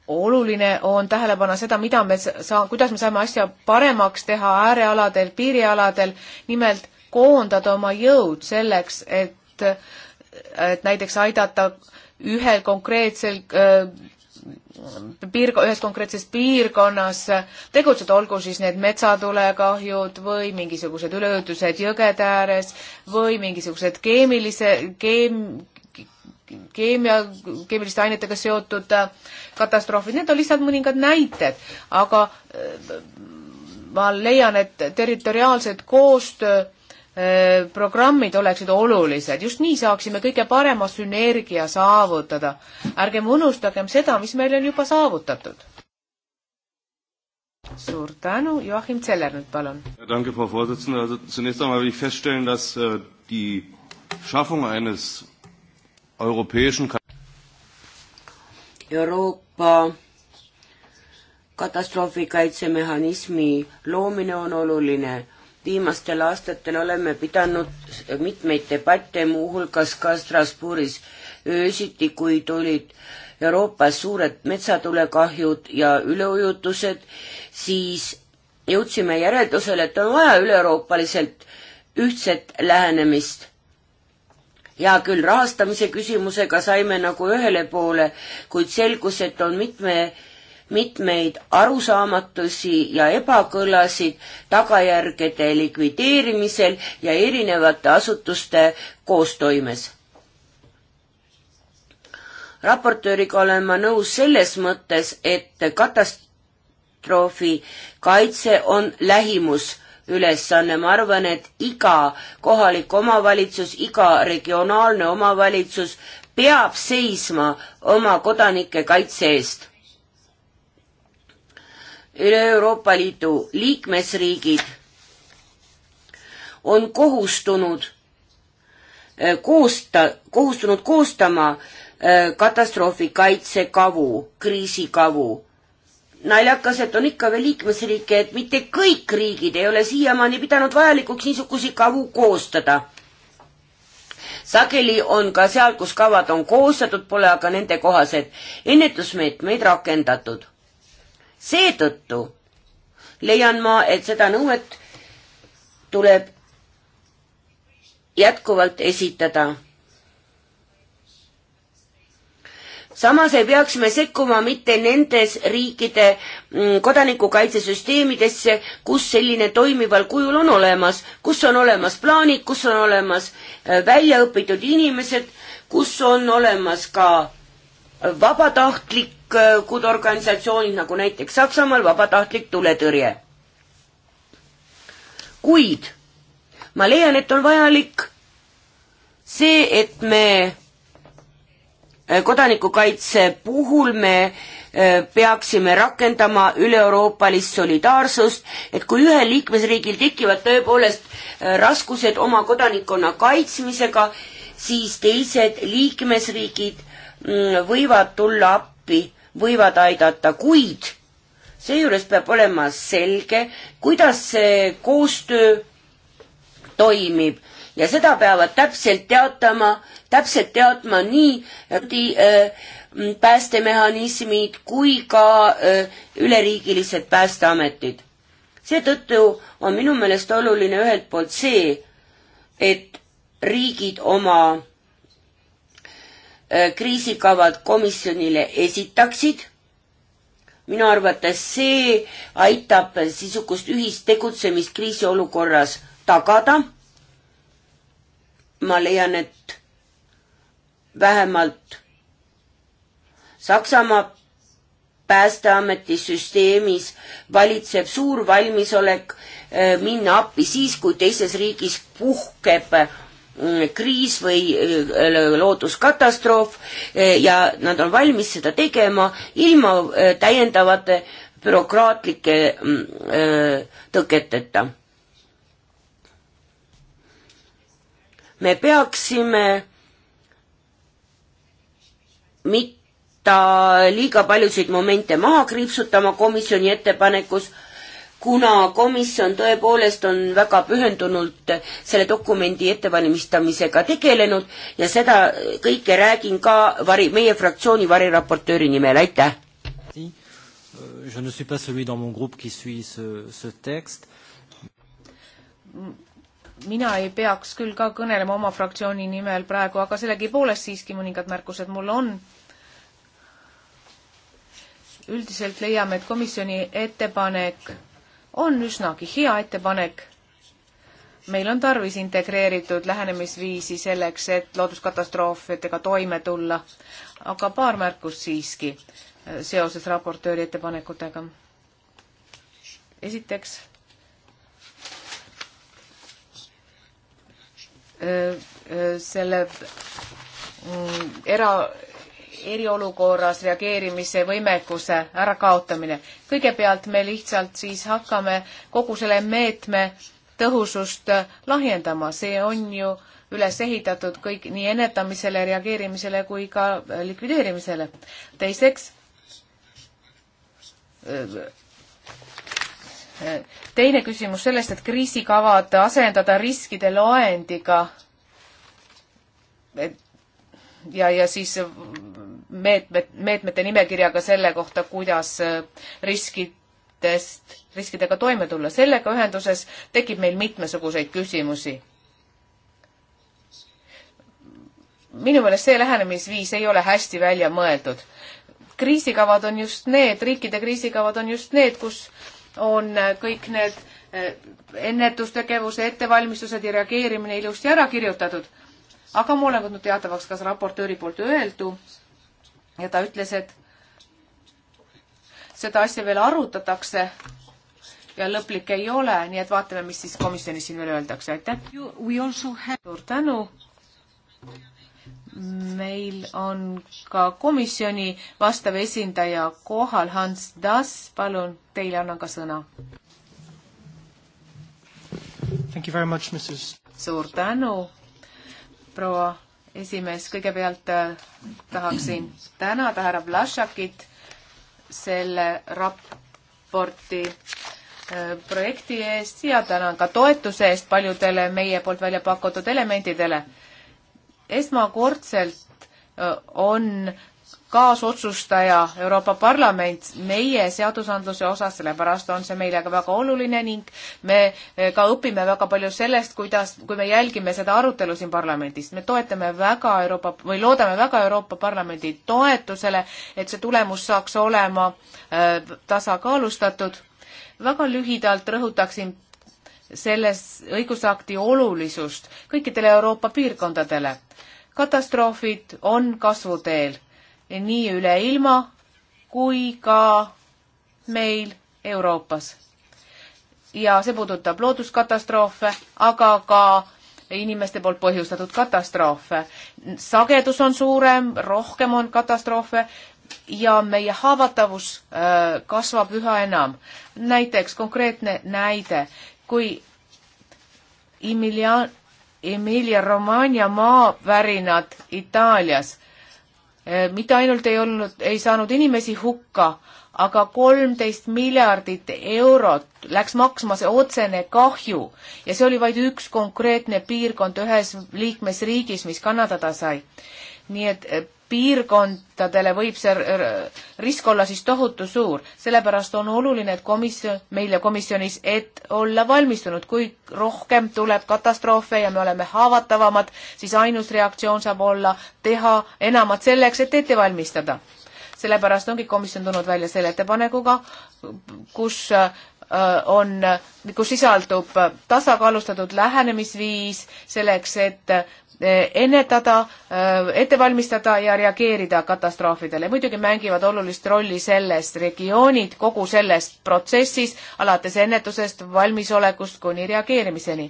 Speaker 2: oluline on tähele panna seda, mida me saa-, kuidas me saame asja paremaks teha äärealadel, piirialadel, nimelt koondada oma jõud selleks, et, et näiteks aidata ühel konkreetsel äh, piirg-, ühes konkreetses piirkonnas tegutseda, olgu siis need metsatulekahjud või mingisugused üleujutused jõgede ääres või mingisugused keemilise, keem-, keemia, keemiliste ainetega seotud äh, katastroofid, need on lihtsalt mõningad näited, aga äh, ma leian, et territoriaalsed koostööprogrammid äh, oleksid olulised, just nii saaksime kõige parema sünergia saavutada. ärgem unustagem seda, mis meil on juba saavutatud. suur tänu, Joachim Zeller nüüd palun.
Speaker 3: Danke, Frau Vorsitzende, also zunächst einmal will ich feststellen, dass die Schaffung eines europäischen
Speaker 1: Euroopa katastroofikaitsemehhanismi loomine on oluline. viimastel aastatel oleme pidanud mitmeid debatte, muuhulgas ka Strasbourgis öösiti, kui tulid Euroopas suured metsatulekahjud ja üleujutused, siis jõudsime järeldusele, et on vaja üleeuroopaliselt ühtset lähenemist hea küll, rahastamise küsimusega saime nagu ühele poole, kuid selgus, et on mitme, mitmeid arusaamatusi ja ebakõlasid tagajärgede likvideerimisel ja erinevate asutuste koostoimes. raportööriga olen ma nõus selles mõttes, et katast-, katastroofi kaitse on lähimus ülesanne, ma arvan, et iga kohalik omavalitsus, iga regionaalne omavalitsus peab seisma oma kodanike kaitse eest. üle Euroopa Liidu liikmesriigid on kohustunud eh, koosta, kohustunud koostama eh, katastroofikaitsekavu, kriisikavu naljakas, et on ikka veel liikmesriike, et mitte kõik riigid ei ole siiamaani pidanud vajalikuks niisuguseid kavu koostada. sageli on ka seal, kus kavad on koostatud, pole aga nende kohased ennetusmeetmeid rakendatud. seetõttu leian ma, et seda nõuet tuleb jätkuvalt esitada samas ei peaks me sekkuma mitte nendes riikide mm, kodanikukaitsesüsteemidesse, kus selline toimival kujul on olemas, kus on olemas plaanid, kus on olemas äh, väljaõpitud inimesed, kus on olemas ka äh, vabatahtlikud äh, organisatsioonid, nagu näiteks Saksamaal vabatahtlik tuletõrje. kuid ma leian, et on vajalik see, et me Äh, kodanikukaitse puhul me äh, peaksime rakendama üle-euroopalist solidaarsust, et kui ühel liikmesriigil tekivad tõepoolest äh, raskused oma kodanikkonna kaitsmisega, siis teised liikmesriigid mm, võivad tulla appi, võivad aidata, kuid seejuures peab olema selge, kuidas see koostöö toimib ja seda peavad täpselt teatama, täpselt teadma nii äh, päästemehhanismid kui ka äh, üleriigilised päästeametid. seetõttu on minu meelest oluline ühelt poolt see, et riigid oma äh, kriisikavad komisjonile esitaksid minu arvates see aitab sisukust ühist tegutsemist kriisiolukorras tagada ma leian, et vähemalt Saksamaa päästeameti süsteemis valitseb suur valmisolek eh, minna appi siis, kui teises riigis puhkeb mm, kriis või eh, looduskatastroof eh, ja nad on valmis seda tegema ilma täiendavate bürokraatlike mm, tõketeta me peaksime mitte liiga paljusid momente maha kriipsutama komisjoni ettepanekus, kuna komisjon tõepoolest on väga pühendunult selle dokumendi ettevalmistamisega tegelenud ja seda kõike räägin ka vari, meie fraktsiooni variraportööri nimel, aitäh!
Speaker 2: Je ne suis pas celui dans mon groupe qui suit ce, ce texte mina ei peaks küll ka kõnelema oma fraktsiooni nimel praegu, aga sellegipoolest siiski mõningad märkused mul on. üldiselt leiame, et komisjoni ettepanek on üsnagi hea ettepanek. meil on tarvis integreeritud lähenemisviisi selleks, et looduskatastroofidega toime tulla. aga paar märkust siiski seoses raportööri ettepanekutega. esiteks selle mm, era, eriolukorras reageerimise võimekuse ärakaotamine. kõigepealt me lihtsalt siis hakkame kogu selle meetme tõhusust lahjendama, see on ju üles ehitatud kõik nii ennetamisele, reageerimisele kui ka likvideerimisele. teiseks teine küsimus sellest, et kriisikavad asendada riskide loendiga. ja, ja siis meetmed, meetmete nimekirjaga selle kohta, kuidas äh, riskidest, riskidega toime tulla. sellega ühenduses tekib meil mitmesuguseid küsimusi. minu meelest see lähenemisviis ei ole hästi välja mõeldud. kriisikavad on just need, riikide kriisikavad on just need, kus on äh, kõik need äh, ennetustegevuse, ettevalmistused ja reageerimine ilusti ära kirjutatud. aga ma olen võtnud teatavaks ka raportööri poolt öeldu ja ta ütles, et seda asja veel arutatakse ja lõplik ei ole, nii et vaatame, mis siis komisjonis siin veel öeldakse, aitäh. suur tänu meil on ka komisjoni vastav esindaja kohal, Hans Das, palun, teile annan ka sõna. suur tänu, proua esimees, kõigepealt äh, tahaksin tänada härra Vlašakit selle raporti äh, projekti eest ja tänan ka toetuse eest paljudele meie poolt välja pakutud elementidele esmakordselt on kaasotsustaja Euroopa Parlament meie seadusandluse osas, sellepärast on see meile ka väga oluline ning me ka õpime väga palju sellest, kuidas, kui me jälgime seda arutelu siin parlamendis. me toetame väga Euroopa või loodame väga Euroopa Parlamendi toetusele, et see tulemus saaks olema tasakaalustatud. väga lühidalt rõhutaksin selles õigusakti olulisust kõikidele Euroopa piirkondadele. katastroofid on kasvuteel nii üle ilma kui ka meil Euroopas. ja see puudutab looduskatastroofe, aga ka inimeste poolt põhjustatud katastroofe. sagedus on suurem, rohkem on katastroofe ja meie haavatavus äh, kasvab üha enam. näiteks konkreetne näide, kui Emilia, Emilia Romagna maavärinad Itaalias eh, mitte ainult ei olnud, ei saanud inimesi hukka, aga kolmteist miljardit eurot läks maksma see otsene kahju ja see oli vaid üks konkreetne piirkond ühes liikmesriigis, mis kannatada sai. nii et eh, piirkondadele võib see risk olla siis tohutu suur. sellepärast on oluline, et komisjon, meile komisjonis, et olla valmistunud, kui rohkem tuleb katastroofe ja me oleme haavatavamad, siis ainus reaktsioon saab olla teha enamat selleks, et ette valmistada sellepärast ongi komisjon tulnud välja selle ettepanekuga, kus Äh, on, kus sisaldub tasakaalustatud lähenemisviis selleks, et äh, ennetada, äh, ette valmistada ja reageerida katastroofidele. muidugi mängivad olulist rolli selles regioonid kogu selles protsessis, alates ennetusest, valmisolekust kuni reageerimiseni.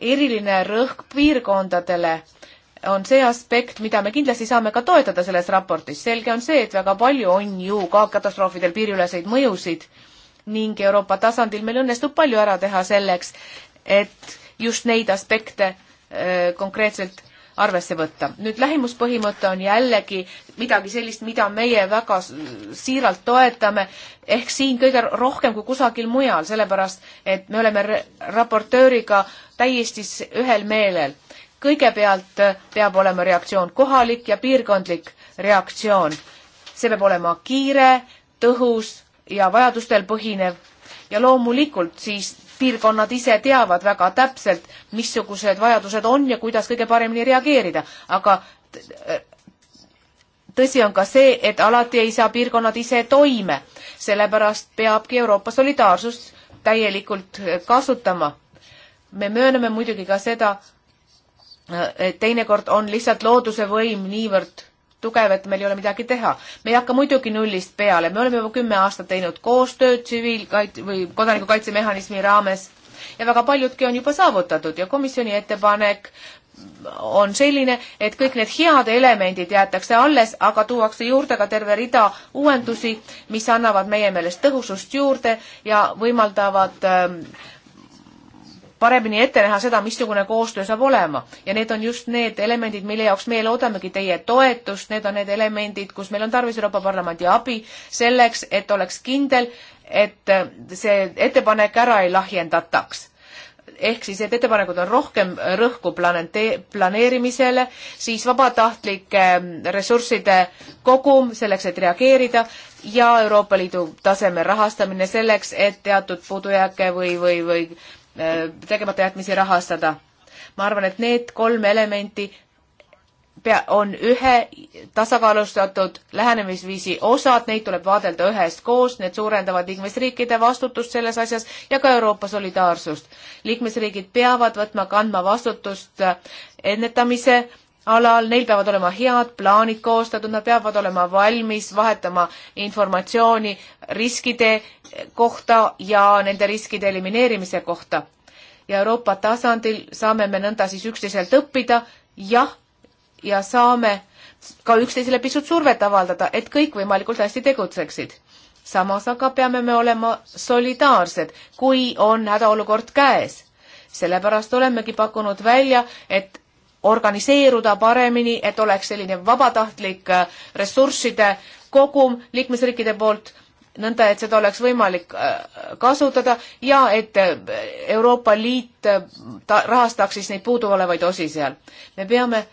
Speaker 2: eriline rõhk piirkondadele on see aspekt, mida me kindlasti saame ka toetada selles raportis. selge on see, et väga palju on ju ka katastroofidel piiriüleseid mõjusid ning Euroopa tasandil meil õnnestub palju ära teha selleks, et just neid aspekte äh, konkreetselt arvesse võtta. nüüd lähimuspõhimõte on jällegi midagi sellist, mida meie väga siiralt toetame, ehk siin kõige rohkem kui kusagil mujal, sellepärast et me oleme raportööriga täiesti ühel meelel. kõigepealt äh, peab olema reaktsioon kohalik ja piirkondlik reaktsioon. see peab olema kiire, tõhus, ja vajadustel põhinev ja loomulikult siis piirkonnad ise teavad väga täpselt, missugused vajadused on ja kuidas kõige paremini reageerida, aga äh, tõsi on ka see, et alati ei saa piirkonnad ise toime, sellepärast peabki Euroopa solidaarsust täielikult äh, kasutama. me mööname muidugi ka seda, äh, et teinekord on lihtsalt looduse võim niivõrd tugev, et meil ei ole midagi teha. me ei hakka muidugi nullist peale, me oleme juba kümme aastat teinud koostööd tsiviilkait- või kodanikukaitsemehhanismi raames ja väga paljudki on juba saavutatud ja komisjoni ettepanek on selline, et kõik need head elemendid jäetakse alles, aga tuuakse juurde ka terve rida uuendusi, mis annavad meie meelest tõhusust juurde ja võimaldavad äh, paremini ette näha seda, missugune koostöö saab olema ja need on just need elemendid, mille jaoks me loodamegi teie toetust, need on need elemendid, kus meil on tarvis Euroopa Parlamendi abi selleks, et oleks kindel, et see ettepanek ära ei lahjendataks ehk siis need et ettepanekud on rohkem rõhku planete-, planeerimisele, siis vabatahtlike ressursside kogum selleks, et reageerida ja Euroopa Liidu tasemel rahastamine selleks, et teatud puudujääke või, või, või Äh, tegematajätmisi rahastada. ma arvan, et need kolm elementi pea, on ühe tasakaalustatud lähenemisviisi osad, neid tuleb vaadelda üheskoos, need suurendavad liikmesriikide vastutust selles asjas ja ka Euroopa solidaarsust. liikmesriigid peavad võtma, kandma vastutust ennetamise alal, neil peavad olema head plaanid koostatud, nad peavad olema valmis vahetama informatsiooni riskide kohta ja nende riskide elimineerimise kohta. ja Euroopa tasandil saame me nõnda siis üksteiselt õppida, jah, ja saame ka üksteisele pisut survet avaldada, et kõik võimalikult hästi tegutseksid samas aga peame me olema solidaarsed, kui on hädaolukord käes. sellepärast olemegi pakkunud välja, et organiseeruda paremini, et oleks selline vabatahtlik äh, ressursside kogum liikmesriikide poolt, nõnda et seda oleks võimalik äh, kasutada ja et äh, Euroopa Liit rahastaks siis neid puuduolevaid osi seal. me peame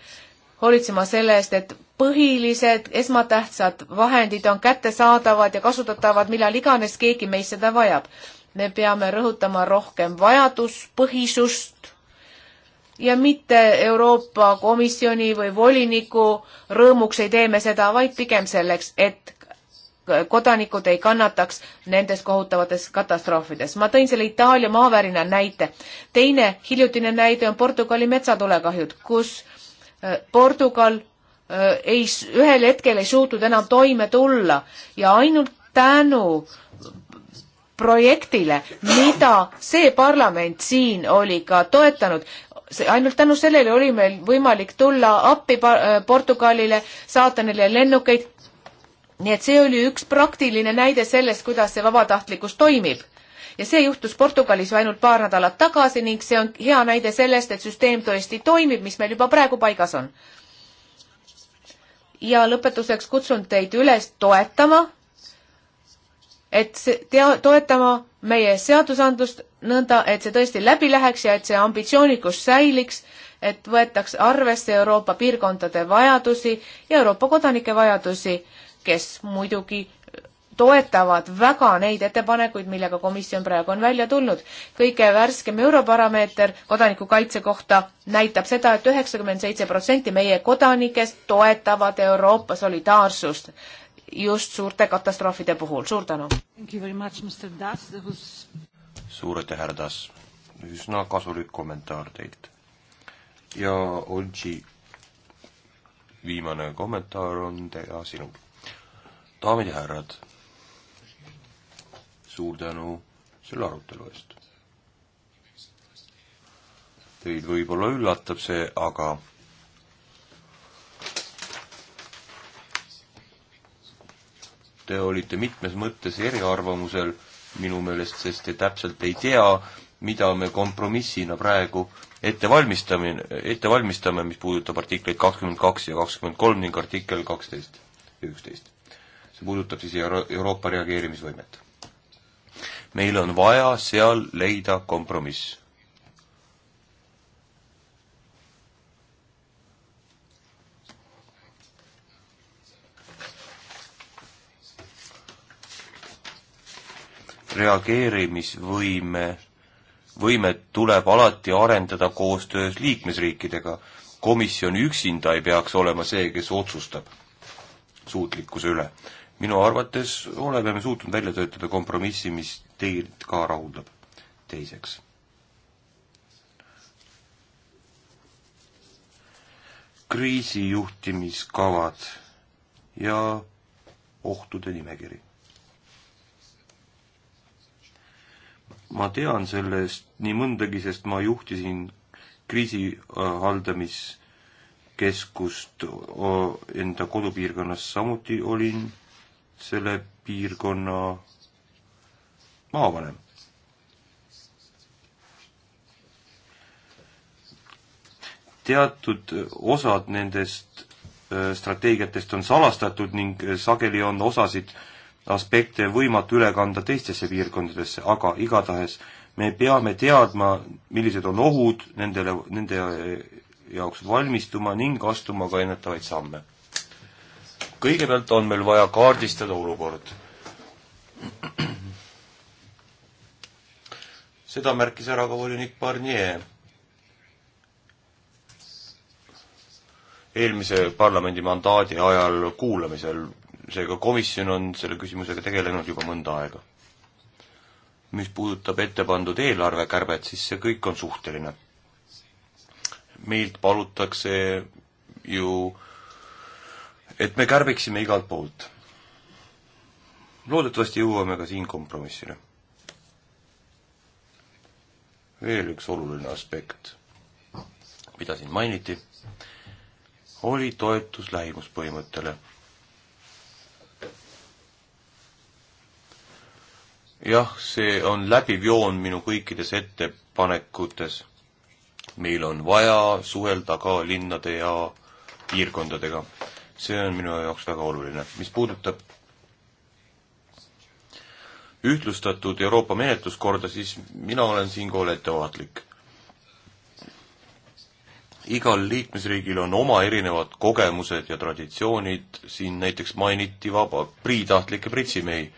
Speaker 2: hoolitsema selle eest, et põhilised esmatähtsad vahendid on kättesaadavad ja kasutatavad, millal iganes keegi meist seda vajab. me peame rõhutama rohkem vajaduspõhisust ja mitte Euroopa Komisjoni või voliniku rõõmuks ei tee me seda, vaid pigem selleks, et kodanikud ei kannataks nendes kohutavates katastroofides. ma tõin selle Itaalia maavärina näite. teine hiljutine näide on Portugali metsatulekahjud, kus äh, Portugal äh, ei, ühel hetkel ei suutnud enam toime tulla ja ainult tänu projektile, mida see parlament siin oli ka toetanud, see, ainult tänu sellele oli meil võimalik tulla appi äh, Portugalile, saata neile lennukeid. nii et see oli üks praktiline näide sellest, kuidas see vabatahtlikkus toimib ja see juhtus Portugalis ju ainult paar nädalat tagasi ning see on hea näide sellest, et süsteem tõesti toimib, mis meil juba praegu paigas on. ja lõpetuseks kutsun teid üles toetama, et see, tea-, toetama meie seadusandlust nõnda, et see tõesti läbi läheks ja et see ambitsioonikus säiliks, et võetaks arvesse Euroopa piirkondade vajadusi ja Euroopa kodanike vajadusi, kes muidugi toetavad väga neid ettepanekuid, millega komisjon praegu on välja tulnud. kõige värskem Europarameeter kodanikukaitse kohta näitab seda et, et üheksakümmend seitse protsenti meie kodanikest toetavad Euroopa solidaarsust just suurte katastroofide puhul. suur tänu! Was suur aitäh, härra Tass.
Speaker 3: üsna kasulik kommentaar teilt. ja Oltsi viimane kommentaar on teha sinu. daamid ja härrad, suur tänu selle arutelu eest. Teid võib-olla üllatab see, aga te olite mitmes mõttes eriarvamusel minu meelest, sest te täpselt ei tea, mida me kompromissina praegu ette valmistame, ette valmistame, mis puudutab artikleid kakskümmend kaks ja kakskümmend kolm ning artikkel kaksteist ja üksteist. see puudutab siis Euro Euroopa reageerimisvõimet. meil on vaja seal leida kompromiss reageerimisvõime, võimet tuleb alati arendada koostöös liikmesriikidega. komisjon üksinda ei peaks olema see, kes otsustab suutlikkuse üle. minu arvates oleme me suutnud välja töötada kompromissi, mis teid ka rahuldab. teiseks. kriisijuhtimiskavad ja ohtude nimekiri ma tean sellest nii mõndagi, sest ma juhtisin kriisi haldamiskeskust enda kodupiirkonnas, samuti olin selle piirkonna maavanem. teatud osad nendest äh, strateegiatest on salastatud ning äh, sageli on osasid äh, aspekte võimatu üle kanda teistesse piirkondadesse, aga igatahes me peame teadma, millised on ohud, nendele, nende jaoks valmistuma ning astuma ka ennetavaid samme. kõigepealt on meil vaja kaardistada olukord. seda märkis ära ka volinik Barnier. eelmise parlamendi mandaadi ajal kuulamisel seega komisjon on selle küsimusega tegelenud juba mõnda aega. mis puudutab ette pandud eelarvekärbet, siis see kõik on suhteline. meilt palutakse ju, et me kärbiksime igalt poolt. loodetavasti jõuame ka siin kompromissile. veel üks oluline aspekt, mida siin mainiti, oli toetus lähimuspõhimõttele jah, see on läbiv joon minu kõikides ettepanekutes. meil on vaja suhelda ka linnade ja piirkondadega. see on minu jaoks väga oluline. mis puudutab ühtlustatud Euroopa menetluskorda, siis mina olen siinkohal ettevaatlik. igal liikmesriigil on oma erinevad kogemused ja traditsioonid, siin näiteks mainiti vaba, priitahtlikke pritsimehi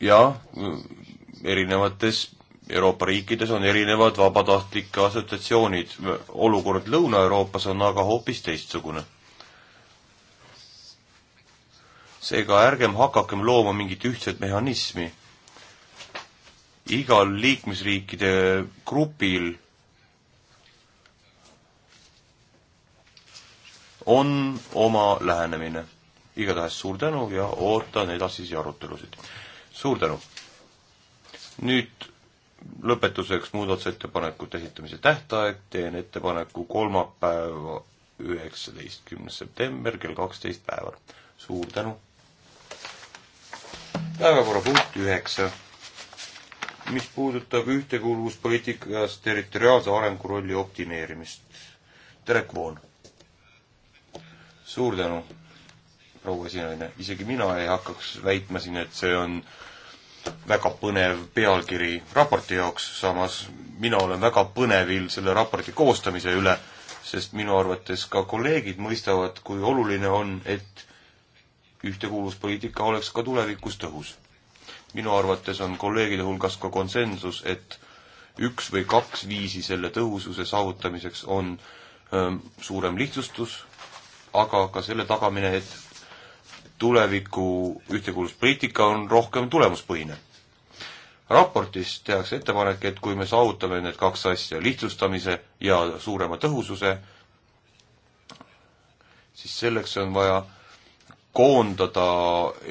Speaker 3: jah, äh, erinevates Euroopa riikides on erinevad vabatahtlike assotsiatsioonid, olukord Lõuna-Euroopas on aga hoopis teistsugune. seega ärgem hakakem looma mingit ühtset mehhanismi. igal liikmesriikide grupil on oma lähenemine. igatahes suur tänu ja ootan edasisi arutelusid suur tänu! nüüd lõpetuseks muudatusettepanekute esitamise tähtaeg, teen ettepaneku kolmapäeva, üheksateistkümnes september kell kaksteist päeval. suur tänu! päevakorrapunkt üheksa, mis puudutab ühtekuuluvuspoliitikas territoriaalse arengu rolli optimeerimist. Terek Voon! suur tänu! proua esinaine, isegi mina ei hakkaks väitma siin, et see on väga põnev pealkiri raporti jaoks, samas mina olen väga põnevil selle raporti koostamise üle, sest minu arvates ka kolleegid mõistavad, kui oluline on, et ühtekuuluvuspoliitika oleks ka tulevikus tõhus. minu arvates on kolleegide hulgas ka konsensus, et üks või kaks viisi selle tõhususe saavutamiseks on öö, ähm, suurem lihtsustus, aga ka selle tagamine, et tuleviku ühtekuuluvuspoliitika on rohkem tulemuspõhine. raportis tehakse ettepanek, et kui me saavutame need kaks asja, lihtsustamise ja suurema tõhususe, siis selleks on vaja koondada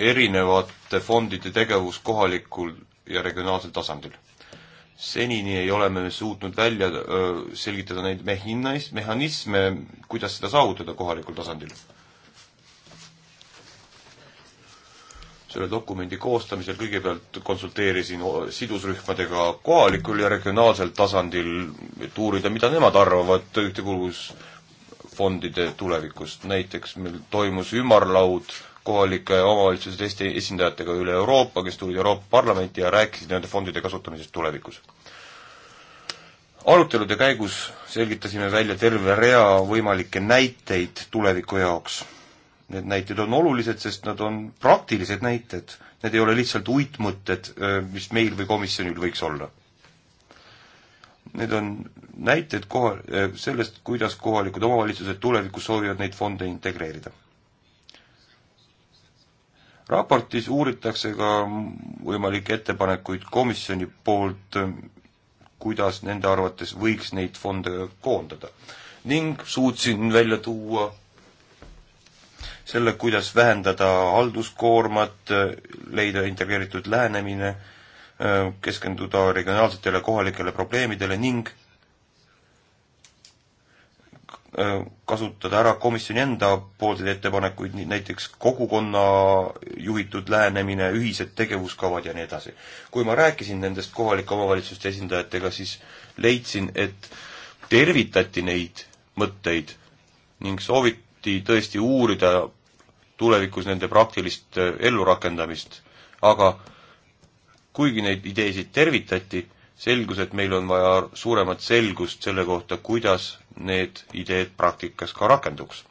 Speaker 3: erinevate fondide tegevus kohalikul ja regionaalsel tasandil. senini ei ole me suutnud välja öö, selgitada neid mehhinis-, mehhanisme, kuidas seda saavutada kohalikul tasandil selle dokumendi koostamisel kõigepealt konsulteerisin sidusrühmadega kohalikul ja regionaalsel tasandil, et uurida, mida nemad arvavad ühtekuuluvusfondide tulevikust. näiteks meil toimus ümarlaud kohalike omavalitsuste teiste esindajatega üle Euroopa, kes tulid Euroopa Parlamenti ja rääkisid nende fondide kasutamisest tulevikus. arutelude käigus selgitasime välja terve rea võimalikke näiteid tuleviku jaoks Need näited on olulised, sest nad on praktilised näited. Need ei ole lihtsalt uitmõtted, mis meil või komisjonil võiks olla. Need on näited koha, sellest, kuidas kohalikud omavalitsused tulevikus soovivad neid fonde integreerida. raportis uuritakse ka võimalikke ettepanekuid komisjoni poolt, kuidas nende arvates võiks neid fonde koondada. ning suutsin välja tuua selle, kuidas vähendada halduskoormat, leida integreeritud lähenemine, keskenduda regionaalsetele kohalikele probleemidele ning kasutada ära komisjoni enda poolseid ettepanekuid, näiteks kogukonna juhitud lähenemine, ühised tegevuskavad ja nii edasi. kui ma rääkisin nendest kohalike omavalitsuste esindajatega, siis leidsin, et tervitati neid mõtteid ning sooviti tõesti uurida tulevikus nende praktilist äh, ellurakendamist, aga kuigi neid ideesid tervitati, selgus, et meil on vaja suuremat selgust selle kohta, kuidas need ideed praktikas ka rakenduks.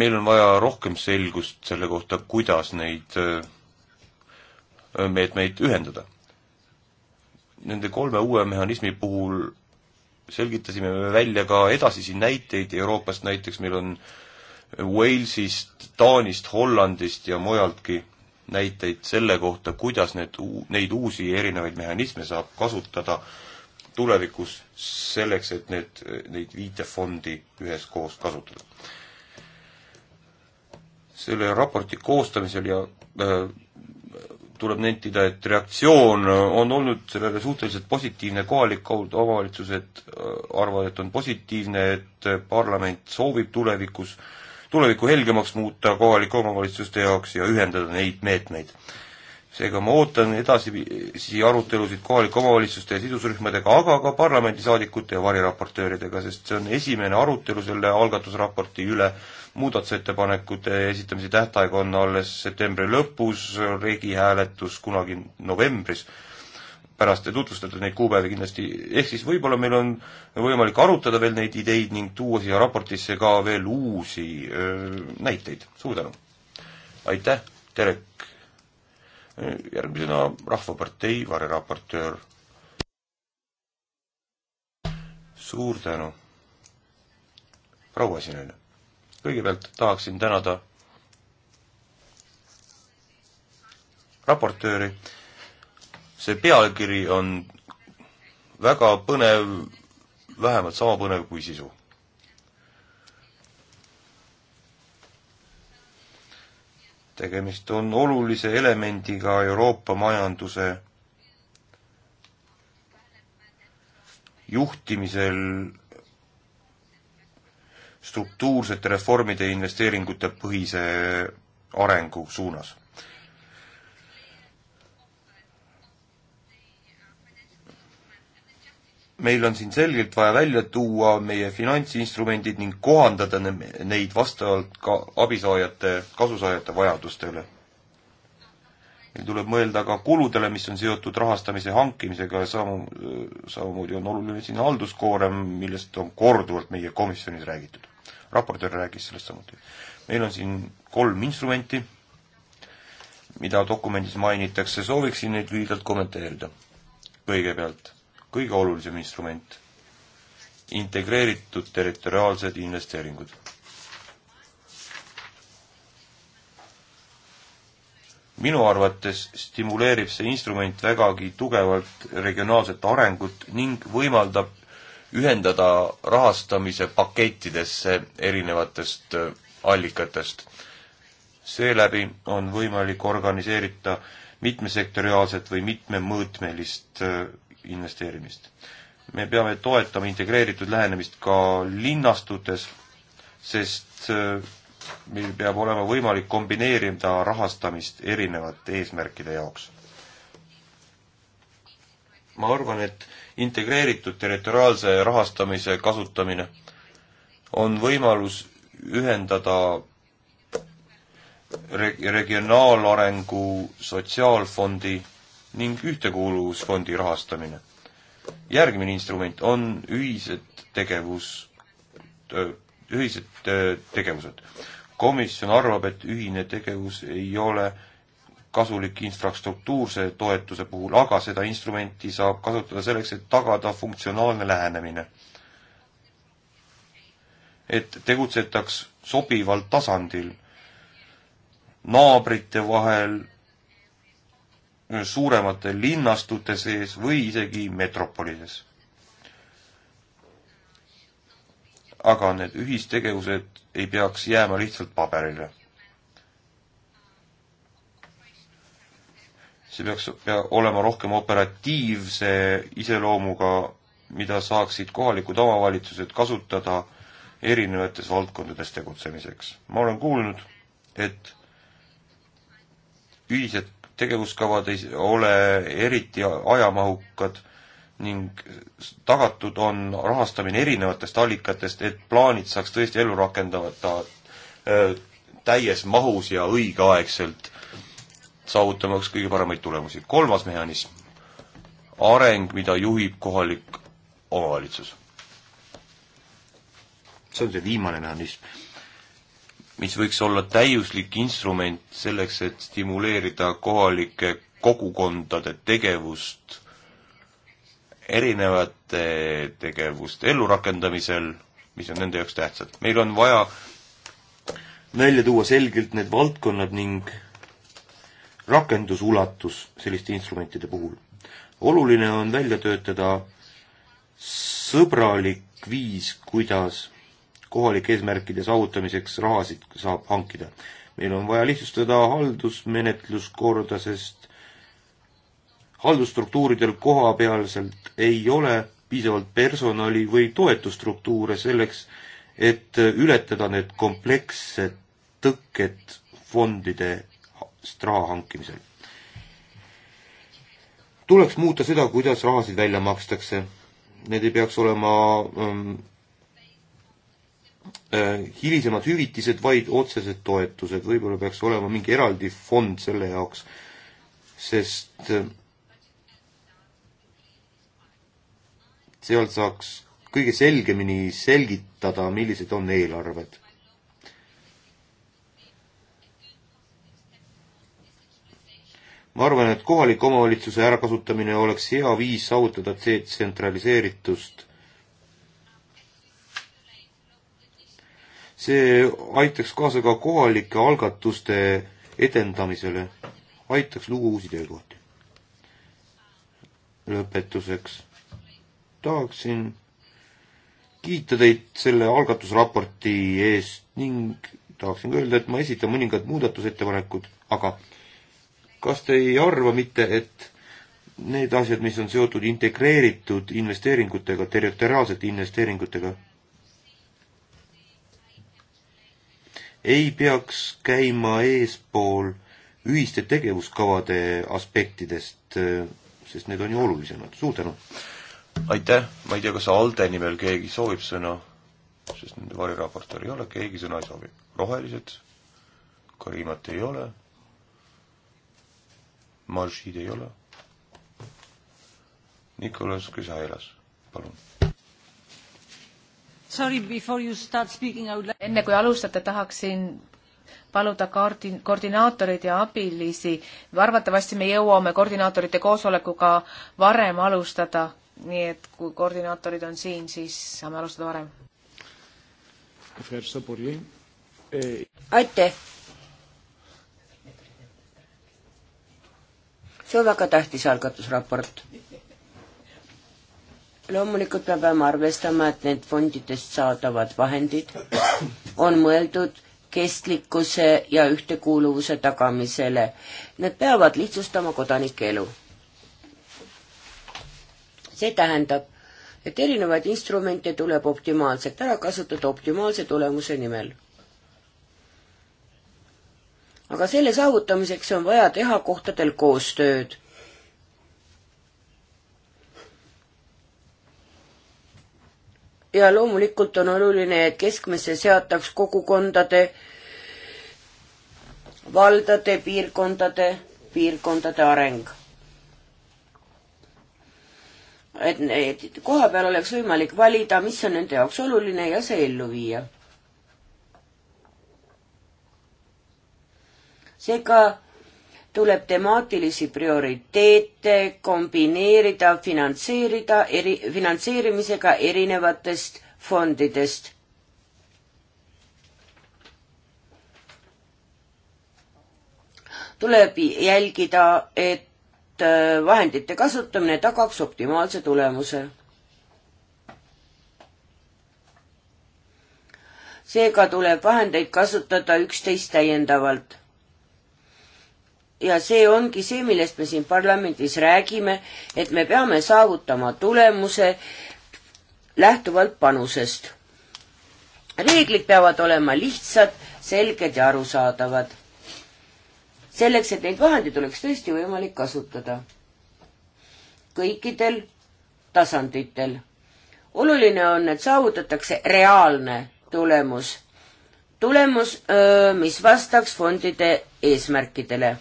Speaker 3: meil on vaja rohkem selgust selle kohta, kuidas neid äh, meetmeid ühendada. Nende kolme uue mehhanismi puhul selgitasime me välja ka edasisi näiteid Euroopast, näiteks meil on äh, Walesist, Taanist, Hollandist ja mujaltki näiteid selle kohta, kuidas need, neid uusi erinevaid mehhanisme saab kasutada tulevikus selleks, et need, neid viite fondi üheskoos kasutada. selle raporti koostamisel ja äh, tuleb nentida, et reaktsioon on olnud sellele suhteliselt positiivne, kohalikud omavalitsused äh, arvavad, et on positiivne, et parlament soovib tulevikus äh, tulevikku helgemaks muuta kohalike omavalitsuste jaoks ja ühendada neid meetmeid. seega ma ootan edasisi arutelusid kohalike omavalitsuste ja sidusrühmadega, aga ka parlamendisaadikute ja variraportööridega, sest see on esimene arutelu selle algatusraporti üle, muudatusettepanekute esitamise tähtaeg on alles septembri lõpus, riigihääletus kunagi novembris pärast te tutvustate neid kuupäevi kindlasti, ehk siis võib-olla meil on võimalik arutada veel neid ideid ning tuua siia raportisse ka veel uusi öö, näiteid. suur tänu! aitäh, Terek! järgmisena Rahvapartei vareraportöör. suur tänu! proua esineja, kõigepealt tahaksin tänada raportööri, see pealkiri on väga põnev, vähemalt sama põnev kui sisu. tegemist on olulise elemendiga Euroopa majanduse juhtimisel struktuursete reformide investeeringute põhise arengu suunas. meil on siin selgelt vaja välja tuua meie finantsinstrumendid ning kohandada neid vastavalt ka abisaajate, kasusaajate vajadustele. meil tuleb mõelda ka kuludele, mis on seotud rahastamise hankimisega ja samu, samamoodi on oluline siin halduskoorem, millest on korduvalt meie komisjonis räägitud. raportöör rääkis sellest samuti. meil on siin kolm instrumenti, mida dokumendis mainitakse, sooviksin neid lühidalt kommenteerida. kõigepealt kõige olulisem instrument, integreeritud territoriaalsed investeeringud. minu arvates stimuleerib see instrument vägagi tugevalt regionaalset arengut ning võimaldab ühendada rahastamise pakettidesse erinevatest äh, allikatest. seeläbi on võimalik organiseerida mitmesektoriaalset või mitmemõõtmelist äh, investeerimist. me peame toetama integreeritud lähenemist ka linnastutes, sest äh, meil peab olema võimalik kombineerida rahastamist erinevate eesmärkide jaoks. ma arvan, et integreeritud territoriaalse rahastamise kasutamine on võimalus ühendada reg-, regionaalarengu sotsiaalfondi ning Ühtekuuluvusfondi rahastamine. järgmine instrument on ühised tegevus, ühised tegevused. komisjon arvab, et ühine tegevus ei ole kasulik infrastruktuurse toetuse puhul, aga seda instrumenti saab kasutada selleks, et tagada funktsionaalne lähenemine. et tegutsetaks sobival tasandil naabrite vahel suuremate linnastute sees või isegi metropolides. aga need ühistegevused ei peaks jääma lihtsalt paberile. see peaks pea olema rohkem operatiivse iseloomuga, mida saaksid kohalikud omavalitsused kasutada erinevates valdkondades tegutsemiseks. ma olen kuulnud, et ühised tegevuskavad ei ole eriti ajamahukad ning tagatud on rahastamine erinevatest allikatest, et plaanid saaks tõesti ellu rakendada täies mahus ja õigeaegselt, saavutamaks kõige paremaid tulemusi. kolmas mehhanism, areng, mida juhib kohalik omavalitsus. see on see viimane mehhanism mis võiks olla täiuslik instrument selleks, et stimuleerida kohalike kogukondade tegevust, erinevate tegevust ellurakendamisel, mis on nende jaoks tähtsad. meil on vaja välja tuua selgelt need valdkonnad ning rakendusulatus selliste instrumentide puhul. oluline on välja töötada sõbralik viis, kuidas kohalike eesmärkide saavutamiseks rahasid saab hankida. meil on vaja lihtsustada haldusmenetluskorda, sest haldusstruktuuridel kohapealselt ei ole piisavalt personali või toetusstruktuure selleks, et ületada need komplekssed tõkked fondidest raha hankimisel. tuleks muuta seda, kuidas rahasid välja makstakse. Need ei peaks olema ähm, Äh, hilisemad hüvitised, vaid otsesed toetused, võib-olla peaks olema mingi eraldi fond selle jaoks, sest äh, seal saaks kõige selgemini selgitada, millised on eelarved. ma arvan, et kohaliku omavalitsuse ärakasutamine oleks hea viis saavutada detsentraliseeritust see aitaks kaasa ka kohalike algatuste edendamisele, aitaks luua uusi töökohti. lõpetuseks tahaksin kiita teid selle algatusraporti eest ning tahaksin ka öelda, et ma esitan mõningad muudatusettepanekud, aga kas te ei arva mitte, et need asjad, mis on seotud integreeritud investeeringutega, territoriaalsete investeeringutega, ei peaks käima eespool ühiste tegevuskavade aspektidest, sest need on ju olulisemad. suur tänu! aitäh, ma ei tea, kas ALDE nimel keegi soovib sõna, sest nende variraportor ei ole, keegi sõna ei soovi. rohelised, Karimat ei ole, Maržid ei ole, Nikolas Küsaelas, palun
Speaker 2: Sorry, before you start speaking, I would like... enne kui alustate, tahaksin paluda koordin-, koordinaatoreid ja abilisi. arvatavasti me jõuame koordinaatorite koosolekuga varem alustada, nii et kui koordinaatorid on siin, siis saame alustada varem. aitäh! see on
Speaker 1: väga tähtis algatusraport loomulikult me peame arvestama, et need fondidest saadavad vahendid on mõeldud kestlikkuse ja ühtekuuluvuse tagamisele. Nad peavad lihtsustama kodanike elu. see tähendab, et erinevaid instrumente tuleb optimaalselt ära kasutada optimaalse tulemuse nimel. aga selle saavutamiseks on vaja teha kohtadel koostööd ja loomulikult on oluline, et keskmesse seataks kogukondade, valdade, piirkondade, piirkondade areng. et need, koha peal oleks võimalik valida, mis on nende jaoks oluline ja see ellu viia. seega tuleb temaatilisi prioriteete kombineerida, finantseerida eri, finantseerimisega erinevatest fondidest. tuleb jälgida, et äh, vahendite kasutamine tagaks optimaalse tulemuse. seega tuleb vahendeid kasutada üksteist täiendavalt ja see ongi see, millest me siin parlamendis räägime, et me peame saavutama tulemuse lähtuvalt panusest. reeglid peavad olema lihtsad, selged ja arusaadavad. selleks, et neid vahendeid oleks tõesti võimalik kasutada kõikidel tasanditel. oluline on, et saavutatakse reaalne tulemus tulemus, mis vastaks fondide eesmärkidele.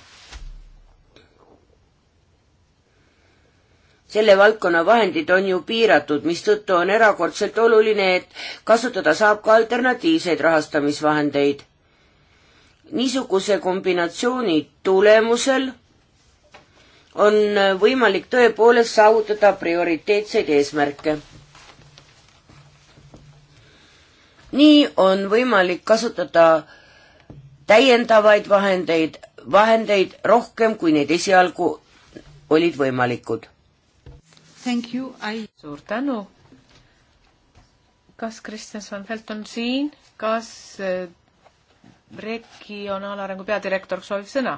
Speaker 1: selle valdkonna vahendid on ju piiratud, mistõttu on erakordselt oluline, et kasutada saab ka alternatiivseid rahastamisvahendeid. niisuguse kombinatsiooni tulemusel on võimalik tõepoolest saavutada prioriteetseid eesmärke. nii on võimalik kasutada täiendavaid vahendeid, vahendeid rohkem, kui need esialgu olid võimalikud
Speaker 2: Thank you, I... suur tänu. kas Kristjan Svanfeld on siin, kas eh, regionaalarengu peadirektor soovib sõna?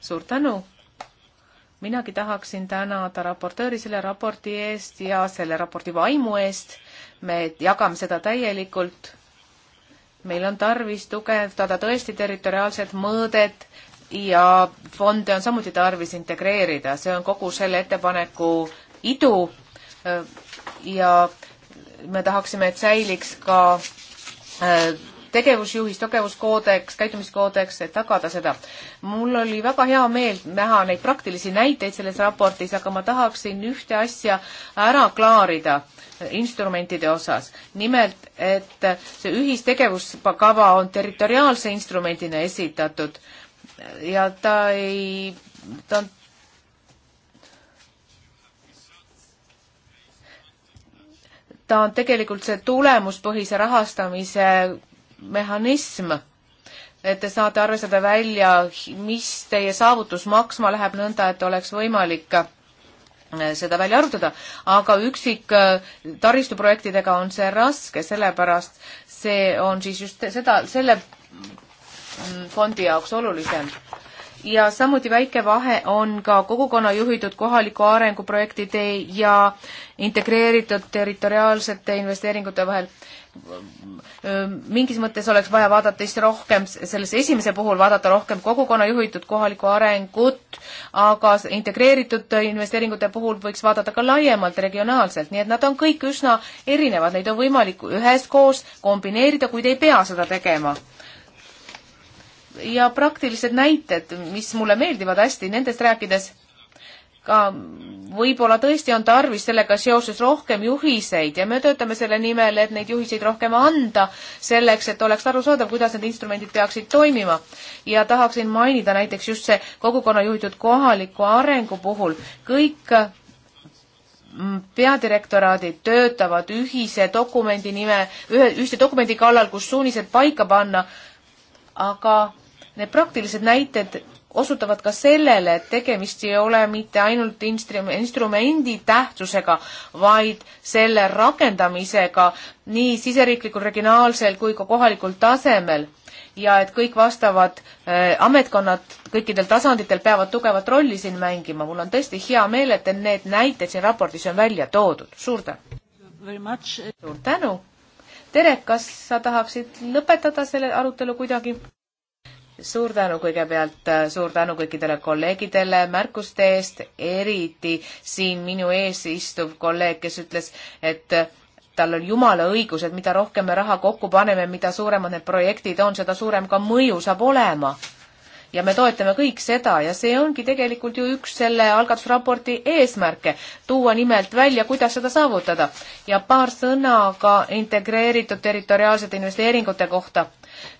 Speaker 2: suur tänu. minagi tahaksin tänada raportööri selle raporti eest ja selle raporti vaimu eest. me jagame seda täielikult. meil on tarvis tugevdada tõesti territoriaalset mõõdet ja fonde on samuti tarvis integreerida, see on kogu selle ettepaneku idu ja me tahaksime, et säiliks ka tegevusjuhis, tegevuskoodeks, käitumiskoodeks, et tagada seda. mul oli väga hea meel näha neid praktilisi näiteid selles raportis, aga ma tahaksin ühte asja ära klaarida instrumentide osas. nimelt, et see ühistegevuskava on territoriaalse instrumendina esitatud ja ta ei, ta on ta on tegelikult see tulemuspõhise rahastamise mehhanism, et te saate arvestada välja, mis teie saavutus maksma läheb, nõnda et oleks võimalik äh, seda välja arvutada, aga üksik äh, taristuprojektidega on see raske, sellepärast see on siis just seda, selle mm, fondi jaoks olulisem ja samuti väike vahe on ka kogukonna juhitud kohaliku arenguprojektide ja integreeritud territoriaalsete investeeringute vahel. mingis mõttes oleks vaja vaadata siis rohkem, selles esimese puhul vaadata rohkem kogukonna juhitud kohalikku arengut, aga integreeritud investeeringute puhul võiks vaadata ka laiemalt, regionaalselt, nii et nad on kõik üsna erinevad, neid on võimalik üheskoos kombineerida, kuid ei pea seda tegema ja praktilised näited, mis mulle meeldivad hästi, nendest rääkides ka võib-olla tõesti on tarvis sellega seoses rohkem juhiseid ja me töötame selle nimel, et neid juhiseid rohkem anda, selleks et oleks arusaadav, kuidas need instrumendid peaksid toimima. ja tahaksin mainida näiteks just see kogukonna juhitud kohaliku arengu puhul kõik mm, peadirektoraadid töötavad ühise dokumendi nime, ühe, ühise dokumendi kallal, kus suunised paika panna, aga Need praktilised näited osutavad ka sellele, et tegemist ei ole mitte ainult instrumendi tähtsusega, vaid selle rakendamisega nii siseriiklikul, regionaalsel kui ka kohalikul tasemel ja et kõik vastavad äh, ametkonnad kõikidel tasanditel peavad tugevat rolli siin mängima. mul on tõesti hea meel, et need näited siin raportis on välja toodud. suur tänu! suur tänu! Tere, kas sa tahaksid lõpetada selle arutelu kuidagi? suur tänu kõigepealt, suur tänu kõikidele kolleegidele märkuste eest, eriti siin minu ees istuv kolleeg, kes ütles, et tal on jumala õigus, et mida rohkem me raha kokku paneme, mida suuremad need projektid on, seda suurem ka mõju saab olema. ja me toetame kõik seda ja see ongi tegelikult ju üks selle algatusraporti eesmärke, tuua nimelt välja, kuidas seda saavutada. ja paar sõna ka integreeritud territoriaalsete investeeringute kohta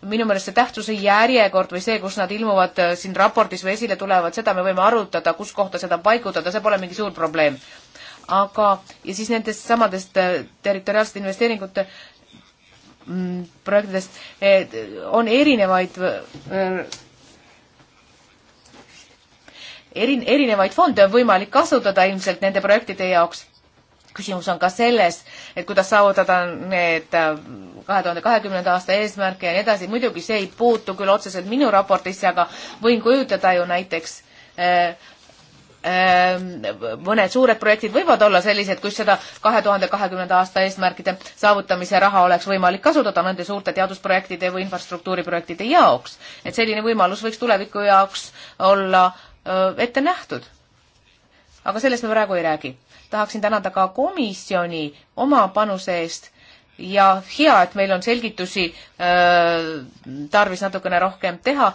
Speaker 2: minu meelest see tähtsuse järjekord või see, kus nad ilmuvad äh, siin raportis või esile tulevad, seda me võime arutada, kus kohta seda paigutada, see pole mingi suur probleem. aga, ja siis nendest samadest äh, territoriaalsete investeeringute mm, projektidest äh, on erinevaid erin-, erinevaid fonde on võimalik kasutada ilmselt nende projektide jaoks küsimus on ka selles, et kuidas saavutada need äh, kahe tuhande kahekümnenda aasta eesmärke ja nii edasi, muidugi see ei puutu küll otseselt minu raportisse, aga võin kujutada ju näiteks äh, äh, mõned suured projektid võivad olla sellised, kus seda kahe tuhande kahekümnenda aasta eesmärkide saavutamise raha oleks võimalik kasutada nende suurte teadusprojektide või infrastruktuuriprojektide jaoks. et selline võimalus võiks tuleviku jaoks olla ette nähtud. aga sellest me praegu ei räägi tahaksin tänada ka komisjoni oma panuse eest ja hea, et meil on selgitusi öö, tarvis natukene rohkem teha,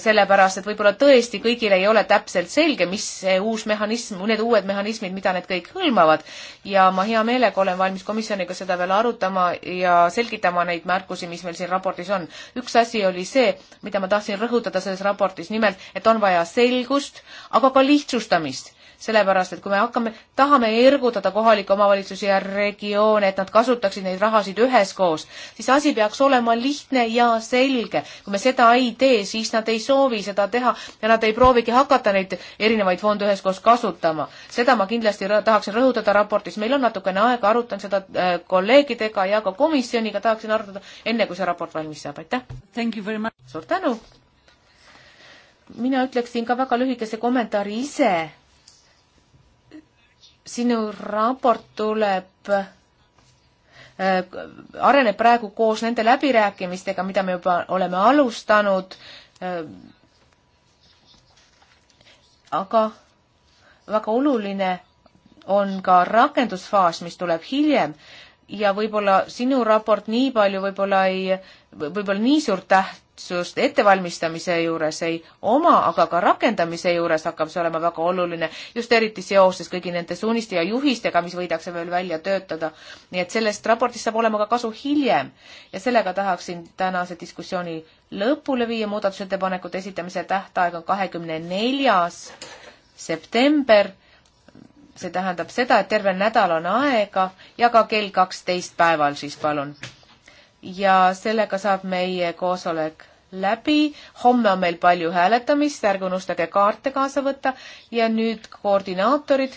Speaker 2: sellepärast et võib-olla tõesti kõigil ei ole täpselt selge, mis see uus mehhanism, need uued mehhanismid, mida need kõik hõlmavad ja ma hea meelega olen valmis komisjoniga seda veel arutama ja selgitama neid märkusi, mis meil siin raportis on. üks asi oli see, mida ma tahtsin rõhutada selles raportis, nimelt, et on vaja selgust, aga ka lihtsustamist sellepärast et kui me hakkame, tahame ergutada kohalikke omavalitsusi ja regioone, et nad kasutaksid neid rahasid üheskoos, siis asi peaks olema lihtne ja selge. kui me seda ei tee, siis nad ei soovi seda teha ja nad ei proovigi hakata neid erinevaid fonde üheskoos kasutama. seda ma kindlasti rõh tahaksin rõhutada raportis, meil on natukene aega, arutan seda äh, kolleegidega ja ka komisjoniga tahaksin arutada, enne kui see raport valmis saab, aitäh! suur tänu! mina ütleksin ka väga lühikese kommentaari ise sinu raport tuleb äh, areneb praegu koos nende läbirääkimistega, mida me juba oleme alustanud. Äh, aga väga oluline on ka rakendusfaas, mis tuleb hiljem ja võib-olla sinu raport nii palju võib-olla ei, võib-olla nii suurt täht-, valitsust ettevalmistamise juures ei oma, aga ka rakendamise juures hakkab see olema väga oluline, just eriti seoses kõigi nende suuniste ja juhistega, mis võidakse veel välja töötada. nii et sellest raportist saab olema ka kasu hiljem ja sellega tahaksin tänase diskussiooni lõpule viia, muudatusettepanekute esitamise tähtaeg on kahekümne neljas september see tähendab seda, et terve nädal on aega ja ka kell kaksteist päeval siis palun ja sellega saab meie koosolek läbi. homme on meil palju hääletamist, ärge unustage kaarte kaasa võtta ja nüüd koordinaatorid.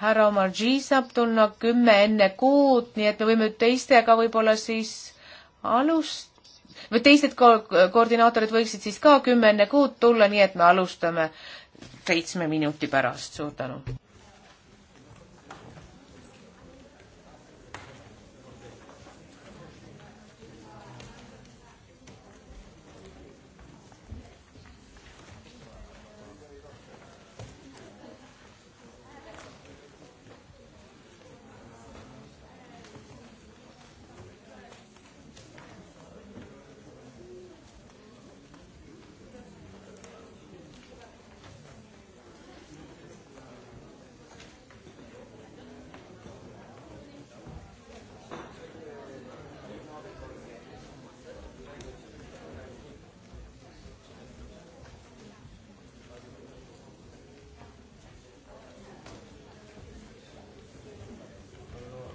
Speaker 2: härra Omarji saab tulla kümme enne kuud, nii et me võime teistega võib-olla siis alust-, või teised ko-, koordinaatorid võiksid siis ka kümme enne kuud tulla, nii et me alustame seitsme minuti pärast. suur tänu!